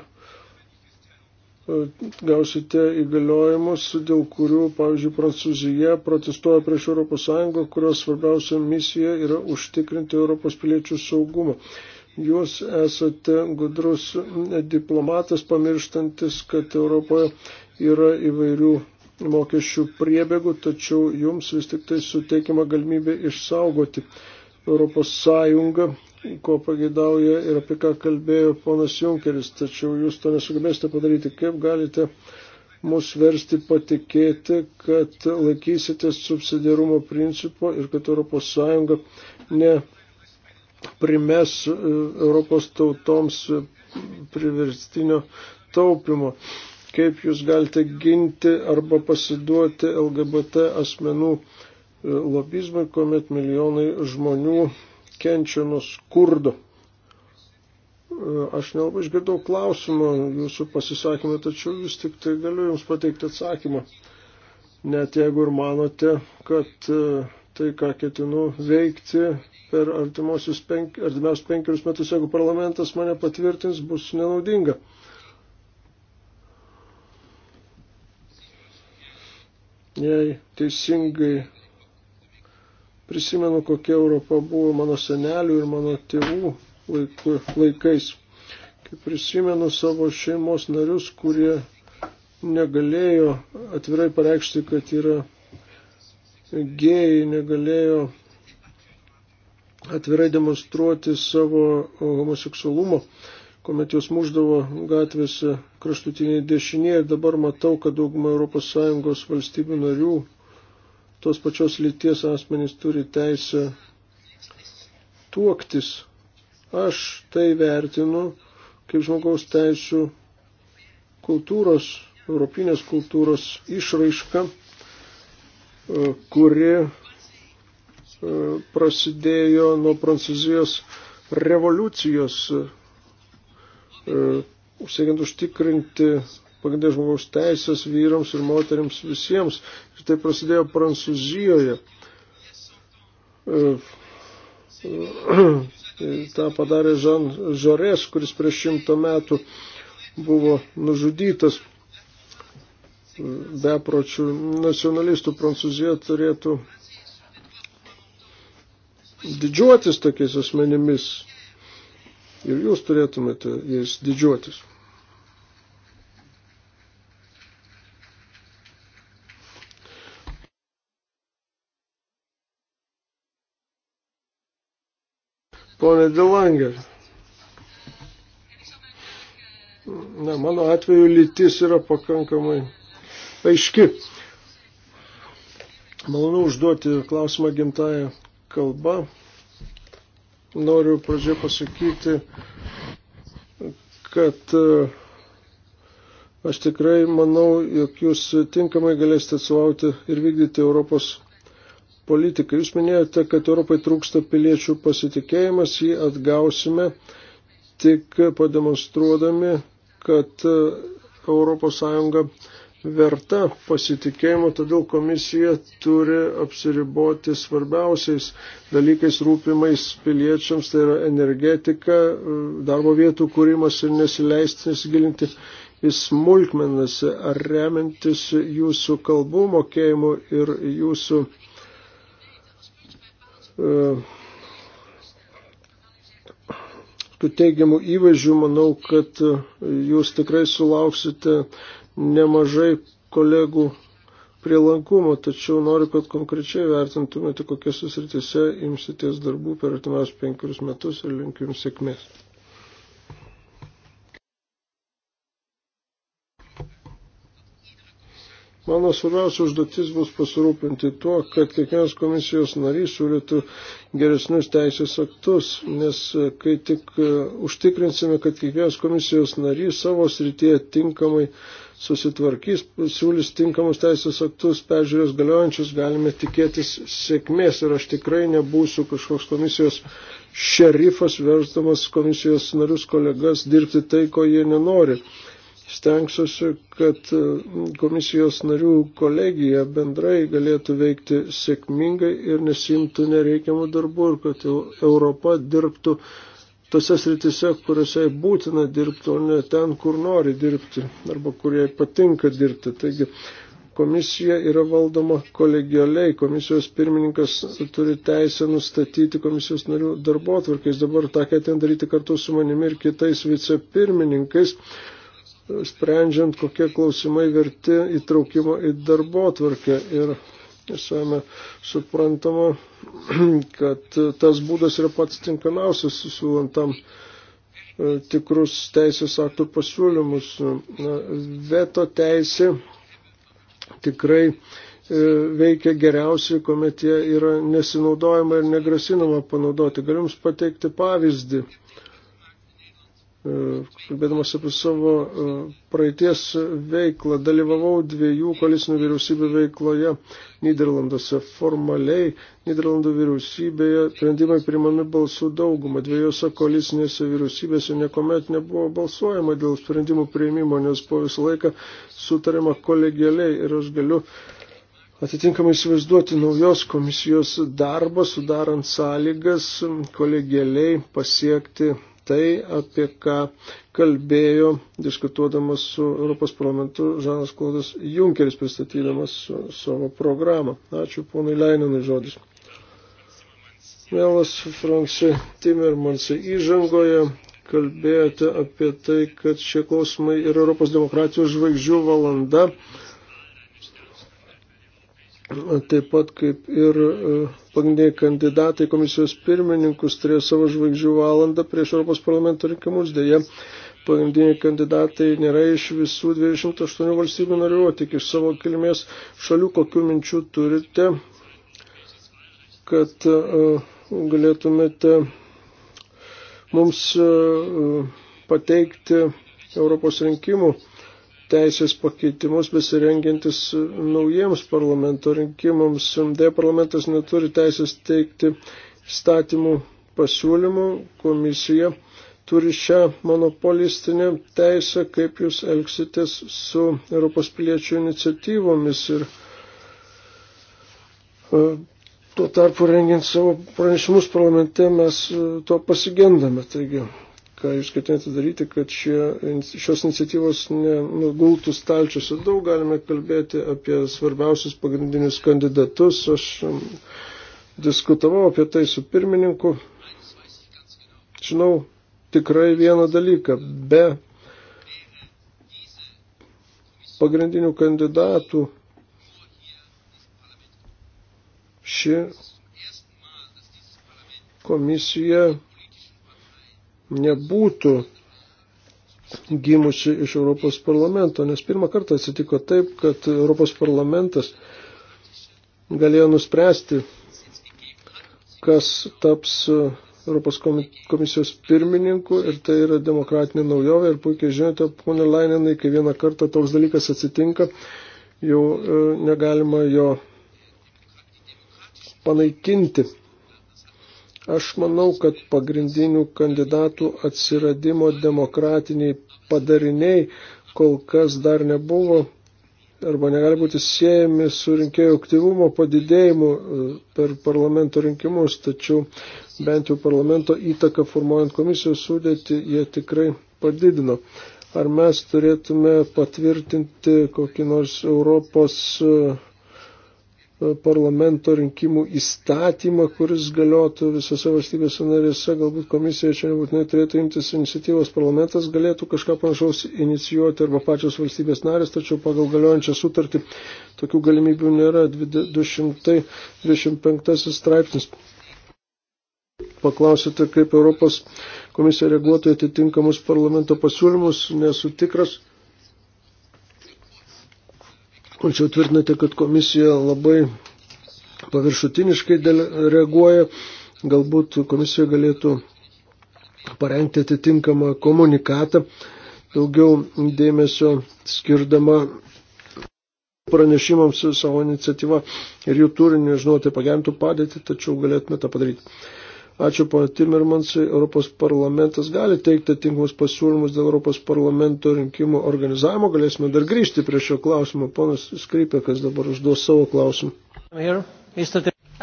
gausite įgaliojimus, dėl kurių, pavyzdžiui, Prancūzija protestuoja prieš ES, kurios svarbiausia misija yra užtikrinti Europos piliečių saugumą. Jūs esate gudrus diplomatas, pamirštantis, kad Europoje yra įvairių mokesčių priebėgų, tačiau jums vis tik tai suteikiama galimybė išsaugoti Europos Sąjungą, ko pageidauja ir apie ką kalbėjo ponas Junkeris, tačiau jūs to nesugebėsite padaryti. Kaip galite mus versti patikėti, kad laikysitės subsidiarumo principo ir kad Europos Sąjunga ne primes e, Europos tautoms e, priverstinio taupimo. Kaip jūs galite ginti arba pasiduoti LGBT asmenų e, lobizmui, kuomet milijonai žmonių kenčia nuo skurdo? Aš nelabai išgirdau klausimą jūsų pasisakymą, tačiau vis tik tai galiu jums pateikti atsakymą. Net jeigu ir manote, kad uh, tai, ką ketinu veikti per artimiausius penk, penkerius metus, jeigu parlamentas mane patvirtins, bus nenaudinga. Jei teisingai prisimenu, kokia Europa buvo mano senelių ir mano tėvų laiku, laikais. Kai prisimenu savo šeimos narius, kurie negalėjo atvirai pareikšti, kad yra gėjai negalėjo atvirai demonstruoti savo homoseksualumo, kuomet juos muždavo gatvėse kraštutiniai dešinė ir dabar matau, kad dauguma ES valstybių narių tos pačios lyties asmenys turi teisę tuoktis. Aš tai vertinu kaip žmogaus teisų kultūros, europinės kultūros išraiška kuri e, prasidėjo nuo Prancūzijos revoliucijos, e, siekiant užtikrinti pagrindinės žmogaus teisės vyrams ir moteriams visiems. Ir tai prasidėjo Prancūzijoje. E, Ta padarė Žan Žorės, kuris prieš šimtą metų buvo nužudytas bepročių nacionalistų Prancūzija turėtų didžiuotis tokiais asmenimis ir jūs turėtumėte jais didžiuotis. Pone Delangė. Na, mano atveju lytis yra pakankamai aiški. Malonu užduoti klausimą gimtają kalbą. Noriu pradžioje pasakyti, kad e, aš tikrai manau, jog jūs tinkamai galėsite atsvauti ir vykdyti Europos politiką. Jūs minėjote, kad Europai trūksta piliečių pasitikėjimas, jį atgausime tik pademonstruodami, kad e, Europos Sąjunga verta pasitikėjimo, todėl komisija turi apsiriboti svarbiausiais dalykais rūpimais piliečiams, tai yra energetika, darbo vietų kūrimas ir nesileisti nesigilinti į smulkmenas, ar remiantis jūsų kalbų mokėjimu ir jūsų uh, tų teigiamų įvažių, manau, kad jūs tikrai sulauksite nemažai kolegų prielankumo, tačiau noriu, kad konkrečiai vertintumėte, kokie susirtise imsitės darbų per artimiausius penkerius metus ir linkiu jums sėkmės. Mano svarbiausia užduotis bus pasirūpinti tuo, kad kiekvienas komisijos narys siūlytų geresnius teisės aktus, nes kai tik e, užtikrinsime, kad kiekvienas komisijos narys savo srityje tinkamai susitvarkys, siūlys tinkamus teisės aktus, peržiūrės galiojančius, galime tikėtis sėkmės ir aš tikrai nebūsiu kažkoks komisijos šerifas, versdamas komisijos narius kolegas dirbti tai, ko jie nenori. Stengsiuosi, kad mm, komisijos narių kolegija bendrai galėtų veikti sėkmingai ir nesimtų nereikiamų darbų ir kad Europa dirbtų tose sritise, kuriuose būtina dirbti, o ne ten, kur nori dirbti arba kur jai patinka dirbti. Taigi komisija yra valdoma kolegialiai, komisijos pirmininkas turi teisę nustatyti komisijos narių darbo atvarkais. Dabar tą ketin daryti kartu su manimi ir kitais vicepirmininkais sprendžiant, kokie klausimai verti įtraukimo į darbo atvarkę. Ir Savame suprantama, (clears throat) kad tas būdas yra pats tinkamiausias, siūlant tam e, tikrus teisės aktų pasiūlymus. Na, veto teisė tikrai e, veikia geriausiai, kuomet jie yra nesinaudojama ir negrasinama panaudoti. Galiu Jums pateikti pavyzdį E, kalbėdamas apie savo e, praeities veiklą, dalyvavau dviejų koalicinių vyriausybių veikloje Niderlanduose. Formaliai Niderlandų vyriausybėje sprendimai primami balsų daugumą. Dviejose koalicinėse vyriausybėse niekuomet nebuvo balsuojama dėl sprendimų prieimimo, nes buvo visą laiką sutarima kolegialiai ir aš galiu atitinkamai įsivaizduoti naujos komisijos darbą, sudarant sąlygas kolegialiai pasiekti tai, apie ką kalbėjo diskutuodamas su Europos parlamentu Žanas Klaudas Junkeris, pristatydamas savo programą. Ačiū ponai Leininui žodis. Mielas Fransi Timermansai, įžangoje kalbėjote apie tai, kad šie klausimai yra Europos demokratijos žvaigždžių valanda taip pat kaip ir e, pagrindiniai kandidatai komisijos pirmininkus turėjo savo žvaigždžių valandą prieš Europos parlamento rinkimus. Deja, pagrindiniai kandidatai nėra iš visų 28 valstybių narių, o tik iš savo kilmės šalių. Kokių minčių turite, kad e, galėtumėte mums e, pateikti Europos rinkimų teisės pakeitimus besirengiantis naujiems parlamento rinkimams. D parlamentas neturi teisės teikti statymų pasiūlymų, komisija turi šią monopolistinę teisę, kaip jūs elgsitės su Europos piliečių iniciatyvomis ir e, tuo tarpu rengiant savo pranešimus parlamente mes e, to pasigendame. Taigi ką jūs ketinate daryti, kad šie, šios iniciatyvos nenugultų stalčiuose. Daug galime kalbėti apie svarbiausius pagrindinius kandidatus. Aš um, diskutavau apie tai su pirmininku. Žinau tikrai vieną dalyką. Be pagrindinių kandidatų ši komisija nebūtų gimusi iš Europos parlamento, nes pirmą kartą atsitiko taip, kad Europos parlamentas galėjo nuspręsti, kas taps Europos komisijos pirmininku ir tai yra demokratinė naujovė ir puikiai žinote, ponė Laininai, kai vieną kartą toks dalykas atsitinka, jau e, negalima jo panaikinti. Aš manau, kad pagrindinių kandidatų atsiradimo demokratiniai padariniai kol kas dar nebuvo arba negali būti siejami su rinkėjų aktyvumo padidėjimu e, per parlamento rinkimus, tačiau bent jau parlamento įtaką formuojant komisijos sudėti jie tikrai padidino. Ar mes turėtume patvirtinti kokį nors Europos e, parlamento rinkimų įstatymą, kuris galiotų visose valstybėse narėse, galbūt komisija čia nebūtinai turėtų imtis iniciatyvos, parlamentas galėtų kažką panašaus inicijuoti arba pačios valstybės narės, tačiau pagal galiojančią sutartį tokių galimybių nėra. 225 straipsnis. Paklausite, kaip Europos komisija reaguotų atitinkamus parlamento pasiūlymus, nesu tikras Anksčiau tvirtinate, kad komisija labai paviršutiniškai reaguoja, galbūt komisija galėtų parengti atitinkamą komunikatą, daugiau dėmesio skirdama pranešimams savo iniciatyvą ir jų turinį, žinote, tai pagentų padėti, tačiau galėtume tą padaryti. Ačiū, pana Timermansai. Europos parlamentas gali teikti tinkamus pasiūlymus dėl Europos parlamento rinkimų organizavimo. Galėsime dar grįžti prie šio klausimo. Ponas Skrypė, kas dabar užduos savo klausimą.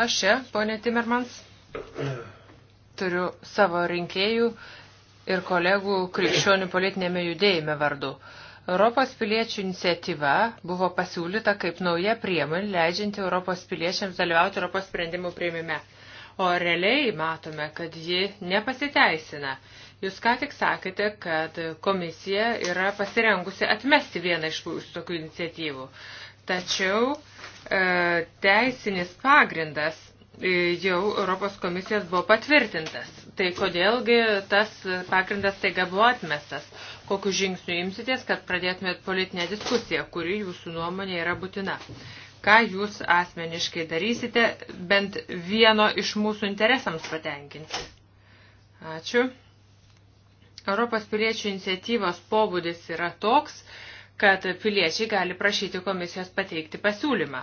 Aš čia, ponė Timermans, turiu savo rinkėjų ir kolegų krikščionių politinėme judėjime vardu. Europos piliečių iniciatyva buvo pasiūlyta kaip nauja priemonė leidžianti Europos piliečiams dalyvauti Europos sprendimų prieimime o realiai matome, kad ji nepasiteisina. Jūs ką tik sakėte, kad komisija yra pasirengusi atmesti vieną iš tokių iniciatyvų. Tačiau e, teisinis pagrindas e, jau Europos komisijos buvo patvirtintas. Tai kodėlgi tas pagrindas taiga buvo atmestas? Kokiu žingsniu imsitės, kad pradėtumėt politinę diskusiją, kuri jūsų nuomonė yra būtina? ką jūs asmeniškai darysite, bent vieno iš mūsų interesams patenkinti. Ačiū. Europos piliečių iniciatyvos pobūdis yra toks, kad piliečiai gali prašyti komisijos pateikti pasiūlymą.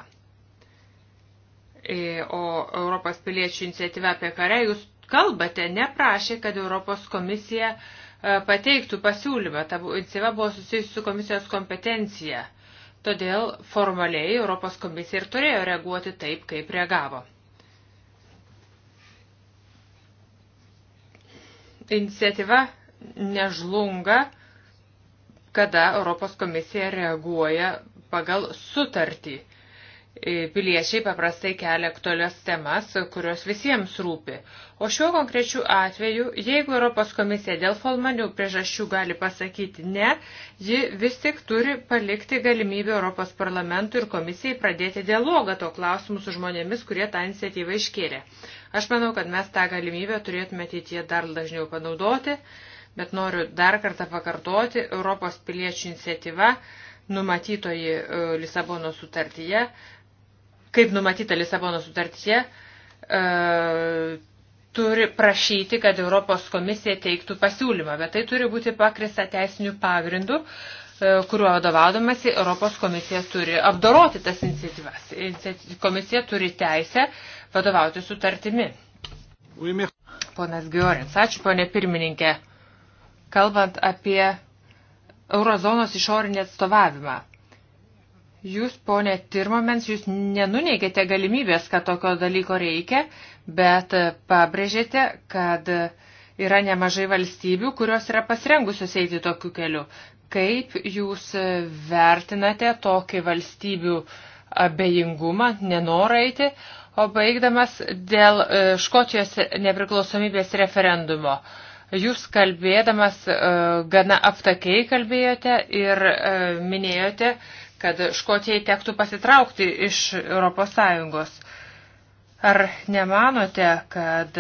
E, o Europos piliečių iniciatyva, apie kurią jūs kalbate, neprašė, kad Europos komisija e, pateiktų pasiūlymą. Ta iniciatyva buvo susijusi su komisijos kompetencija. Todėl formaliai Europos komisija ir turėjo reaguoti taip, kaip reagavo. Iniciatyva nežlunga, kada Europos komisija reaguoja pagal sutartį E, piliečiai paprastai kelia aktualias temas, kurios visiems rūpi. O šiuo konkrečiu atveju, jeigu Europos komisija dėl formalių priežasčių gali pasakyti ne, ji vis tik turi palikti galimybę Europos parlamentui ir komisijai pradėti dialogą to klausimu su žmonėmis, kurie tą iniciatyvą iškėlė. Aš manau, kad mes tą galimybę turėtume ateityje dar dažniau panaudoti, bet noriu dar kartą pakartoti, Europos piliečių iniciatyva numatytoji e, Lisabono sutartyje kaip numatyta Lisabono sutartyje, e, turi prašyti, kad Europos komisija teiktų pasiūlymą, bet tai turi būti pakrista teisinių pagrindų, e, kuriuo vadovaudamasi Europos komisija turi apdoroti tas iniciatyvas. Komisija turi teisę vadovauti sutartimi. Ponas Giorins, ačiū ponė pirmininkė. Kalbant apie eurozonos išorinį atstovavimą. Jūs, ponė Tirmomens, jūs nenuneigėte galimybės, kad tokio dalyko reikia, bet pabrėžėte, kad yra nemažai valstybių, kurios yra pasirengusios eiti tokiu keliu. Kaip jūs vertinate tokį valstybių abejingumą, nenorą eiti? O baigdamas dėl e, Škotijos nepriklausomybės referendumo. Jūs kalbėdamas e, gana aptakiai kalbėjote ir e, minėjote, kad Škotijai tektų pasitraukti iš ES. Ar nemanote, kad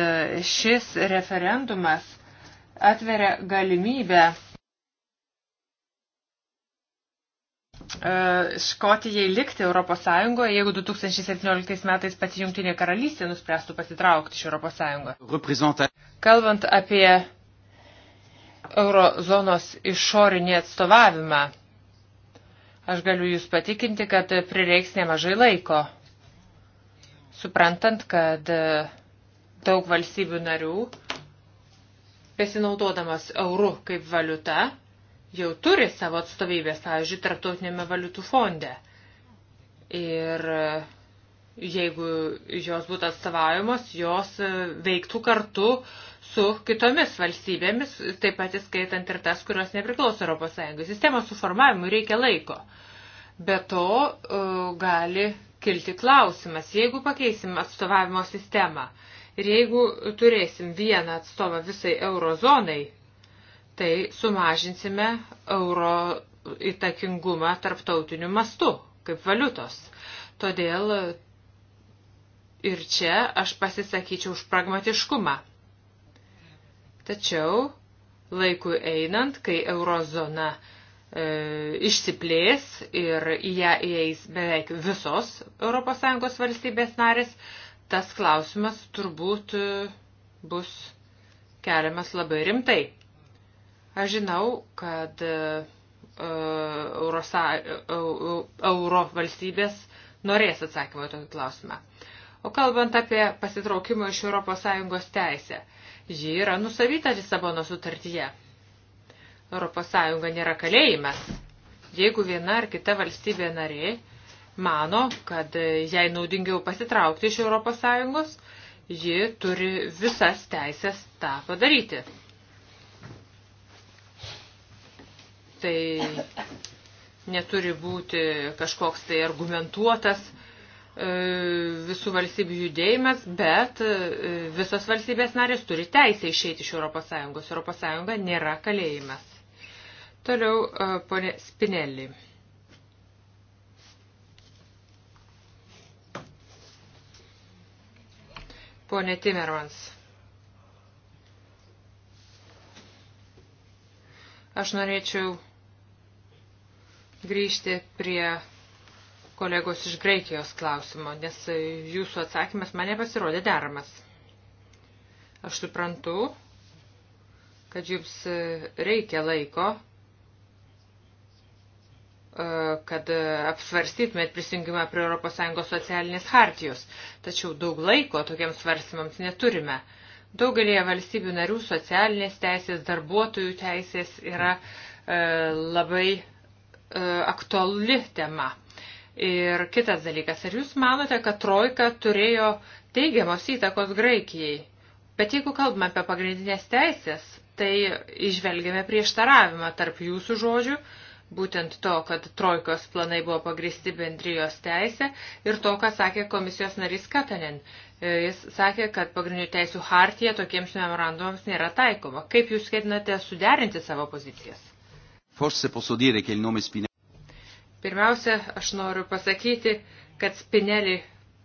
šis referendumas atveria galimybę e, Škotijai likti ES, jeigu 2017 metais pati Jungtinė karalystė nuspręstų pasitraukti iš ES. Kalbant apie eurozonos išorinį atstovavimą, Aš galiu Jūs patikinti, kad prireiks nemažai laiko, suprantant, kad e, daug valstybių narių, pasinaudodamas eurų kaip valiuta, jau turi savo atstovybės, pavyzdžiui, tarptautinėme valiutų fonde. Ir e, jeigu jos būtų atstovaujamos, jos e, veiktų kartu su kitomis valstybėmis, taip pat įskaitant ir tas, kurios nepriklauso Europos Sąjungai. Sistemos suformavimui reikia laiko. Be to e, gali kilti klausimas, jeigu pakeisim atstovavimo sistemą ir jeigu turėsim vieną atstovą visai eurozonai, tai sumažinsime euro įtakingumą tarptautiniu mastu, kaip valiutos. Todėl ir čia aš pasisakyčiau už pragmatiškumą. Tačiau laikui einant, kai eurozona e, išsiplės ir į ją įeis beveik visos ES valstybės narės, tas klausimas turbūt e, bus keliamas labai rimtai. Aš žinau, kad e, e, Eurosa, euro valstybės norės atsakymą į tokį klausimą. O kalbant apie pasitraukimą iš ES teisę, Ji yra nusavyta Lisabono sutartyje. Europos Sąjunga nėra kalėjimas. Jeigu viena ar kita valstybė narė mano, kad jai naudingiau pasitraukti iš Europos Sąjungos, ji turi visas teisės tą padaryti. Tai neturi būti kažkoks tai argumentuotas uh, E, visų valstybių judėjimas, bet e, visos valstybės narės turi teisę išeiti iš ES. ES nėra kalėjimas. Toliau e, ponė Spinelli. Pone Timermans. Aš norėčiau grįžti prie kolegos iš Graikijos klausimo, nes jūsų atsakymas mane pasirodė deramas. Aš suprantu, kad jums reikia laiko, e, kad apsvarstytumėt prisijungimą prie ES socialinės hartijos. Tačiau daug laiko tokiems svarstymams neturime. Daugelėje valstybių narių socialinės teisės, darbuotojų teisės yra e, labai e, aktuali tema. Ir kitas dalykas, ar jūs manote, kad trojka turėjo teigiamos įtakos Graikijai? Bet jeigu kalbame apie pagrindinės teisės, tai išvelgiame prieštaravimą tarp jūsų žodžių, būtent to, kad trojkos planai buvo pagristi bendrijos teisė ir to, ką sakė komisijos narys Katanen. Jis sakė, kad pagrindinių teisų hartija tokiems memorandumams nėra taikoma. Kaip jūs ketinate suderinti savo pozicijas? Forse posso dire che il nome Spinelli Pirmiausia, aš noriu pasakyti, kad Spinelį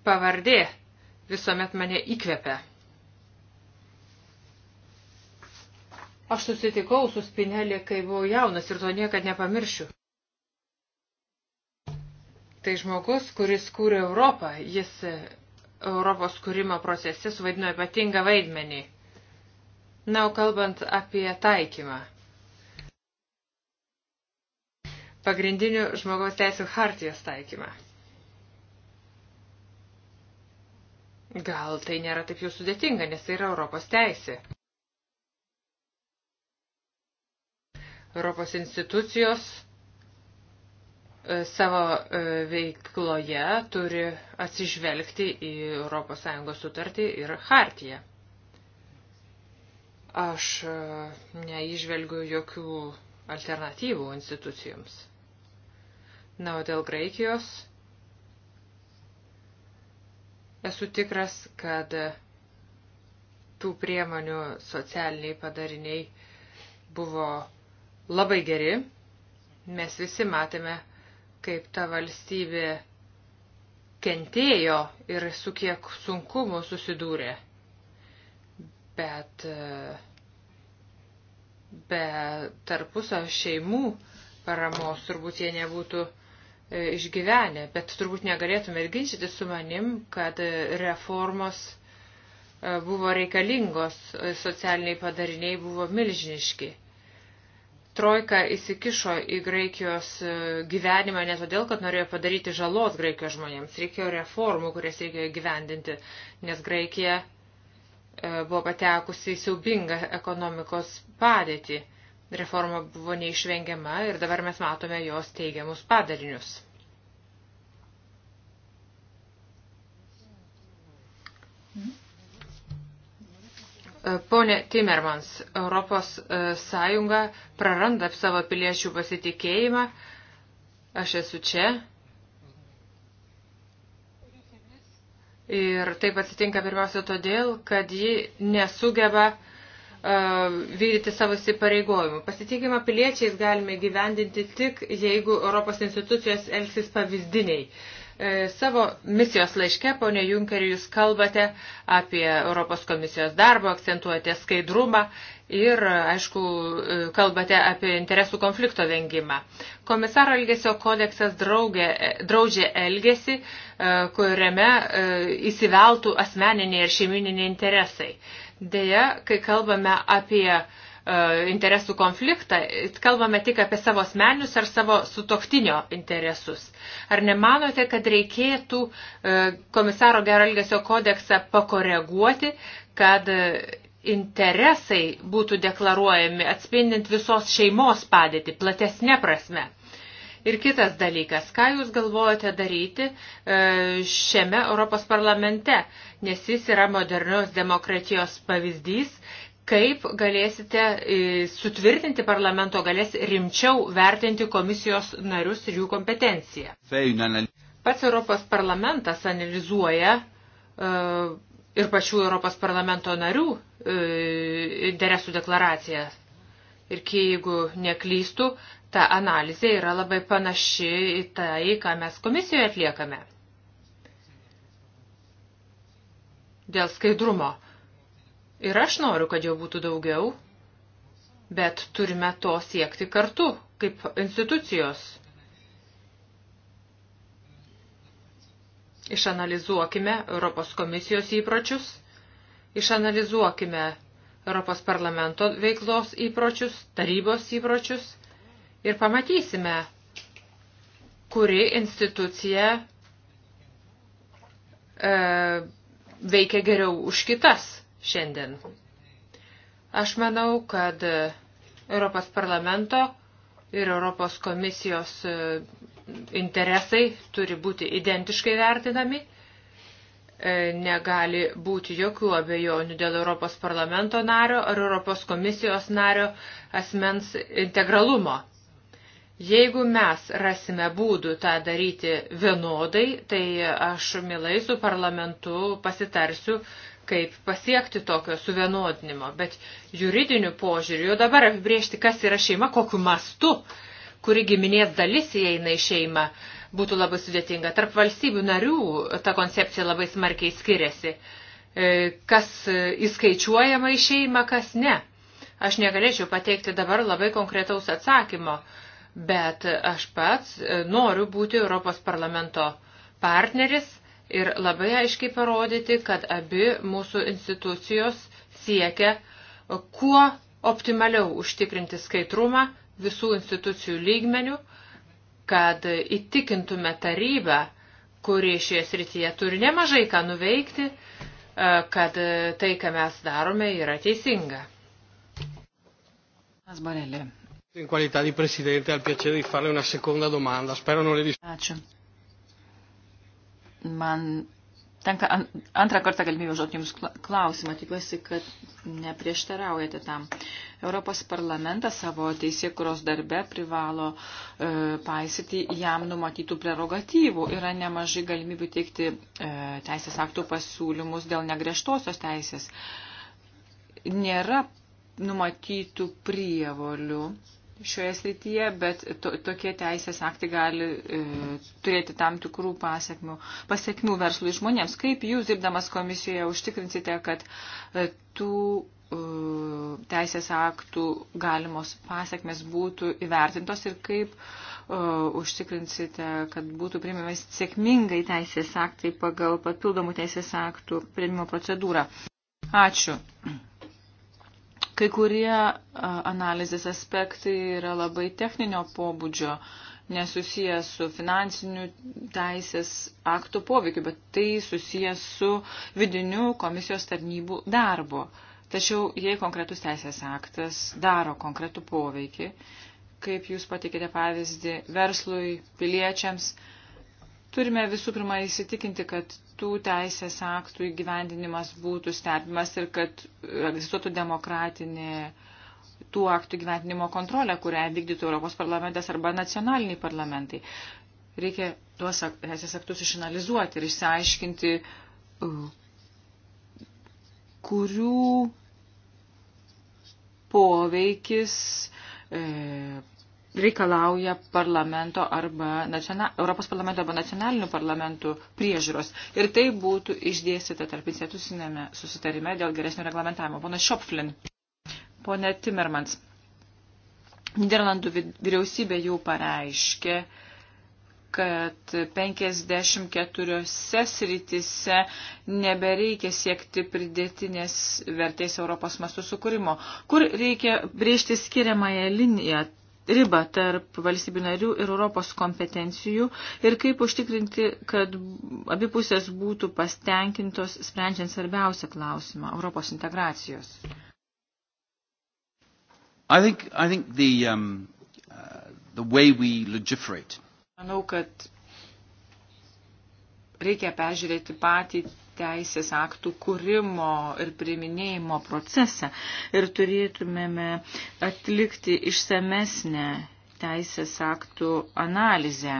pavardė visuomet mane įkvepia. Aš susitikau su Spinelį, kai buvau jaunas ir to niekad nepamiršiu. Tai žmogus, kuris kūrė Europą, jis e, Europos kūrimo procese suvaidino ypatingą vaidmenį. Na, o kalbant apie taikymą pagrindinių žmogaus teisų hartijos taikymą. Gal tai nėra taip jau sudėtinga, nes tai yra Europos teisė. Europos institucijos e, savo e, veikloje turi atsižvelgti į ES sutartį ir hartiją. Aš e, neižvelgiu jokių alternatyvų institucijoms. Na, o dėl Graikijos esu tikras, kad tų priemonių socialiniai padariniai buvo labai geri. Mes visi matėme, kaip ta valstybė kentėjo ir su kiek sunkumu susidūrė. Bet uh, be tarpusavio šeimų paramos turbūt jie nebūtų e, išgyvenę, bet turbūt negalėtume ir ginčyti su manim, kad reformos e, buvo reikalingos, e, socialiniai padariniai buvo milžiniški. Trojka įsikišo į Graikijos gyvenimą ne todėl, kad norėjo padaryti žalos Graikijos žmonėms, reikėjo reformų, kurias reikėjo gyvendinti, nes Graikija E, buvo patekusi į siaubingą ekonomikos padėtį. Reforma buvo neišvengiama ir dabar mes matome jos teigiamus padarinius. E, Pone Timermans, Europos e, Sąjunga praranda savo piliečių pasitikėjimą. Aš esu čia Ir taip atsitinka pirmiausia todėl, kad ji nesugeba e, vykdyti savo įsipareigojimų. Pasitikimą piliečiais galime gyvendinti tik, jeigu Europos institucijos elgsis pavyzdiniai. E, savo misijos laiške, ponė Junkeri, jūs kalbate apie Europos komisijos darbą, akcentuojate skaidrumą ir, aišku, e, kalbate apie interesų konflikto vengimą. Komisaro elgesio kodeksas draugė, e, draudžia elgesį, e, kuriame įsiveltų asmeniniai ir šeimininiai interesai. Deja, kai kalbame apie interesų konfliktą, kalbame tik apie savo asmenius ar savo sutoktinio interesus. Ar nemanote, kad reikėtų komisaro geralgesio kodeksą pakoreguoti, kad interesai būtų deklaruojami atspindint visos šeimos padėtį platesnė prasme. Ir kitas dalykas, ką jūs galvojate daryti e, šiame Europos parlamente, nes jis yra modernios demokratijos pavyzdys, kaip galėsite e, sutvirtinti parlamento galės rimčiau vertinti komisijos narius ir jų kompetenciją. Pats Europos parlamentas analizuoja e, ir pačių Europos parlamento narių e, interesų deklaracijas. Ir kai jeigu neklystų, ta analizė yra labai panaši į tai, ką mes komisijoje atliekame. Dėl skaidrumo. Ir aš noriu, kad jau būtų daugiau, bet turime to siekti kartu, kaip institucijos išanalizuokime Europos komisijos įpročius, išanalizuokime Europos parlamento veiklos įpročius, tarybos įpročius ir pamatysime, kuri institucija e, veikia geriau už kitas šiandien. Aš manau, kad Europos parlamento ir Europos komisijos e, interesai turi būti identiškai vertinami, e, negali būti jokių abejonių dėl Europos parlamento nario ar Europos komisijos nario asmens integralumo. Jeigu mes rasime būdų tą daryti vienodai, tai aš milai su parlamentu pasitarsiu, kaip pasiekti tokio suvienodinimo. Bet juridiniu požiūriu jau dabar apibriežti, kas yra šeima, kokiu mastu, uh, kuri giminės dalis įeina į šeimą, būtų labai sudėtinga. Tarp valstybių narių ta koncepcija labai smarkiai skiriasi. E, kas įskaičiuojama į šeimą, kas ne. Aš negalėčiau pateikti dabar labai konkretaus atsakymo, bet aš pats e, noriu būti Europos parlamento partneris ir labai aiškiai parodyti, kad abi mūsų institucijos siekia kuo optimaliau užtikrinti skaidrumą, visų institucijų lygmenių, kad įtikintume tarybą, kuri šioje srityje turi nemažai ką nuveikti, e, kad tai, ką mes darome, yra teisinga. In qualità di Presidente ha il piacere di farle una seconda domanda, spero non le rispondo. Ačiū. Man tenka antrą kartą galimybę užduoti Jums klausimą. Tikiuosi, kad neprieštaraujate tam. Europos parlamentas savo teisėkuros darbe privalo e, paisyti jam numatytų prerogatyvų. Yra nemažai galimybių teikti e, teisės aktų pasiūlymus dėl negreštosios teisės. Nėra numatytų prievolių šioje srityje, bet to, tokie teisės aktai gali e, turėti tam tikrų pasiekmių, pasiekmių verslui žmonėms. Kaip jūs, dirbdamas komisijoje, užtikrinsite, kad e, tų e, teisės aktų galimos pasiekmes būtų įvertintos ir kaip e, užtikrinsite, kad būtų priimimas sėkmingai teisės aktai pagal papildomų teisės aktų priimimo procedūrą? Ačiū. Kai kurie analizės aspektai yra labai techninio pobūdžio, nesusiję su finansiniu teisės aktų poveikiu, bet tai susiję su vidiniu komisijos tarnybų darbu. Tačiau jei konkretus teisės aktas daro konkretų poveikį, kaip jūs patikite pavyzdį verslui, piliečiams, Turime visų pirma įsitikinti, kad tų teisės aktų įgyvendinimas būtų stebimas ir kad e, egzistuotų demokratinė tų aktų įgyvendinimo kontrolė, kurią vykdytų Europos parlamentas arba nacionaliniai parlamentai. Reikia tuos teisės aktus išanalizuoti ir išsiaiškinti, e, kurių poveikis e, reikalauja parlamento arba nacional, Europos parlamento arba nacionalinių parlamentų priežiūros. Ir tai būtų išdėstyta tarp institucinėme susitarime dėl geresnio reglamentavimo. Pone Šopflin, pone Timmermans, Niderlandų vyriausybė jau pareiškė, kad 54 sritise nebereikia siekti pridėtinės vertės Europos mastų sukūrimo, kur reikia brėžti skiriamąją liniją ribą tarp valstybių narių ir Europos kompetencijų ir kaip užtikrinti, kad abipusės būtų pastenkintos sprendžiant svarbiausią klausimą – Europos integracijos. I think, I think the, um, uh, the way we legiferate. Manau, kad reikia peržiūrėti patį teisės aktų kūrimo ir priminėjimo procesą ir turėtumėme atlikti išsamesnę teisės aktų analizę.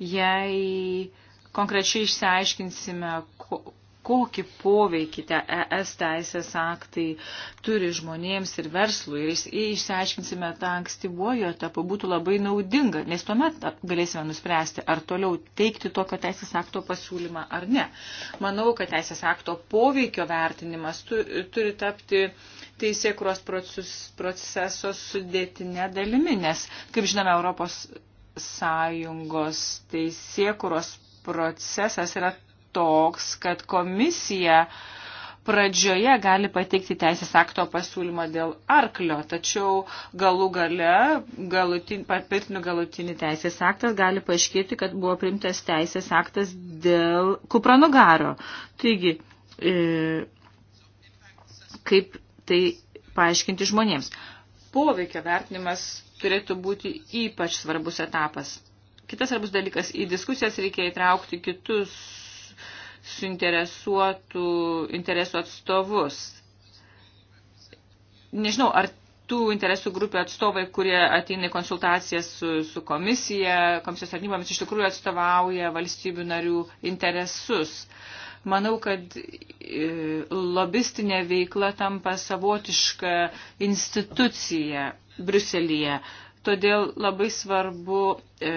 Jei konkrečiai išsiaiškinsime, kokį poveikį te ES teisės aktai turi žmonėms ir verslui. Ir jei išsiaiškinsime tą ankstyvojo etapą, būtų labai naudinga, nes tuomet galėsime nuspręsti, ar toliau teikti tokio teisės akto pasiūlymą ar ne. Manau, kad teisės akto poveikio vertinimas tu, turi tapti teisėkuros proceso sudėtinė dalimi, nes, kaip žinome, Europos Sąjungos teisėkuros procesas yra toks, kad komisija pradžioje gali pateikti teisės akto pasiūlymą dėl arklio, tačiau galų gale galutin, patvirtiniu galutinį teisės aktas gali paaiškėti, kad buvo primtas teisės aktas dėl kupranugaro. Taigi, e, kaip tai paaiškinti žmonėms. Poveikio vertinimas turėtų būti ypač svarbus etapas. Kitas svarbus dalykas, į diskusijas reikia įtraukti kitus suinteresuotų interesų atstovus. Nežinau, ar tų interesų grupių atstovai, kurie ateina į konsultacijas su, su komisija, komisijos tarnybomis, iš tikrųjų atstovauja valstybių narių interesus. Manau, kad e, lobistinė veikla tampa savotiška institucija Briuselyje. Todėl labai svarbu e,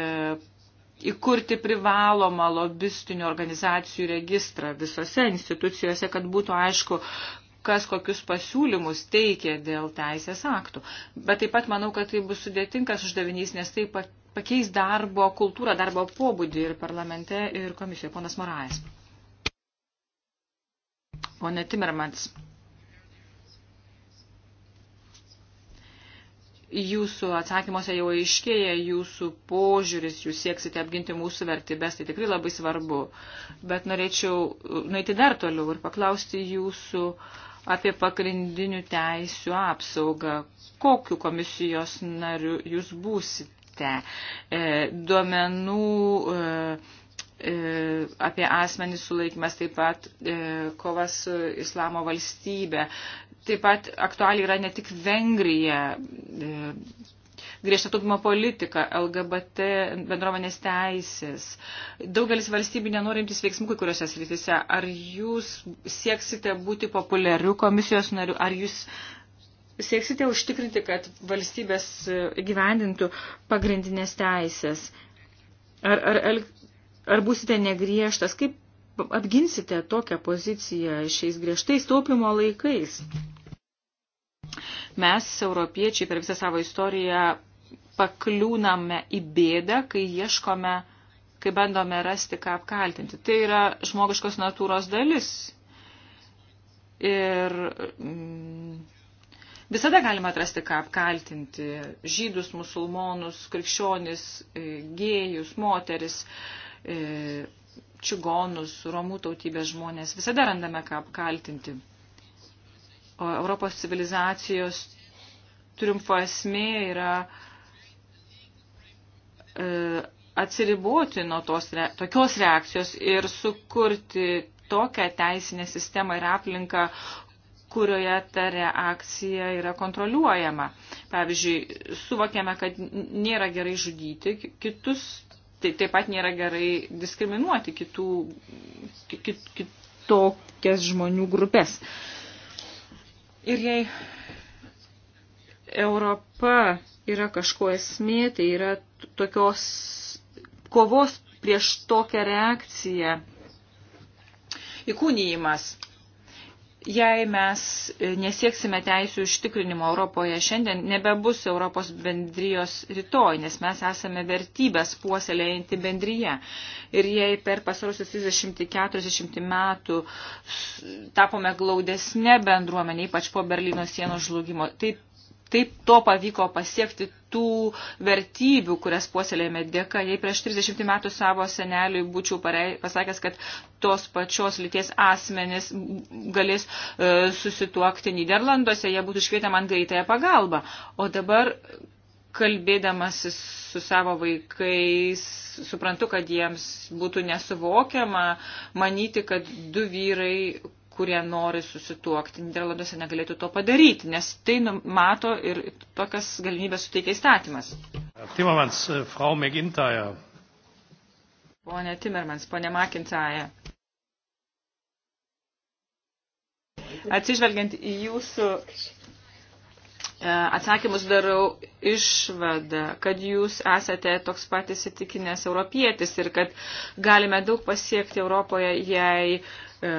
įkurti privalomą lobistinių organizacijų registrą visose institucijose, kad būtų aišku, kas kokius pasiūlymus teikia dėl teisės aktų. Bet taip pat manau, kad tai bus sudėtingas uždavinys, nes tai pakeis darbo kultūrą, darbo pobūdį ir parlamente, ir komisijoje. Ponas Morais. Pone Timermans. jūsų atsakymuose jau aiškėja jūsų požiūris, jūs sieksite apginti mūsų vertybės, tai tikrai labai svarbu. Bet norėčiau nueiti dar toliau ir paklausti jūsų apie pagrindinių teisių apsaugą. Kokiu komisijos nariu jūs būsite? E, duomenų e, e, apie asmenį sulaikymas, taip pat e, kovas su islamo valstybė. Taip pat aktualiai yra ne tik Vengrija, e, griežta taupimo politika, LGBT bendruomenės teisės. Daugelis valstybių nenorintis veiksmų kai kuriuose srityse. Ar jūs sieksite būti populiariu komisijos nariu, ar jūs sieksite užtikrinti, kad valstybės gyvendintų pagrindinės teisės? Ar, ar, ar, ar būsite negriežtas? Kaip apginsite tokią poziciją šiais griežtais taupimo laikais? Mes, europiečiai, per visą savo istoriją pakliūname į bėdą, kai ieškome, kai bandome rasti, ką apkaltinti. Tai yra žmogiškos natūros dalis. Ir mm, visada galima atrasti, ką apkaltinti. Žydus, musulmonus, krikščionis, e, gėjus, moteris, e, čigonus, romų tautybės žmonės. Visada randame, ką apkaltinti. O Europos civilizacijos triumfo esmė yra e, atsiriboti nuo tos, re, tokios reakcijos ir sukurti tokią teisinę sistemą ir aplinką, kurioje ta reakcija yra kontroliuojama. Pavyzdžiui, suvokiame, kad nėra gerai žudyti kitus, tai taip pat nėra gerai diskriminuoti kitų, kit, kitokias žmonių grupės. Uh, Ir jei Europa yra kažko esmė, tai yra tokios kovos prieš tokią reakciją įkūnyjimas jei mes nesieksime teisų ištikrinimo Europoje šiandien, nebebus Europos bendrijos rytoj, nes mes esame vertybės puoselėjantį bendryje. Ir jei per pasausius 30-40 metų tapome glaudesnė bendruomenė, ypač po Berlyno sienos žlugimo, taip, taip to pavyko pasiekti tų vertybių, kurias puoselėjame dėka. Jei prieš 30 metų savo seneliui būčiau pasakęs, kad tos pačios lyties asmenis galės e, susituokti Niderlanduose, jie būtų iškvietę man greitąją pagalbą. O dabar kalbėdamas su savo vaikais, suprantu, kad jiems būtų nesuvokiama manyti, kad du vyrai, kurie nori susituokti Niderlanduose negalėtų to padaryti, nes tai numato ir tokias galimybės suteikia įstatymas. Timmermans, e, Frau McIntyre. Pone Timmermans, pone McIntyre. Atsižvelgiant į jūsų e, atsakymus darau išvadą, kad jūs esate toks pat įsitikinęs europietis ir kad galime daug pasiekti Europoje, jei uh, E,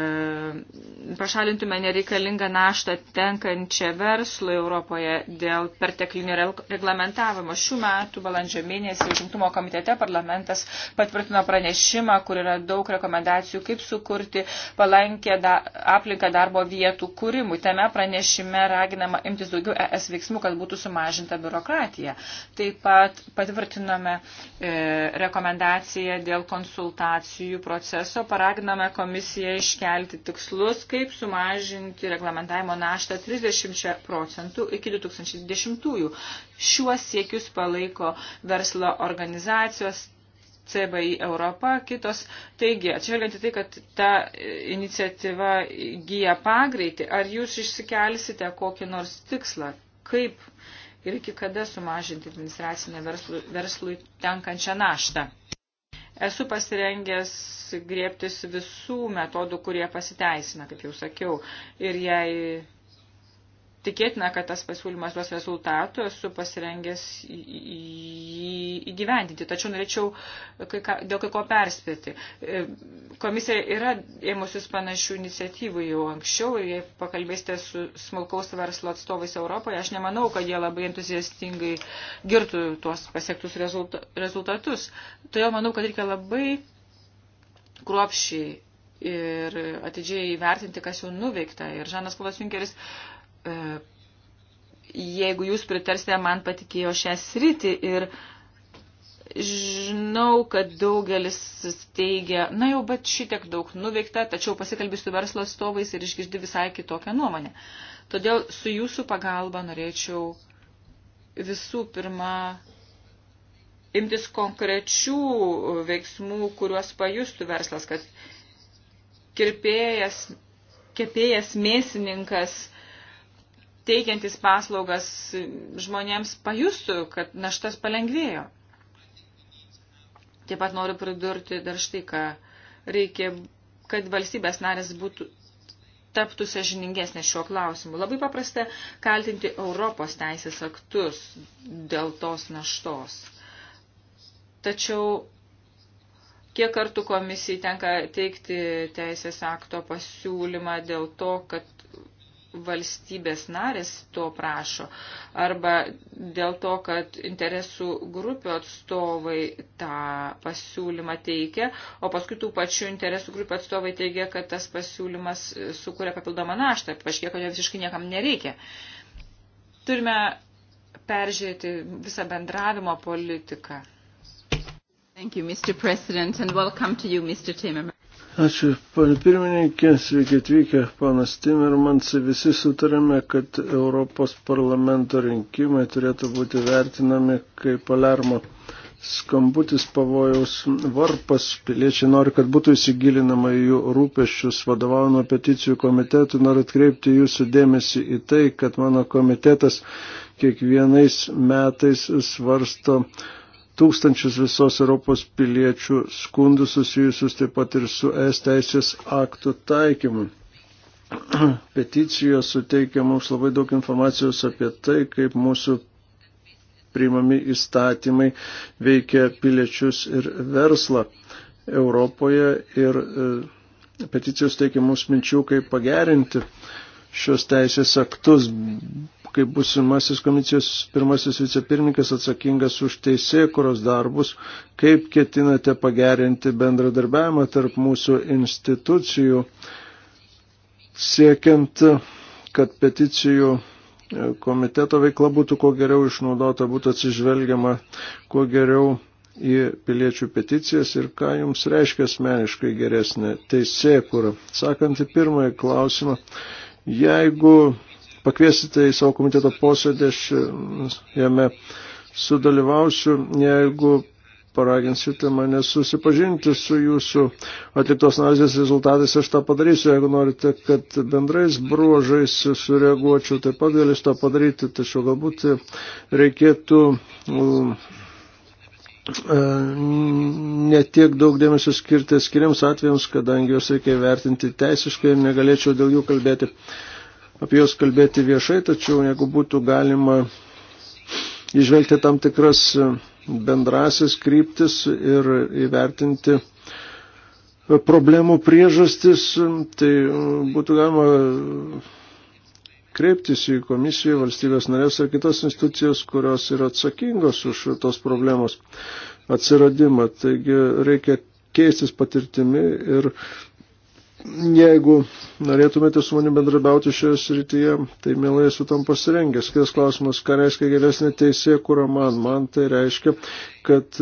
pašalintume nereikalingą naštą tenkančią verslui Europoje dėl perteklinio reglamentavimo. Šių metų balandžio mėnesį užimtumo komitete parlamentas patvirtino pranešimą, kur yra daug rekomendacijų, kaip sukurti palankę da, aplinką darbo vietų kūrimui. Tame pranešime raginama imtis daugiau ES veiksmų, kad būtų sumažinta biurokratija. Taip pat patvirtinome e, rekomendaciją dėl konsultacijų proceso, paraginame komisiją iš iškelti tikslus, kaip sumažinti reglamentavimo naštą 30 procentų iki 2010-ųjų. Šiuos siekius palaiko verslo organizacijos. CBI Europa, kitos. Taigi, atsižvelgiant į tai, kad ta iniciatyva gyja pagreitį, ar jūs išsikelsite kokį nors tikslą, kaip ir iki kada sumažinti administracinę verslui, verslui tenkančią naštą? Esu pasirengęs griebtis visų metodų, kurie pasiteisina, kaip jau sakiau. Ir jei tikėtina, kad tas pasiūlymas duos rezultatų, esu pasirengęs jį įgyvendinti. Tačiau norėčiau kai ką, dėl kai ko perspėti. E, komisija yra ėmusius panašių iniciatyvų jau anksčiau ir jei pakalbėsite su smulkaus verslo atstovais Europoje, aš nemanau, kad jie labai entuziastingai girtų tuos pasiektus rezultatus. Todėl manau, kad reikia labai kruopšiai ir atidžiai įvertinti, kas jau nuveikta. Ir Žanas Klaus Junkeris E, jeigu jūs pritarsite, man patikėjo šią sritį ir žinau, kad daugelis teigia, na jau, bet šitiek daug nuveikta, tačiau pasikalbį su verslo atstovais ir išgirdi visai kitokią nuomonę. Todėl su jūsų pagalba norėčiau visų pirma imtis konkrečių veiksmų, kuriuos pajustų verslas, kad kirpėjas, kepėjas, mėsininkas, teikiantis paslaugas žmonėms pajustų, kad naštas palengvėjo. Taip pat noriu pridurti dar štai, ką reikia, kad valstybės narės būtų taptų sažiningesnės šiuo klausimu. Labai paprasta kaltinti Europos teisės aktus dėl tos naštos. Tačiau kiek kartų komisijai tenka teikti teisės akto pasiūlymą dėl to, kad valstybės narės to prašo, arba dėl to, kad interesų grupių atstovai tą pasiūlymą teikia, o paskui tų pačių interesų grupių atstovai teigia, kad tas pasiūlymas sukuria papildomą naštą, paaiškėjo, kad jo visiškai niekam nereikia. Turime peržiūrėti visą bendravimo politiką. Thank you, Mr. President, and welcome to you, Mr. Timmermans. Ačiū, panė pirmininkė, sveiki atvykę, panas Timermans. Visi sutarėme, kad Europos parlamento rinkimai turėtų būti vertinami kaip alarmo skambutis pavojaus varpas. Piliečiai nori, kad būtų įsigilinama į jų rūpeščius, vadovaujama peticijų komitetų. Noriu atkreipti jūsų dėmesį į tai, kad mano komitetas kiekvienais metais svarsto tūkstančius visos Europos piliečių skundų susijusius taip pat ir su es teisės aktų taikymu. (clears throat) Peticijos suteikia mums labai daug informacijos apie tai, kaip mūsų priimami įstatymai veikia piliečius ir verslą Europoje ir e, peticijos teikia mums minčių, kaip pagerinti šios teisės aktus kaip busimasis komisijos pirmasis vicepirmininkas atsakingas už teisėkuros darbus, kaip ketinate pagerinti bendradarbiavimą tarp mūsų institucijų, siekiant, kad peticijų e, komiteto veikla būtų kuo geriau išnaudota, būtų atsižvelgiama kuo geriau į piliečių peticijas ir ką jums reiškia asmeniškai geresnė teisėkura. Sakant į pirmąjį klausimą, jeigu pakviesite į savo komiteto posėdį, aš mm, jame sudalyvausiu, jeigu paraginsite mane susipažinti su jūsų atliktos analizės rezultatais, aš tą padarysiu, jeigu norite, kad bendrais bruožais sureaguočiau, taip pat galės tą padaryti, tačiau galbūt reikėtų mm, e, netiek daug dėmesio skirti skiriams atvejams, kadangi juos reikia vertinti teisiškai ir negalėčiau dėl jų kalbėti apie juos kalbėti viešai, tačiau jeigu būtų galima išvelgti tam tikras e, bendrasis kryptis ir įvertinti e, problemų priežastis, e, tai būtų galima kreiptis į komisiją, valstybės narės ar kitas institucijas, kurios yra atsakingos už tos problemos atsiradimą. Taigi reikia keistis patirtimi ir Jeigu norėtumėte su manimi bendrabiauti šioje srityje, tai mielai esu tam pasirengęs. Kitas klausimas, ką reiškia geresnė teisė, kurą man? Man tai reiškia, kad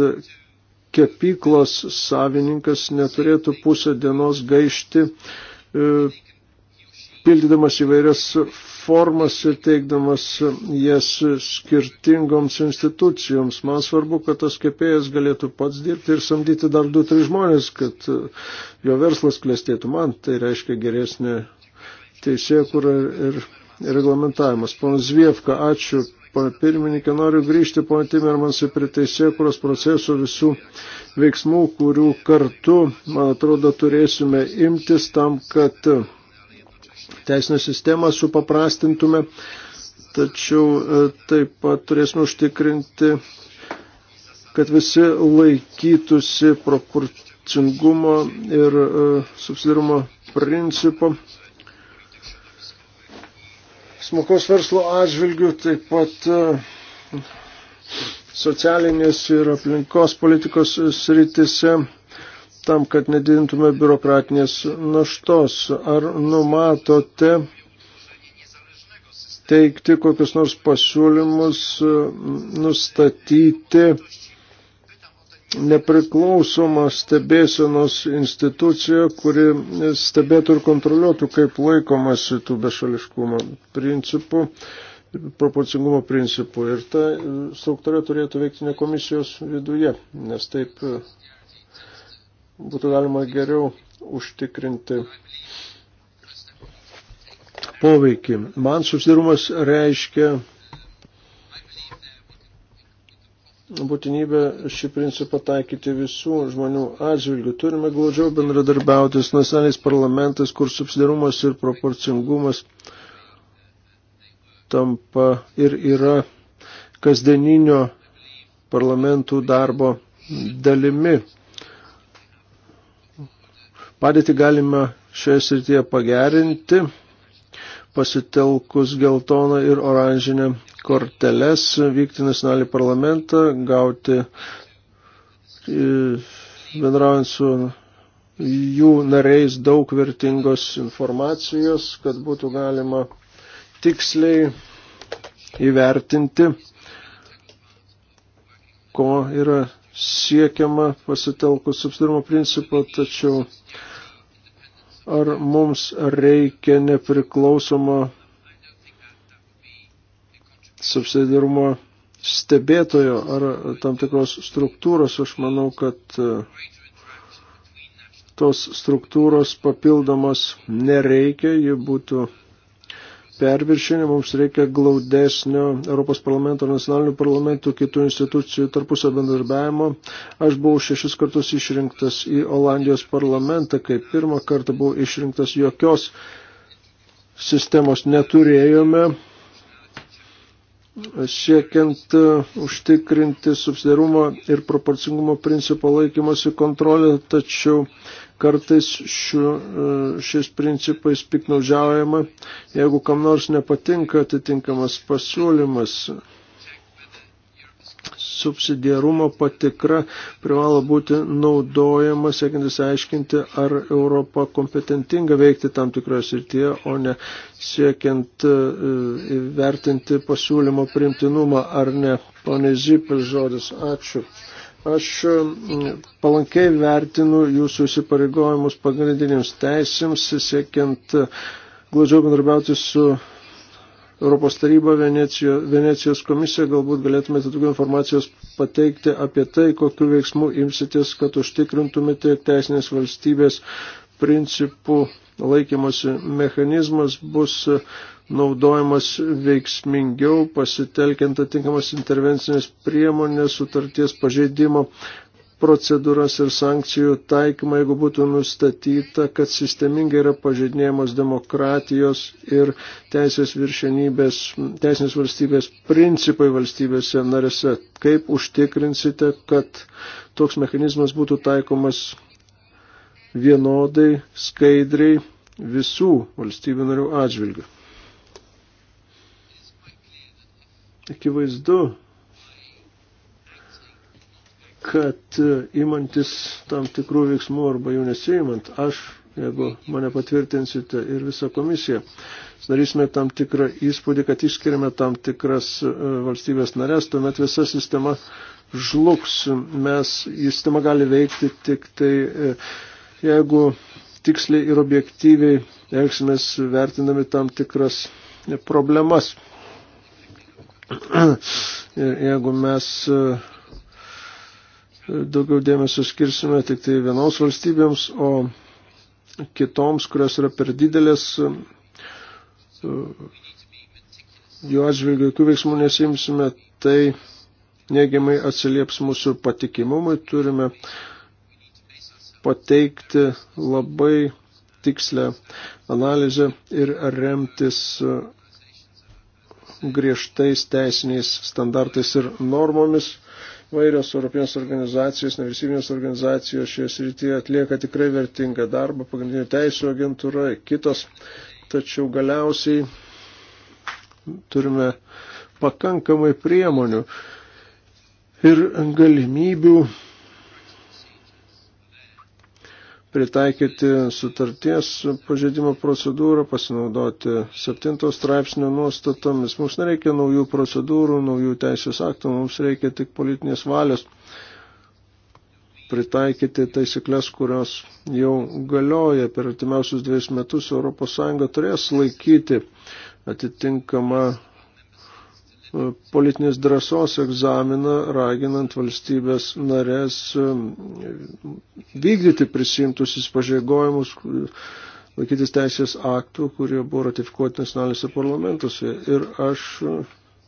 kepyklos savininkas neturėtų pusę dienos gaišti e, pildydamas įvairias formas suteikdamas jas skirtingoms institucijoms. Man svarbu, kad tas kepėjas galėtų pats dirbti ir samdyti dar du, tris žmonės, kad jo verslas klestėtų. Man tai reiškia geresnė teisėkura ir reglamentavimas. Ponas Zviefka, ačiū. Pane pirmininkė, noriu grįžti, pane Timermansai, prie teisėkuros proceso visų veiksmų, kurių kartu, man atrodo, turėsime imtis tam, kad teisinę sistemą supaprastintume, tačiau e, taip pat turėsime užtikrinti, kad visi laikytųsi proporcingumo ir e, subsidirumo principo. Smokos verslo atžvilgių taip pat e, socialinės ir aplinkos politikos sritise tam, kad nedidintume biurokratinės naštos. Ar numatote teikti kokius nors pasiūlymus, nustatyti nepriklausomą stebėsenos instituciją, kuri stebėtų ir kontroliuotų, kaip laikomasi tų bešališkumo principų, proporcingumo principų. Ir ta struktūra turėtų veikti ne komisijos viduje, nes taip būtų galima geriau užtikrinti poveikį. Man susidarumas reiškia būtinybę šį principą taikyti visų žmonių atžvilgių. Turime glaudžiau bendradarbiauti su nacionaliais parlamentais, kur subsidarumas ir proporcingumas tampa ir yra kasdieninio parlamentų darbo dalimi. Padėti galima šioje srityje pagerinti, pasitelkus geltoną ir oranžinę korteles, vykti nacionalinį parlamentą, gauti e, bendraujant su jų nariais daug vertingos informacijos, kad būtų galima tiksliai įvertinti, ko yra siekiama pasitelkus subsidirimo principą, tačiau Ar mums reikia nepriklausomo subsidirumo stebėtojo ar tam tikros struktūros? Aš manau, kad e, tos struktūros papildomos nereikia, ji būtų perviršinį, mums reikia glaudesnio Europos parlamento, nacionalinių parlamentų, kitų institucijų tarpusio bendarbiavimo. Aš buvau šešis kartus išrinktas į Olandijos parlamentą, kai pirmą kartą buvau išrinktas jokios sistemos neturėjome siekiant e, užtikrinti subsidarumo ir proporcingumo principo laikymosi kontrolę, tačiau kartais šiu, e, šiais principais piknaudžiaujama, jeigu kam nors nepatinka atitinkamas pasiūlymas. Subsidiarumo patikra privalo būti naudojama, siekiantis aiškinti, ar Europa kompetentinga veikti tam tikroje srityje, o ne siekiant e, įvertinti pasiūlymo primtinumą ar ne. Pane Zipil žodis, ačiū. Aš mm, palankiai vertinu jūsų įsipareigojimus pagrindiniams teisėms, siekiant e, glaudžiau bendrabiauti su Europos taryba Venecijo, Venecijos komisija, galbūt galėtumėte daugiau informacijos pateikti apie tai, kokiu veiksmu imsitės, kad užtikrintumėte, jog teisinės valstybės principų laikymosi mechanizmas bus naudojamas veiksmingiau, pasitelkiant atinkamas intervencinės priemonės, sutarties pažeidimo procedūras ir sankcijų taikymą, jeigu būtų nustatyta, kad sistemingai yra pažeidinėjamos demokratijos ir teisės viršenybės, teisinės valstybės principai valstybėse narėse. Kaip užtikrinsite, kad toks mechanizmas būtų taikomas vienodai, skaidriai visų valstybių narių atžvilgių? akivaizdu, kad įmantis e, tam tikrų veiksmų arba jų nesijimant, aš, jeigu mane patvirtinsite ir visą komisiją, sudarysime tam tikrą įspūdį, kad išskiriame tam tikras e, valstybės narės, tuomet visa sistema žlugs. Mes, sistema gali veikti tik tai, e, jeigu tiksliai ir objektyviai elgsimės vertinami tam tikras problemas. (coughs) Ir jeigu mes e, daugiau dėmesio skirsime tik tai vienos valstybėms, o kitoms, kurios yra per didelės, e, jų atžvilgių jokių veiksmų nesimsime, tai neigiamai atsilieps mūsų patikimumui. Turime pateikti labai tikslę analizę ir remtis e, griežtais teisiniais standartais ir normomis. Vairios Europinės organizacijos, nevyriausybinės organizacijos šioje srityje atlieka tikrai vertingą darbą, pagrindinių teisų agentūra, kitos. Tačiau galiausiai turime pakankamai priemonių ir galimybių pritaikyti sutarties pažeidimo procedūrą, pasinaudoti septinto straipsnio nuostatomis. Mums nereikia naujų procedūrų, naujų teisės aktų, mums reikia tik politinės valios pritaikyti taisyklės, kurios jau galioja per artimiausius dviejus metus ES turės laikyti atitinkamą politinės drąsos egzaminą, raginant valstybės narės um, vykdyti prisimtus įsipažeigojimus, laikytis teisės aktų, kurie buvo ratifikuoti nacionaliniuose parlamentuose. Ir aš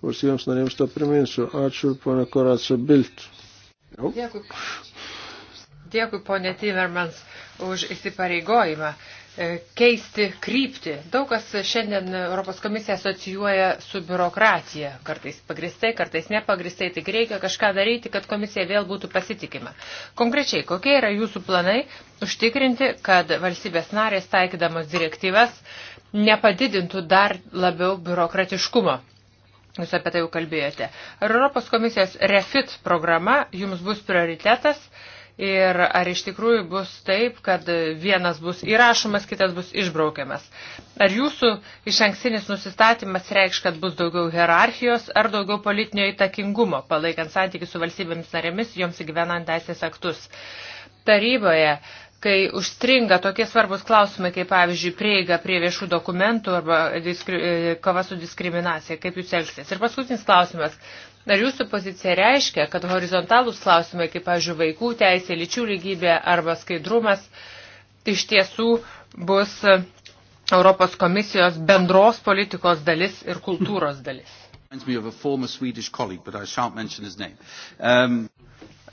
valstybėms narėms tą priminsiu. Ačiū, ponia Koracija Bilt. Dėkui. Dėkui, ponė Timermans, už įsipareigojimą. E, keisti kryptį. Daug kas šiandien Europos komisija asocijuoja su biurokratija. Kartais pagristai, kartais nepagristai. Tik reikia kažką daryti, kad komisija vėl būtų pasitikima. Konkrečiai, kokie yra jūsų planai užtikrinti, kad valstybės narės taikydamos direktyvas nepadidintų dar labiau biurokratiškumo? Jūs apie tai jau kalbėjote. Ar Europos komisijos REFIT programa jums bus prioritetas? ir ar iš tikrųjų bus taip, kad vienas bus įrašomas, kitas bus išbraukiamas. Ar jūsų iš anksinis nusistatymas reikš, kad bus daugiau hierarchijos ar daugiau politinio įtakingumo, palaikant santykių su valstybėmis narėmis, joms įgyvenant teisės aktus? Taryboje kai užstringa tokie svarbus klausimai, kaip pavyzdžiui prieiga prie viešų dokumentų arba diskri, kova su diskriminacija, kaip jūs elgsitės. Ir paskutinis klausimas. Ar jūsų pozicija reiškia, kad horizontalūs klausimai, kaip, pavyzdžiui, vaikų teisė, lyčių lygybė arba skaidrumas, iš tiesų bus Europos komisijos bendros politikos dalis ir kultūros dalis? Um,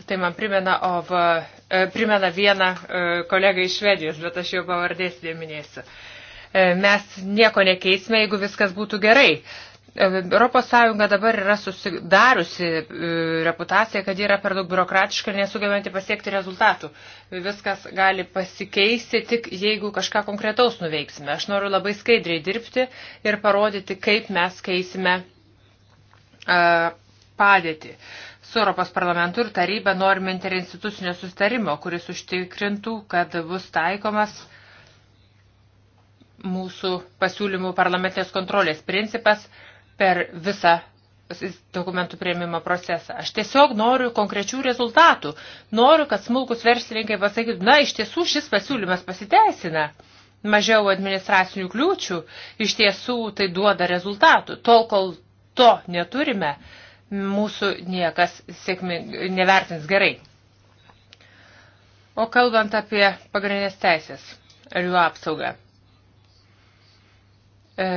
tai man primena, of, e, primena vieną e, kolegą iš Švedijos, bet aš jo pavardės neminėsiu. E, mes nieko nekeisime, jeigu viskas būtų gerai. Europos Sąjunga dabar yra susidariusi e, reputacija, kad yra per daug biurokratiška ir nesugebanti pasiekti rezultatų. Viskas gali pasikeisti tik jeigu kažką konkretaus nuveiksime. Aš noriu labai skaidriai dirbti ir parodyti, kaip mes keisime e, padėtį. Su Europos parlamentu ir taryba norime interinstitucinio sustarimo, kuris užtikrintų, kad bus taikomas mūsų pasiūlymų parlamentės kontrolės principas per visą dokumentų prieimimo procesą. Aš tiesiog noriu konkrečių rezultatų. Noriu, kad smulkus verslininkai pasakytų, na, iš tiesų šis pasiūlymas pasiteisina. Mažiau administracinių kliūčių iš tiesų tai duoda rezultatų. Tol, kol to neturime, mūsų niekas sėkming, nevertins gerai. O kalbant apie pagrindinės teisės ir jų apsaugą. E,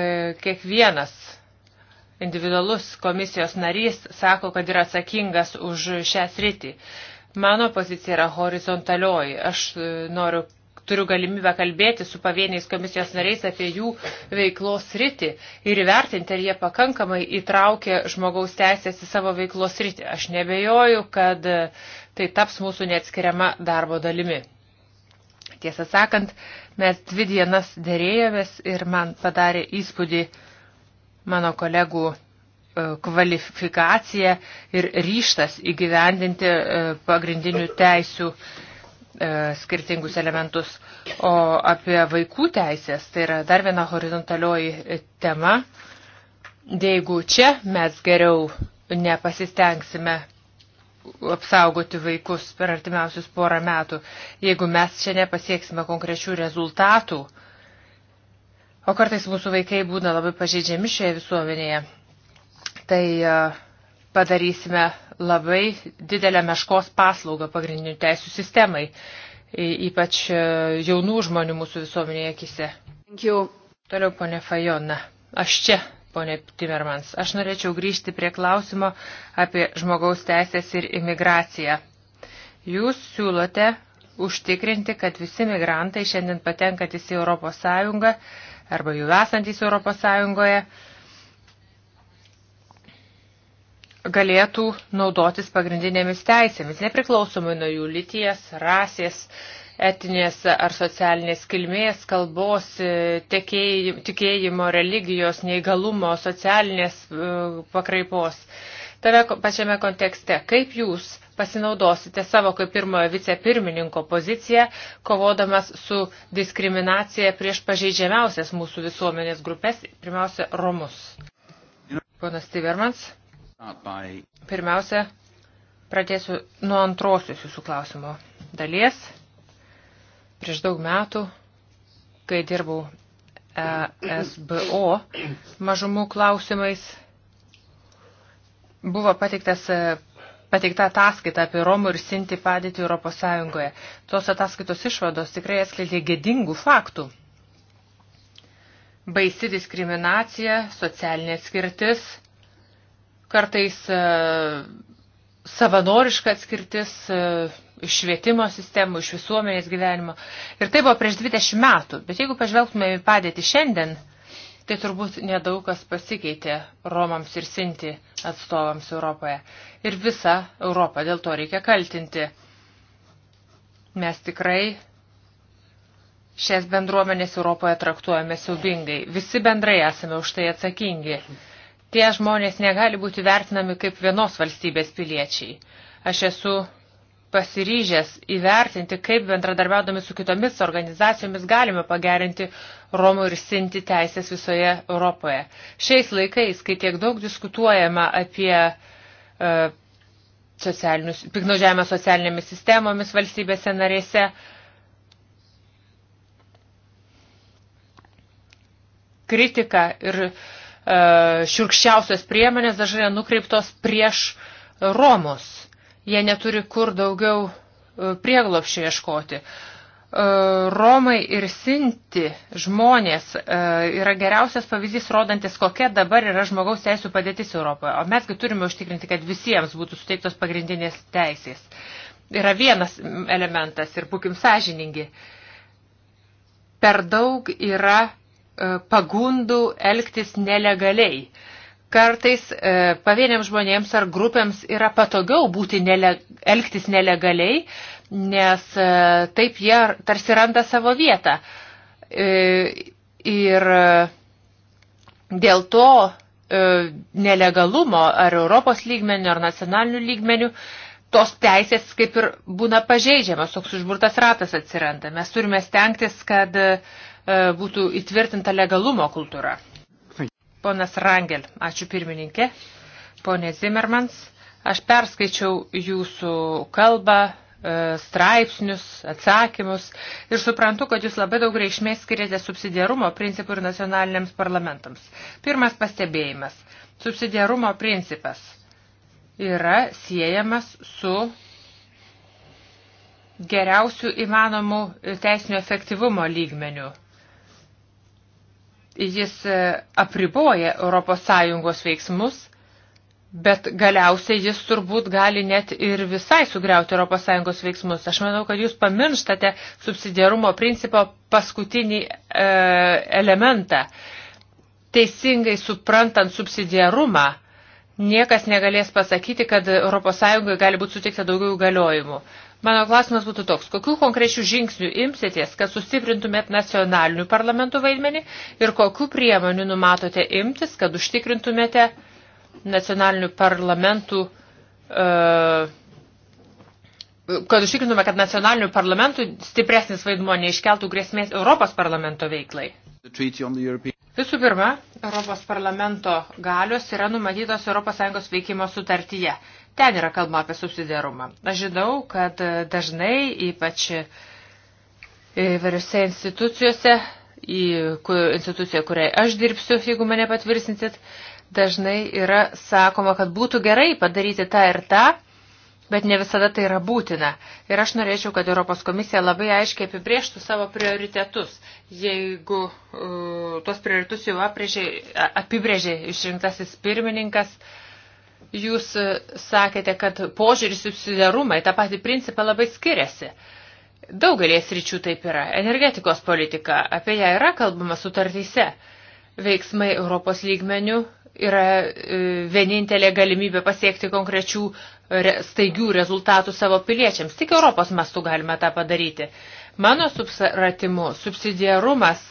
kiekvienas individualus komisijos narys sako, kad yra atsakingas už šią sritį. Mano pozicija yra horizontalioji. Aš e, noriu, turiu galimybę kalbėti su pavieniais komisijos nariais apie jų veiklos sritį ir įvertinti, ar jie pakankamai įtraukė žmogaus teisės į savo veiklos sritį. Aš nebejoju, kad e, tai taps mūsų neatskiriama darbo dalimi. Tiesą sakant, mes dvi dienas dėrėjomės ir man padarė įspūdį, mano kolegų e, kvalifikacija ir ryštas įgyvendinti e, pagrindinių teisių e, skirtingus elementus. O apie vaikų teisės, tai yra dar viena horizontalioji tema. Jeigu čia mes geriau nepasistengsime apsaugoti vaikus per artimiausius porą metų, jeigu mes čia nepasieksime konkrečių rezultatų, uh, O kartais mūsų vaikai būna labai pažeidžiami šioje visuomenėje. Tai e, padarysime labai didelę meškos paslaugą pagrindinių teisų sistemai, ypač e, jaunų žmonių mūsų visuomenėje akise. Toliau, ponė Fajona. Aš čia, ponė Timermans. Aš norėčiau grįžti prie klausimo apie žmogaus teisės ir imigraciją. Jūs siūlote užtikrinti, kad visi migrantai šiandien patenkantys į Europos Sąjungą arba jau esantys Europos Sąjungoje galėtų naudotis pagrindinėmis teisėmis, nepriklausomai nuo jų lyties, rasės, etinės ar socialinės kilmės, kalbos, e, tikėjimo, religijos, neįgalumo, socialinės e, pakraipos. Uh, Tame pačiame kontekste, kaip jūs pasinaudosite savo kaip pirmojo vicepirmininko poziciją, kovodamas su diskriminacija prieš pažeidžiamiausias mūsų visuomenės grupės, pirmiausia, Romus. Ponas Tivermans, pirmiausia, pradėsiu nuo antrosios jūsų klausimo dalies. Prieš daug metų, kai dirbau ESBO mažumų klausimais, Buvo pateiktas e, pateikta ataskaita apie Romų ir Sinti padėtį Europos Sąjungoje. Tos ataskaitos išvados tikrai atskleidė gedingų faktų. Baisi diskriminacija, socialinė atskirtis, kartais e, savanoriška atskirtis e, iš švietimo sistemų, iš visuomenės gyvenimo. Ir tai buvo prieš 20 metų. Bet jeigu pažvelgtume į padėtį šiandien, Tai turbūt nedaug kas pasikeitė Romams ir Sinti atstovams Europoje. Ir visą Europą dėl to reikia kaltinti. Mes tikrai šias bendruomenės Europoje traktuojame siubingai. Visi bendrai esame už tai atsakingi. Tie žmonės negali būti vertinami kaip vienos valstybės piliečiai. Aš esu pasiryžęs įvertinti, kaip bendradarbiaudami su kitomis organizacijomis galime pagerinti Romų ir Sinti teisės visoje Europoje. Šiais laikais, kai tiek daug diskutuojama apie uh, piknaudžiavimą socialinėmis sistemomis valstybėse narėse, kritika ir uh, šiurkščiausios priemonės dažnai nukreiptos prieš Romus Jie neturi kur daugiau e, prieglopščio ieškoti. E, Romai ir Sinti žmonės e, yra geriausias pavyzdys rodantis, kokia dabar yra žmogaus teisų padėtis Europoje. O mesgi turime užtikrinti, kad visiems būtų suteiktos pagrindinės teisės. Yra vienas elementas ir būkim sąžiningi. Per daug yra pagundų elgtis nelegaliai. Uh, Kartais e, pavieniams žmonėms ar grupėms yra patogiau būti nele, elgtis nelegaliai, nes e, taip jie tarsi randa savo vietą. E, ir e, dėl to e, nelegalumo ar Europos lygmenių, ar nacionalinių lygmenių tos teisės kaip ir būna pažeidžiamas, toks užburtas ratas atsiranda. Mes turime stengtis, kad e, būtų įtvirtinta legalumo kultūra. Ponas Rangel, ačiū pirmininkė. Pone Zimmermans, aš perskaičiau jūsų kalbą, e, straipsnius, atsakymus ir suprantu, kad jūs labai daug reikšmės skiriate subsidiarumo principų ir nacionaliniams parlamentams. Pirmas pastebėjimas. Subsidiarumo principas yra siejamas su geriausių įmanomų teisinio efektyvumo lygmenių jis e, apriboja ES veiksmus, bet galiausiai jis turbūt gali net ir visai sugriauti ES veiksmus. Aš manau, kad jūs pamirštate subsidiarumo principo paskutinį e, elementą. Teisingai suprantant subsidiarumą, niekas negalės pasakyti, kad ES gali būti suteikta daugiau galiojimų. Mano klausimas būtų toks, kokių konkrečių žingsnių imsitės, kad sustiprintumėt nacionalinių parlamentų vaidmenį ir kokių priemonių numatote imtis, kad užtikrintumėte nacionalinių parlamentų uh, kad užtikrintume, kad nacionalinių parlamentų stipresnis vaidmuo neiškeltų grėsmės Europos parlamento veiklai. Visų pirma, Europos parlamento galios yra numatytos ES veikimo sutartyje. Ten yra kalba apie subsidiarumą. Aš žinau, kad dažnai, ypač e, įvairiose institucijose, į instituciją, kuriai aš dirbsiu, jeigu mane patvirsinsit, dažnai yra sakoma, kad būtų gerai padaryti tą ir tą, bet ne visada tai yra būtina. Ir aš norėčiau, kad Europos komisija labai aiškiai apibrieštų savo prioritetus, jeigu uh, e, tos prioritetus jau apibrėžė išrinktasis pirmininkas. Uh, Jūs e, sakėte, kad požiūris subsidiarumai tą patį principą labai skiriasi. Daugelės ryčių taip yra. Energetikos politika, apie ją yra kalbama sutartyse. Veiksmai Europos lygmenių yra e, vienintelė galimybė pasiekti konkrečių staigių rezultatų savo piliečiams. Tik Europos mastu galime tą padaryti. Mano subsaratimu subsidiarumas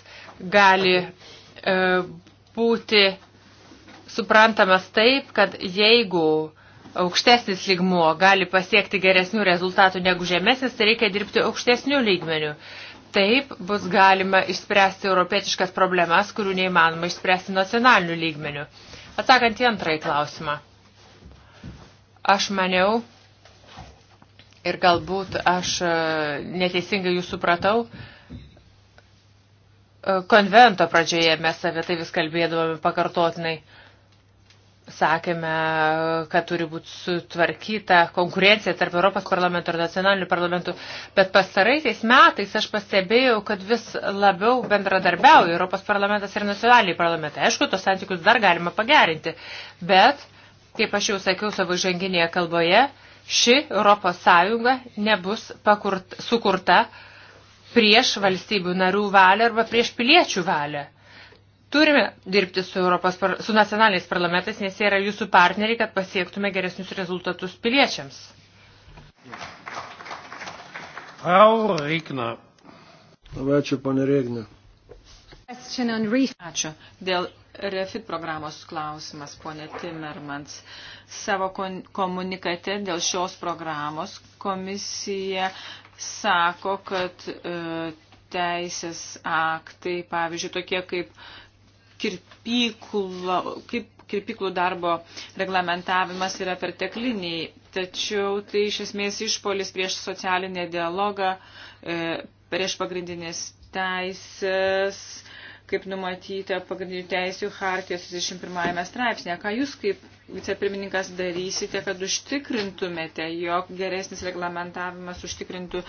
gali e, būti suprantamas taip, kad jeigu aukštesnis lygmuo gali pasiekti geresnių rezultatų negu žemesnis, tai reikia dirbti aukštesnių lygmenių. Taip bus galima išspręsti europietiškas problemas, kurių neįmanoma išspręsti nacionalinių lygmenių. Atsakant į antrąjį klausimą. Aš maniau, ir galbūt aš e, neteisingai jūs supratau, e, konvento pradžioje mes apie tai vis kalbėdavome pakartotinai sakėme, kad turi būti sutvarkyta konkurencija tarp Europos parlamento ir nacionalinių parlamentų, bet pastaraisiais metais aš pastebėjau, kad vis labiau bendradarbiauja Europos parlamentas ir nacionaliniai parlamentai. Aišku, tos santykius dar galima pagerinti, bet, kaip aš jau sakiau savo ženginėje kalboje, ši Europos Sąjunga nebus pakurt, sukurta prieš valstybių narių valią arba prieš piliečių valią Turime dirbti su, Europos, su nacionaliniais parlamentais, nes jie yra jūsų partneriai, kad pasiektume geresnius rezultatus piliečiams. Frau Regner. Labai ačiū, pane Regner. Ačiū. Dėl REFIT programos klausimas, ponė Timmermans. Savo komunikate dėl šios programos komisija sako, kad e, teisės aktai, pavyzdžiui, tokie kaip kirpyklo, kaip kirpyklų darbo reglamentavimas yra pertekliniai, tačiau tai iš esmės išpolis prieš socialinį dialogą, e, prieš pagrindinės teisės, kaip numatyta pagrindinių teisių hartijos 31 straipsnėje. Ką jūs kaip vicepirmininkas darysite, kad užtikrintumėte, jog geresnis reglamentavimas užtikrintų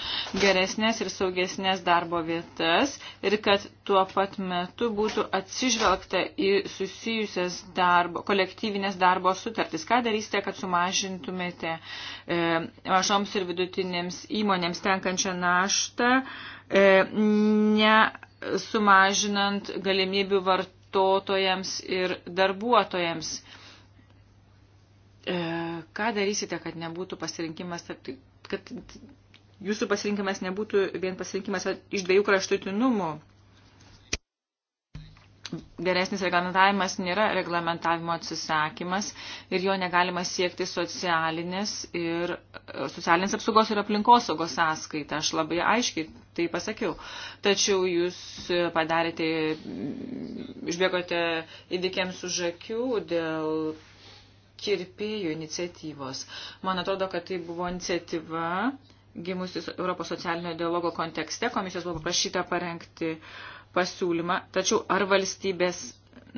geresnės ir saugesnės darbo vietas ir kad tuo pat metu būtų atsižvelgta į susijusias darbo, kolektyvinės darbo sutartis. Ką darysite, kad sumažintumėte e, mažoms ir vidutinėms įmonėms tenkančią naštą? E, ne, sumažinant galimybių vartotojams ir darbuotojams. E, ką darysite, kad nebūtų pasirinkimas, tai- kad jūsų pasirinkimas nebūtų vien pasirinkimas iš dviejų kraštutinumų? geresnis reglamentavimas nėra reglamentavimo atsisakymas ir jo negalima siekti socialinės, ir, socialinės apsaugos ir aplinkosaugos sąskaita. Aš labai aiškiai tai pasakiau. Tačiau jūs padarėte, išbėgote įdikėms už akių dėl kirpėjų iniciatyvos. Man atrodo, kad tai buvo iniciatyva gimusi Europos socialinio dialogo kontekste. Komisijos buvo paprašyta parengti uh, pasiūlymą, tačiau ar valstybės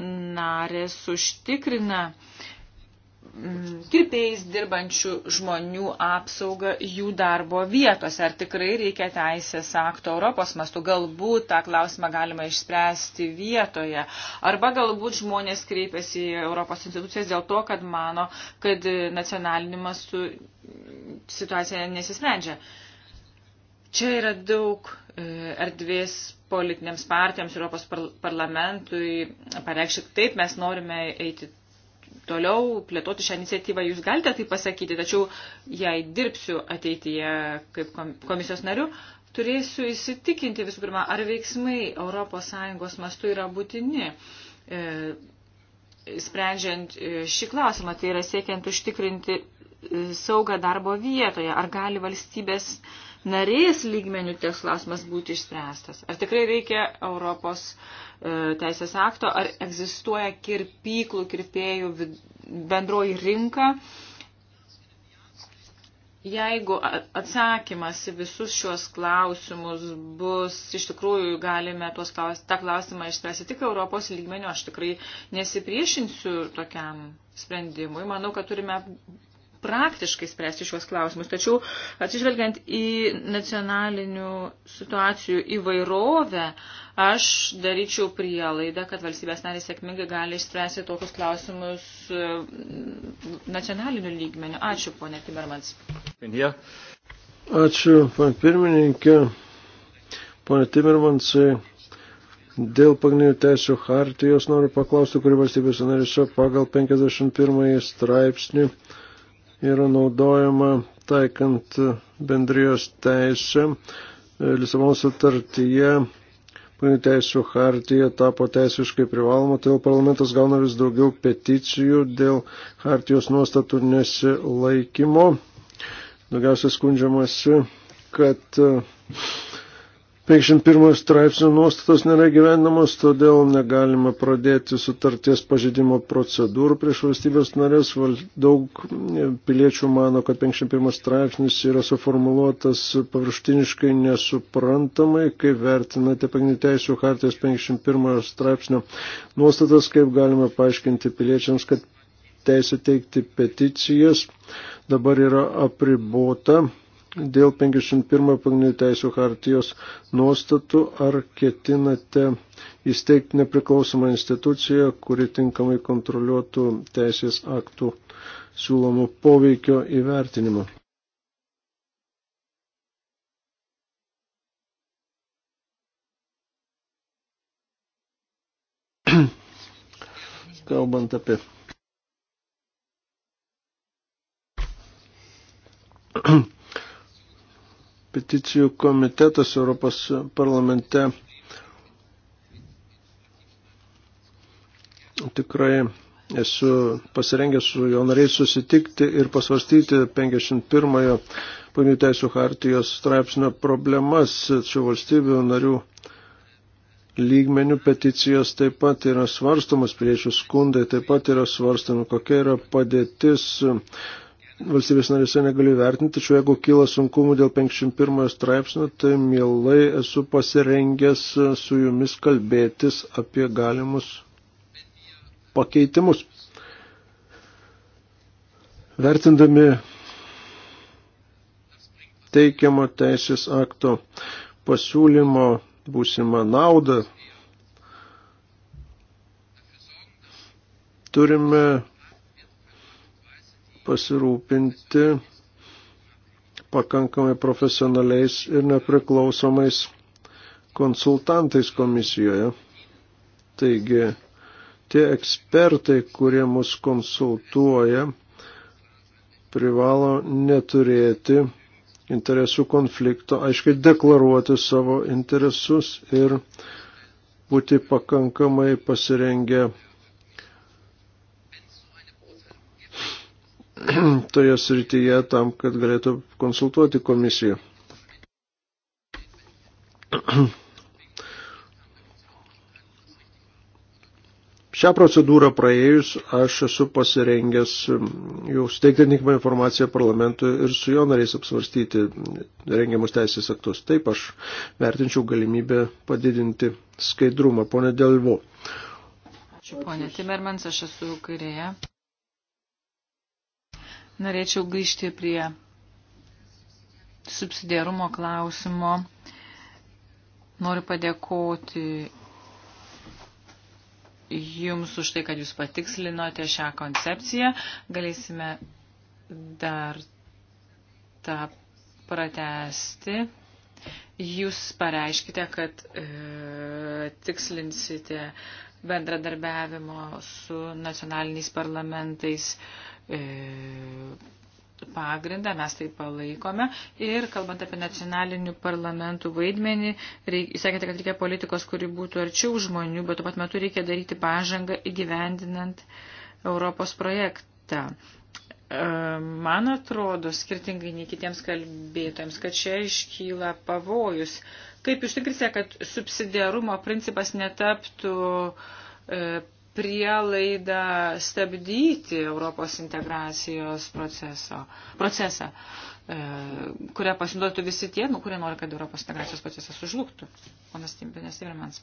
narės užtikrina mm, kirpėjais dirbančių žmonių apsaugą jų darbo vietose. Ar tikrai reikia teisės akto Europos mastu? Galbūt tą klausimą galima išspręsti vietoje. Arba galbūt žmonės kreipiasi į Europos institucijas dėl to, kad mano, kad nacionaliniu mastu situacija nesisprendžia. Uh, Čia yra daug e, erdvės politinėms partijams, Europos parlamentui pareikšti, taip mes norime eiti toliau, plėtoti šią iniciatyvą. Jūs galite tai pasakyti, tačiau jei dirbsiu ateityje kaip komisijos nariu, turėsiu įsitikinti visų pirma, ar veiksmai ES mastu yra būtini. E, sprendžiant e, šį klausimą, tai yra siekiant užtikrinti e, saugą darbo vietoje, ar gali valstybės e, narės lygmenių teks klausimas būti išspręstas. Ar tikrai reikia Europos e, teisės akto, ar egzistuoja kirpyklų, kirpėjų bendroji rinka? Jeigu atsakymas į visus šios klausimus bus, iš tikrųjų galime tuos klaus, tą klausimą išspręsti tik Europos lygmeniu, aš tikrai nesipriešinsiu tokiam sprendimui. Manau, kad turime praktiškai spręsti šios klausimus. Tačiau atsižvelgiant į nacionalinių situacijų įvairovę, aš daryčiau prielaidą, kad valstybės nariai sėkmingai gali išspręsti tokius klausimus e, nacionaliniu lygmeniu. Ačiū, ponė Timermans. Ačiū, ponė pirmininkė. Pone Timermansai, Dėl pagrindinių teisų hartijos noriu paklausti, kuri valstybės narėse pagal 51 straipsnį yra naudojama taikant bendrijos teisę. Lisabono sutartyje pagrindinių teisų hartija tapo teisiškai privaloma, todėl parlamentas gauna vis daugiau peticijų dėl hartijos nuostatų nesilaikymo. Daugiausia skundžiamasi, kad uh, 51 straipsnio nuostatos nėra gyvenamos, todėl negalima pradėti sutarties pažeidimo procedūrų prieš valstybės narės. Daug e, piliečių mano, kad 51 straipsnis yra suformuoluotas paviršutiniškai nesuprantamai, kaip vertinate pagrindinių teisų hartijos 51 straipsnio nuostatas, kaip galima paaiškinti piliečiams, kad teisė teikti peticijas dabar yra apribota dėl 51 pagrindinių teisų hartijos nuostatų, ar ketinate įsteigti nepriklausomą instituciją, kuri tinkamai kontroliuotų teisės aktų siūlomų poveikio įvertinimą. Kalbant apie peticijų komitetas Europos parlamente tikrai esu pasirengęs su jo nariais susitikti ir pasvarstyti 51-ojo pagrindinių teisų hartijos straipsnio problemas šių valstybių narių lygmenių peticijos taip pat yra svarstomas, priešių skundai taip pat yra svarstomi, kokia yra padėtis valstybės narėse negaliu vertinti, tačiau jeigu kyla sunkumų dėl 51 straipsnio, tai mielai esu pasirengęs su jumis kalbėtis apie galimus pakeitimus. Vertindami teikiamo teisės akto pasiūlymo būsimą naudą, turime pasirūpinti pakankamai profesionaliais ir nepriklausomais konsultantais komisijoje. Taigi, tie ekspertai, kurie mus konsultuoja, privalo neturėti interesų konflikto, aiškiai deklaruoti savo interesus ir būti pakankamai pasirengę (clears throat) toje srityje tam, kad galėtų konsultuoti komisiją. (clears throat) Šią procedūrą praėjus aš esu pasirengęs mm, jau steigti nikmą informaciją parlamentui ir su jo nariais apsvarstyti rengiamus teisės aktus. Taip aš vertinčiau galimybę padidinti skaidrumą. Pone Delvo. Ačiū, ponė Timermans, aš esu kairėje. Norėčiau grįžti prie subsidiarumo klausimo. Noriu padėkoti Jums už tai, kad Jūs patikslinote šią koncepciją. Galėsime dar tą pratesti. Jūs pareiškite, kad e, tikslinsite bendradarbiavimo su nacionaliniais parlamentais e, pagrindą, mes tai palaikome. Ir kalbant apie nacionalinių parlamentų vaidmenį, reik, sakėte, kad reikia politikos, kuri būtų arčiau žmonių, bet tuo pat metu reikia daryti pažangą įgyvendinant Europos projektą. E, man atrodo, skirtingai nei kitiems kalbėtojams, kad čia iškyla pavojus. Kaip užtikrisite, kad subsidiarumo principas netaptų e, prielaida stabdyti Europos integracijos proceso, procesą, e, kurią pasinduotų visi tie, nu, kurie nori, kad Europos integracijos procesas sužlugtų. Ponas Timpinės Tivermans.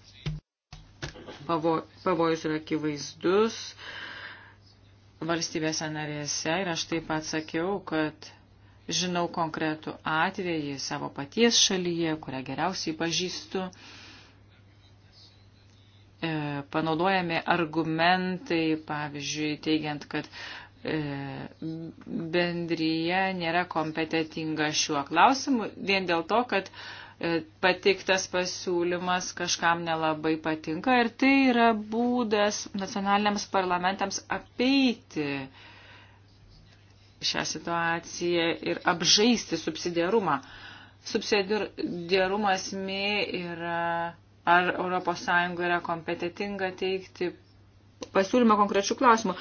Pavo, pavojus yra akivaizdus. Uh, valstybėse narėse ir aš taip pat sakiau, kad žinau konkretų atvejį savo paties šalyje, kurią geriausiai pažįstu. E, panaudojami argumentai, pavyzdžiui, teigiant, kad e, bendryje nėra kompetitinga šiuo klausimu, vien dėl to, kad E, patiktas pasiūlymas kažkam nelabai patinka ir tai yra būdas nacionaliniams parlamentams apeiti šią situaciją ir apžaisti subsidiarumą. Subsidiarumo esmė yra, ar ES yra kompetitinga teikti pasiūlymą konkrečių klausimų.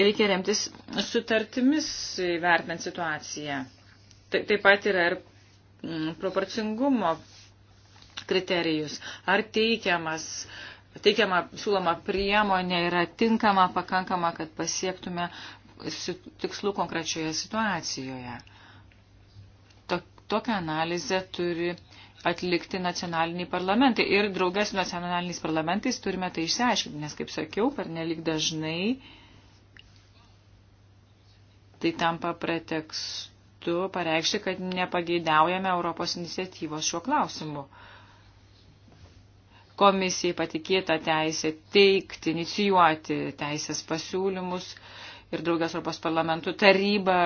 Reikia remtis sutartimis vertinant situaciją. Taip pat yra ir Mm, proporcingumo kriterijus, ar teikiamas, teikiama siūloma priemonė yra tinkama, pakankama, kad pasiektume tikslų konkrečioje situacijoje. Tokią analizę turi atlikti nacionaliniai parlamentai ir draugės nacionaliniais parlamentais turime tai išsiaiškinti, nes, kaip sakiau, per nelik dažnai tai tampa pretekstu metu pareikšti, kad nepageidaujame Europos iniciatyvos šiuo klausimu. Komisijai patikėta teisė teikti, inicijuoti teisės pasiūlymus ir draugės Europos parlamentų taryba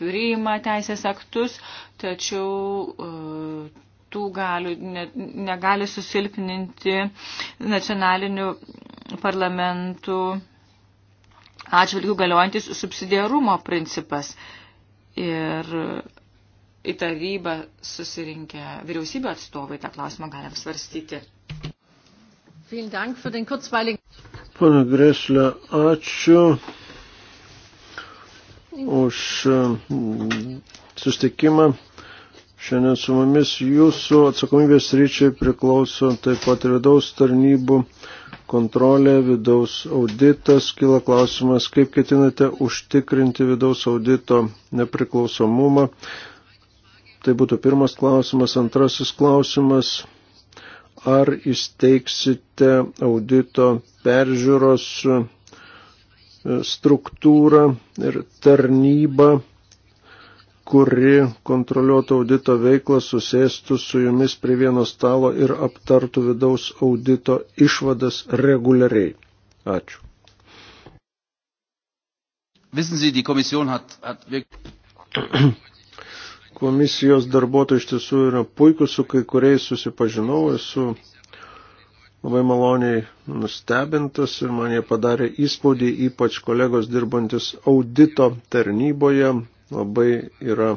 priima teisės aktus, tačiau e, tų galių ne, negali susilpninti nacionalinių parlamentų atžvilgių galiojantis subsidiarumo principas ir į tarybą susirinkę vyriausybę atstovai tą klausimą galim svarstyti. Pana Greslė, ačiū už mm, sustikimą šiandien su mumis. Jūsų atsakomybės ryčiai priklauso taip pat ir vidaus tarnybų kontrolė, vidaus auditas. Kila klausimas, kaip ketinate užtikrinti vidaus audito nepriklausomumą. Tai būtų pirmas klausimas. Antrasis klausimas ar įsteigsite audito peržiūros struktūrą ir tarnybą, kuri kontroliuotų audito veiklą, susėstų su jumis prie vieno stalo ir aptartų vidaus audito išvadas reguliariai. Ačiū. (clears throat) Komisijos darbuotojai iš tiesų yra puikus, su kai kuriais susipažinau, esu labai maloniai nustebintas ir man jie padarė įspūdį, ypač kolegos dirbantis audito tarnyboje, labai yra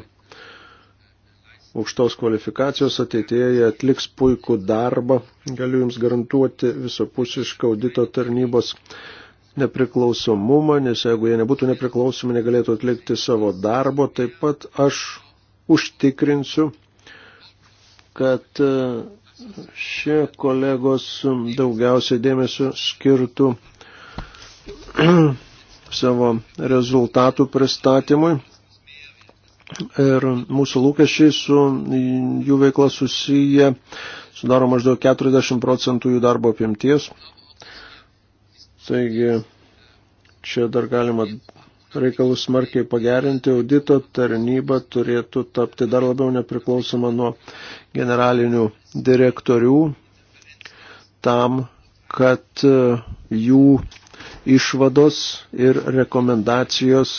aukštos kvalifikacijos ateitėje, jie atliks puikų darbą, galiu Jums garantuoti visapusišką audito tarnybos nepriklausomumą, nes jeigu jie nebūtų nepriklausomi, negalėtų atlikti savo darbo, taip pat aš užtikrinsiu, kad e, šie kolegos daugiausiai dėmesio skirtų (clears throat) savo rezultatų pristatymui ir mūsų lūkesčiai su jų veikla susiję sudaro maždaug 40 procentų jų darbo apimties. Taigi čia dar galima reikalus smarkiai pagerinti. Audito tarnyba turėtų tapti dar labiau nepriklausoma nuo generalinių direktorių tam, kad jų išvados ir rekomendacijos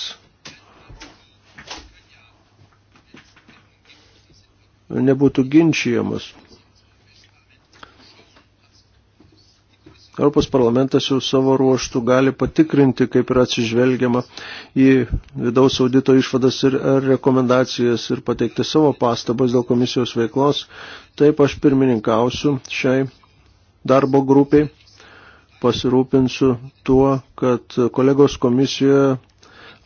nebūtų ginčiamas. Europos parlamentas jau savo ruoštų gali patikrinti, kaip yra atsižvelgiama į vidaus audito išvadas ir rekomendacijas ir pateikti savo pastabas dėl komisijos veiklos. Taip aš pirmininkausiu šiai darbo grupiai, pasirūpinsiu tuo, kad kolegos komisijoje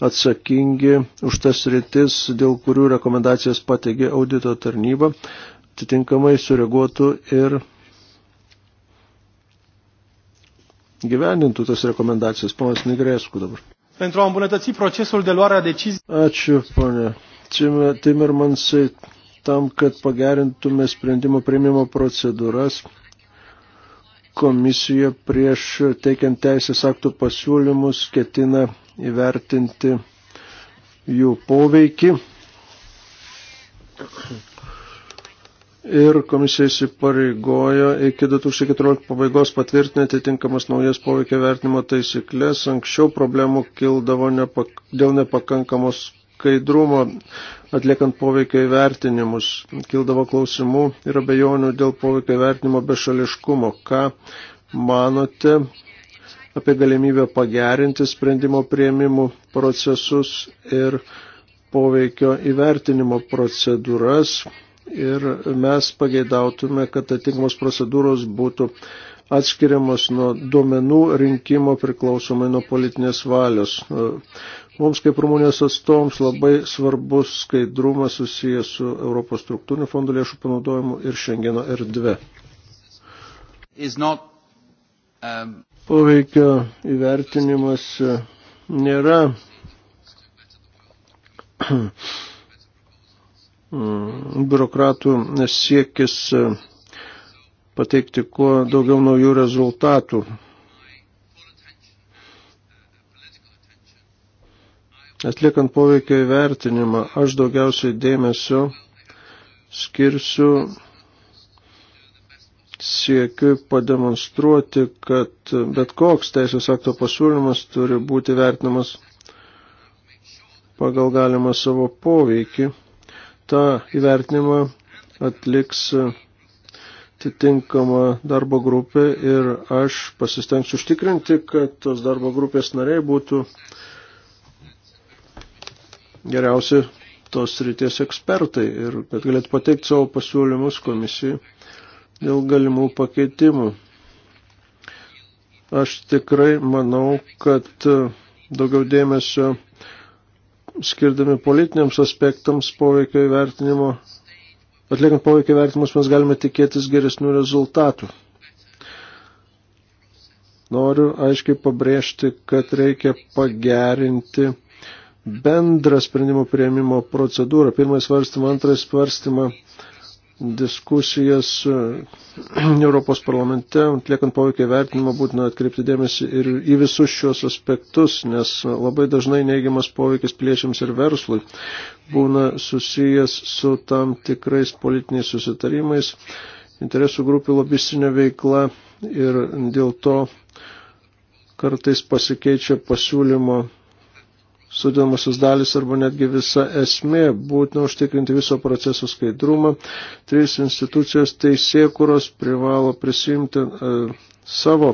atsakingi už tas rytis, dėl kurių rekomendacijas pateigė audito tarnyba, atitinkamai sureaguotų ir gyvenintų tas rekomendacijas. Ponas Nigresku dabar. Pentru a îmbunătăți procesul de luare a decizii. Ačiū, ponė. Timmermansai, tam, kad pagerintume sprendimo priimimo procedūras, komisija prieš teikiant teisės aktų pasiūlymus ketina įvertinti jų poveikį. Ir komisija įsipareigojo iki 2014 pabaigos patvirtinti atitinkamas naujas poveikio vertinimo taisyklės. Anksčiau problemų kildavo nepak dėl nepakankamos skaidrumo atliekant poveikio įvertinimus. Kildavo klausimų ir abejonių dėl poveikio įvertinimo bešališkumo. Ką manote apie galimybę pagerinti sprendimo prieimimų procesus ir poveikio įvertinimo procedūras. Ir mes pageidautume, kad atitinkamos procedūros būtų atskiriamos nuo duomenų rinkimo priklausomai nuo politinės valios. Mums kaip Rumunijos atstovams labai svarbus skaidrumas susijęs su Europos struktūrinių fondų lėšų panaudojimu ir Šengeno erdve. Not, um... Poveikio įvertinimas nėra biurokratų siekis pateikti kuo daugiau naujų rezultatų. Atliekant poveikio įvertinimą, aš daugiausiai dėmesio skirsiu siekiu pademonstruoti, kad bet koks teisės akto pasiūlymas turi būti vertinamas pagal galimą savo poveikį. Ta įvertinimą atliks atitinkama darbo grupė ir aš pasistengsiu užtikrinti, kad tos darbo grupės nariai būtų geriausi tos ryties ekspertai ir kad galėtų pateikti savo pasiūlymus komisijai dėl galimų pakeitimų. Aš tikrai manau, kad e, daugiau dėmesio skirdami politiniams aspektams poveikio įvertinimo, atliekant poveikio įvertinimus, mes galime tikėtis geresnių rezultatų. Noriu aiškiai pabrėžti, kad reikia pagerinti bendrą sprendimo prieimimo procedūrą. Pirmąjį svarstymą, antrąjį svarstymą diskusijas (clears throat) Europos parlamente, atliekant poveikį vertinimą, būtina atkreipti dėmesį ir į visus šios aspektus, nes labai dažnai neigiamas poveikis piliečiams ir verslui būna susijęs su tam tikrais politiniais susitarimais, interesų grupių lobistinė veikla ir dėl to kartais pasikeičia pasiūlymo sudėmusios dalis arba netgi visa esmė, būtina užtikrinti viso proceso skaidrumą. Trys institucijos teisėkuros privalo prisimti e, savo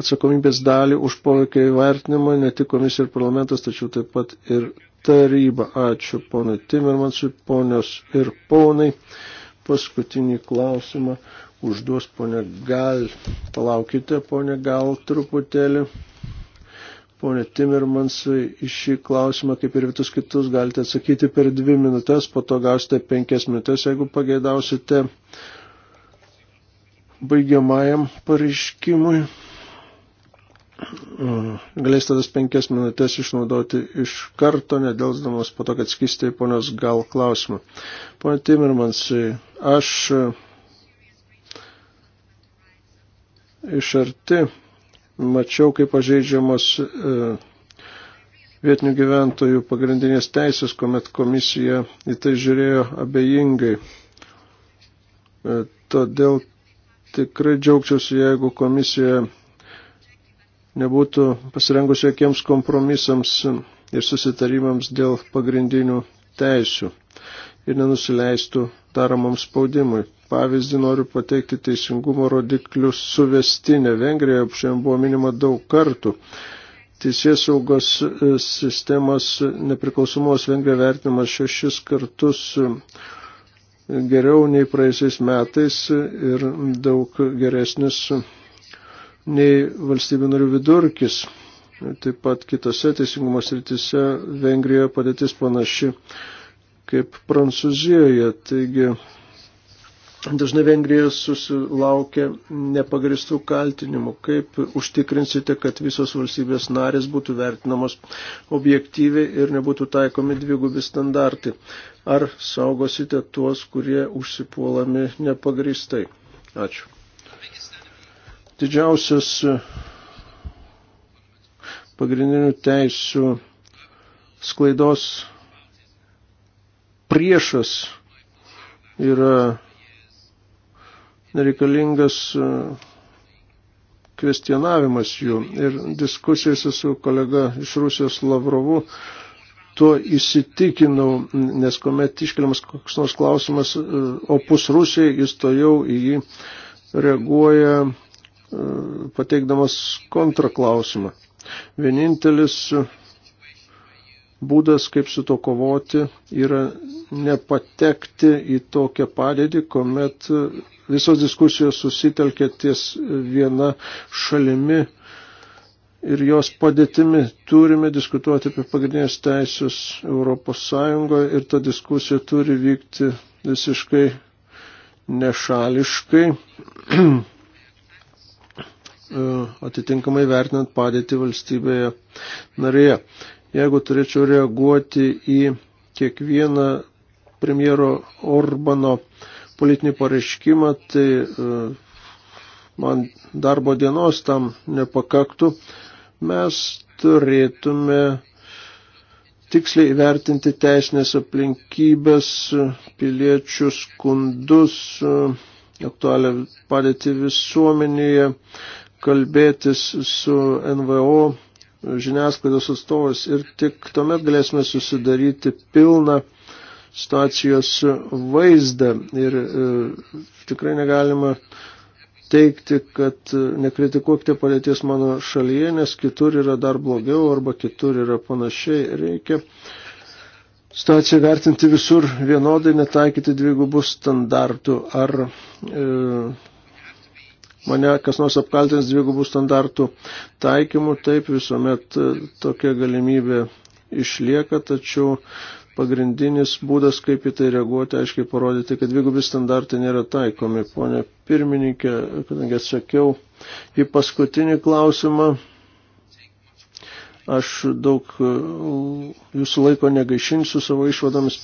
atsakomybės dalį už poveikio įvertinimą, ne tik komisija ir parlamentas, tačiau taip pat ir taryba. Ačiū ponai Timirmansui, ponios ir ponai. Paskutinį klausimą užduos ponė Gal. Palaukite, ponė Gal, truputėlį. Pone Timirmansai, į šį klausimą, kaip ir visus kitus, galite atsakyti per dvi minutės, po to gausite penkias minutės, jeigu pageidausite baigiamajam pareiškimui. Mm, Galėsite tas penkias minutės išnaudoti iš karto, nedelsdamas po to, kad skistė į ponios gal klausimą. Pone Timirmansai, aš iš arti mačiau, kaip pažeidžiamas e, vietinių gyventojų pagrindinės teisės, kuomet komisija į tai žiūrėjo abejingai. E, todėl tikrai džiaugčiausi, jeigu komisija nebūtų pasirengusi jokiems kompromisams ir susitarimams dėl pagrindinių teisių ir nenusileistų daromam spaudimui pavyzdį noriu pateikti teisingumo rodiklių suvestinę. Vengrijoje šiandien buvo minima daug kartų. Teisės saugos e, sistemos nepriklausomos Vengrija vertinamas šešis kartus e, geriau nei praeisiais metais ir daug geresnis nei valstybių narių vidurkis. Taip pat kitose teisingumo srityse Vengrijoje padėtis panaši kaip Prancūzijoje. Taigi Dažnai Vengrija susilaukia nepagristų kaltinimų. Kaip užtikrinsite, kad visos valstybės narės būtų vertinamos objektyviai ir nebūtų taikomi dvigubi standartai? Ar saugosite tuos, kurie užsipuolami nepagristai? Ačiū. Didžiausias pagrindinių teisų sklaidos priešas yra reikalingas e, kvestionavimas jų. Ir diskusijose su kolega iš Rusijos Lavrovu tuo įsitikinau, nes kuomet iškeliamas koks nors klausimas e, opus Rusijai, jis to jau į jį reaguoja e, pateikdamas kontraklausimą. Vienintelis būdas, kaip su to kovoti, yra nepatekti į tokią padėtį, kuomet visos diskusijos susitelkia ties viena šalimi ir jos padėtimi. Turime diskutuoti apie pagrindinės teisės Europos Sąjungoje ir ta diskusija turi vykti visiškai nešališkai, (clears throat) atitinkamai vertinant padėtį valstybėje narėje. Jeigu turėčiau reaguoti į kiekvieną premjero Orbano politinį pareiškimą, tai e, man darbo dienos tam nepakaktų. Mes turėtume tiksliai įvertinti teisinės aplinkybės, piliečių skundus, aktualią padėtį visuomenėje, kalbėtis su NVO žiniasklaidos atstovas ir tik tuomet galėsime susidaryti pilną situacijos vaizdą ir e, tikrai negalima teikti, kad e, nekritikuokite padėties mano šalyje, nes kitur yra dar blogiau arba kitur yra panašiai. Reikia situaciją vertinti visur vienodai, netaikyti dvigubų standartų ar e, mane kas nors apkaltins dvigubų standartų taikymu, taip visuomet e, tokia galimybė išlieka, tačiau pagrindinis būdas, kaip į tai reaguoti, aiškiai parodyti, kad dvigubi standartai nėra taikomi. Pone pirmininkė, kadangi atsakiau į paskutinį klausimą, aš daug e, jūsų laiko negaišinsiu savo išvadomis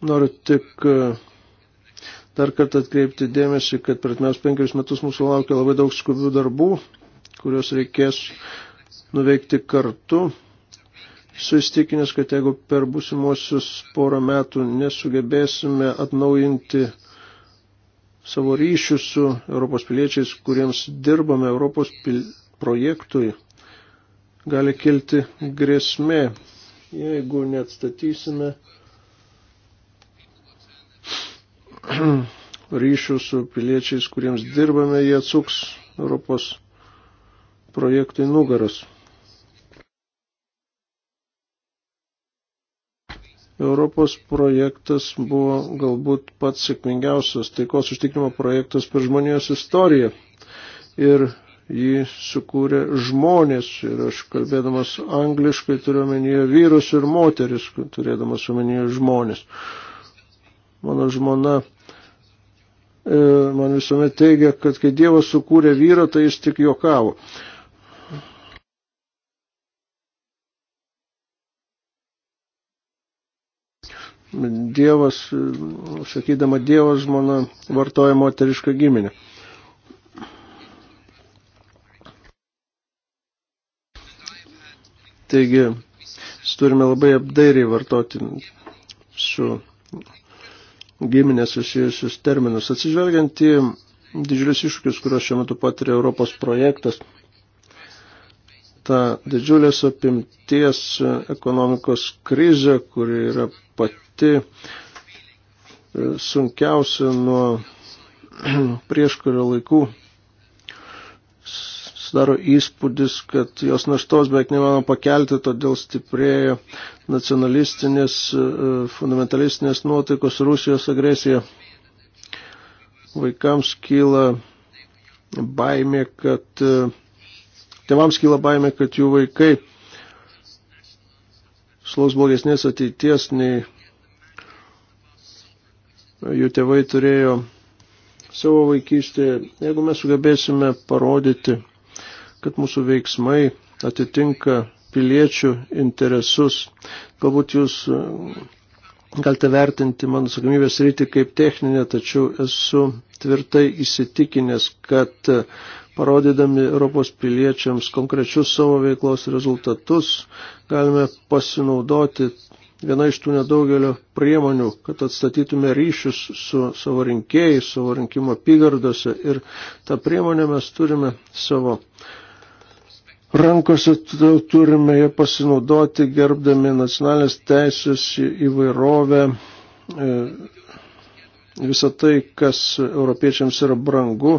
Noriu tik e, dar kartą atkreipti dėmesį, kad per atmiaus penkerius metus mūsų laukia labai daug skubių darbų, kuriuos reikės nuveikti kartu. Esu įstikinęs, kad jeigu per būsimuosius porą metų nesugebėsime atnaujinti savo ryšių su Europos piliečiais, kuriems dirbame Europos pil... projektui, gali kilti grėsmė, jeigu neatstatysime (clears throat) ryšių su piliečiais, kuriems dirbame, jie atsuks Europos projektai nugaras. Europos projektas buvo galbūt pats sėkmingiausias taikos užtikrimo projektas per žmonijos istoriją. Ir jį sukūrė žmonės. Ir aš kalbėdamas angliškai turiu omenyje vyrus ir moteris, turėdamas omenyje žmonės. Mano žmona E, man visuomet teigia, kad kai Dievas sukūrė vyrą, tai jis tik juokavo. Dievas, sakydama Dievas, žmona vartoja moterišką giminę. Taigi, turime labai apdairiai vartoti su giminės susijusius terminus. Atsižvelgiant į didžiulius iššūkius, kuriuos šiuo metu patiria Europos projektas, ta didžiulės apimties ekonomikos krizė, kuri yra pati e, sunkiausia nuo (clears throat) prieškario laikų sudaro įspūdis, kad jos naštos beveik nemanoma pakelti, todėl stiprėja nacionalistinės, e, fundamentalistinės nuotaikos Rusijos agresija. Vaikams kyla baimė, kad e, tėvams kyla baimė, kad jų vaikai slaus blogesnės ateities, nei jų tėvai turėjo savo vaikystėje. Jeigu mes sugebėsime parodyti kad mūsų veiksmai atitinka piliečių interesus. Galbūt jūs e, galite vertinti mano sakomybės rytį kaip techninę, tačiau esu tvirtai įsitikinęs, kad e, parodydami Europos piliečiams konkrečius savo veiklos rezultatus, galime pasinaudoti viena iš tų nedaugelio priemonių, kad atstatytume ryšius su savo rinkėjais, savo rinkimo apygardose ir tą priemonę mes turime savo rankose turime ją pasinaudoti, gerbdami nacionalinės teisės įvairovę, e, visą tai, kas europiečiams yra brangu,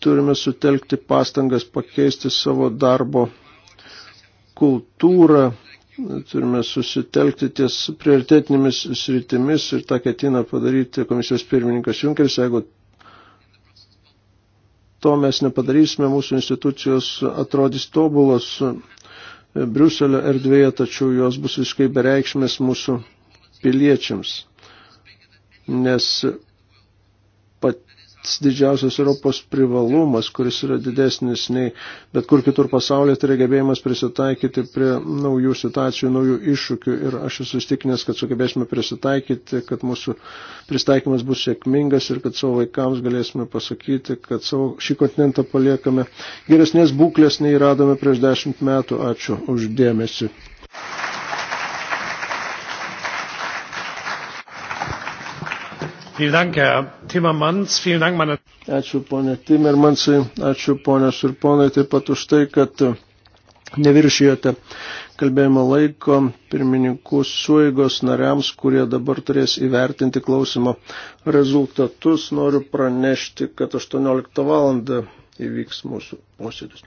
turime sutelkti pastangas pakeisti savo darbo kultūrą, turime susitelkti ties prioritetinėmis sritimis ir tą ketina padaryti komisijos pirmininkas Junkeris, jeigu to mes nepadarysime, mūsų institucijos atrodys tobulos e, Briuselio erdvėje, tačiau jos bus visiškai bereikšmės mūsų piliečiams. Nes pats didžiausias Europos privalumas, kuris yra didesnis nei bet kur kitur pasaulyje, tai yra gebėjimas prisitaikyti prie naujų situacijų, naujų iššūkių. Ir aš esu įstikinęs, kad sugebėsime prisitaikyti, kad mūsų pristaikymas bus sėkmingas ir kad savo vaikams galėsime pasakyti, kad savo šį kontinentą paliekame geresnės būklės nei radome prieš dešimt metų. Ačiū uždėmesi. Thank you. Ačiū ponė Timermansai, ačiū ponės ir ponai taip pat už tai, kad e, neviršijote kalbėjimo laiko pirmininkų suėgos nariams, kurie dabar turės įvertinti klausimo rezultatus. Noriu pranešti, kad 18 val. įvyks mūsų posėdis.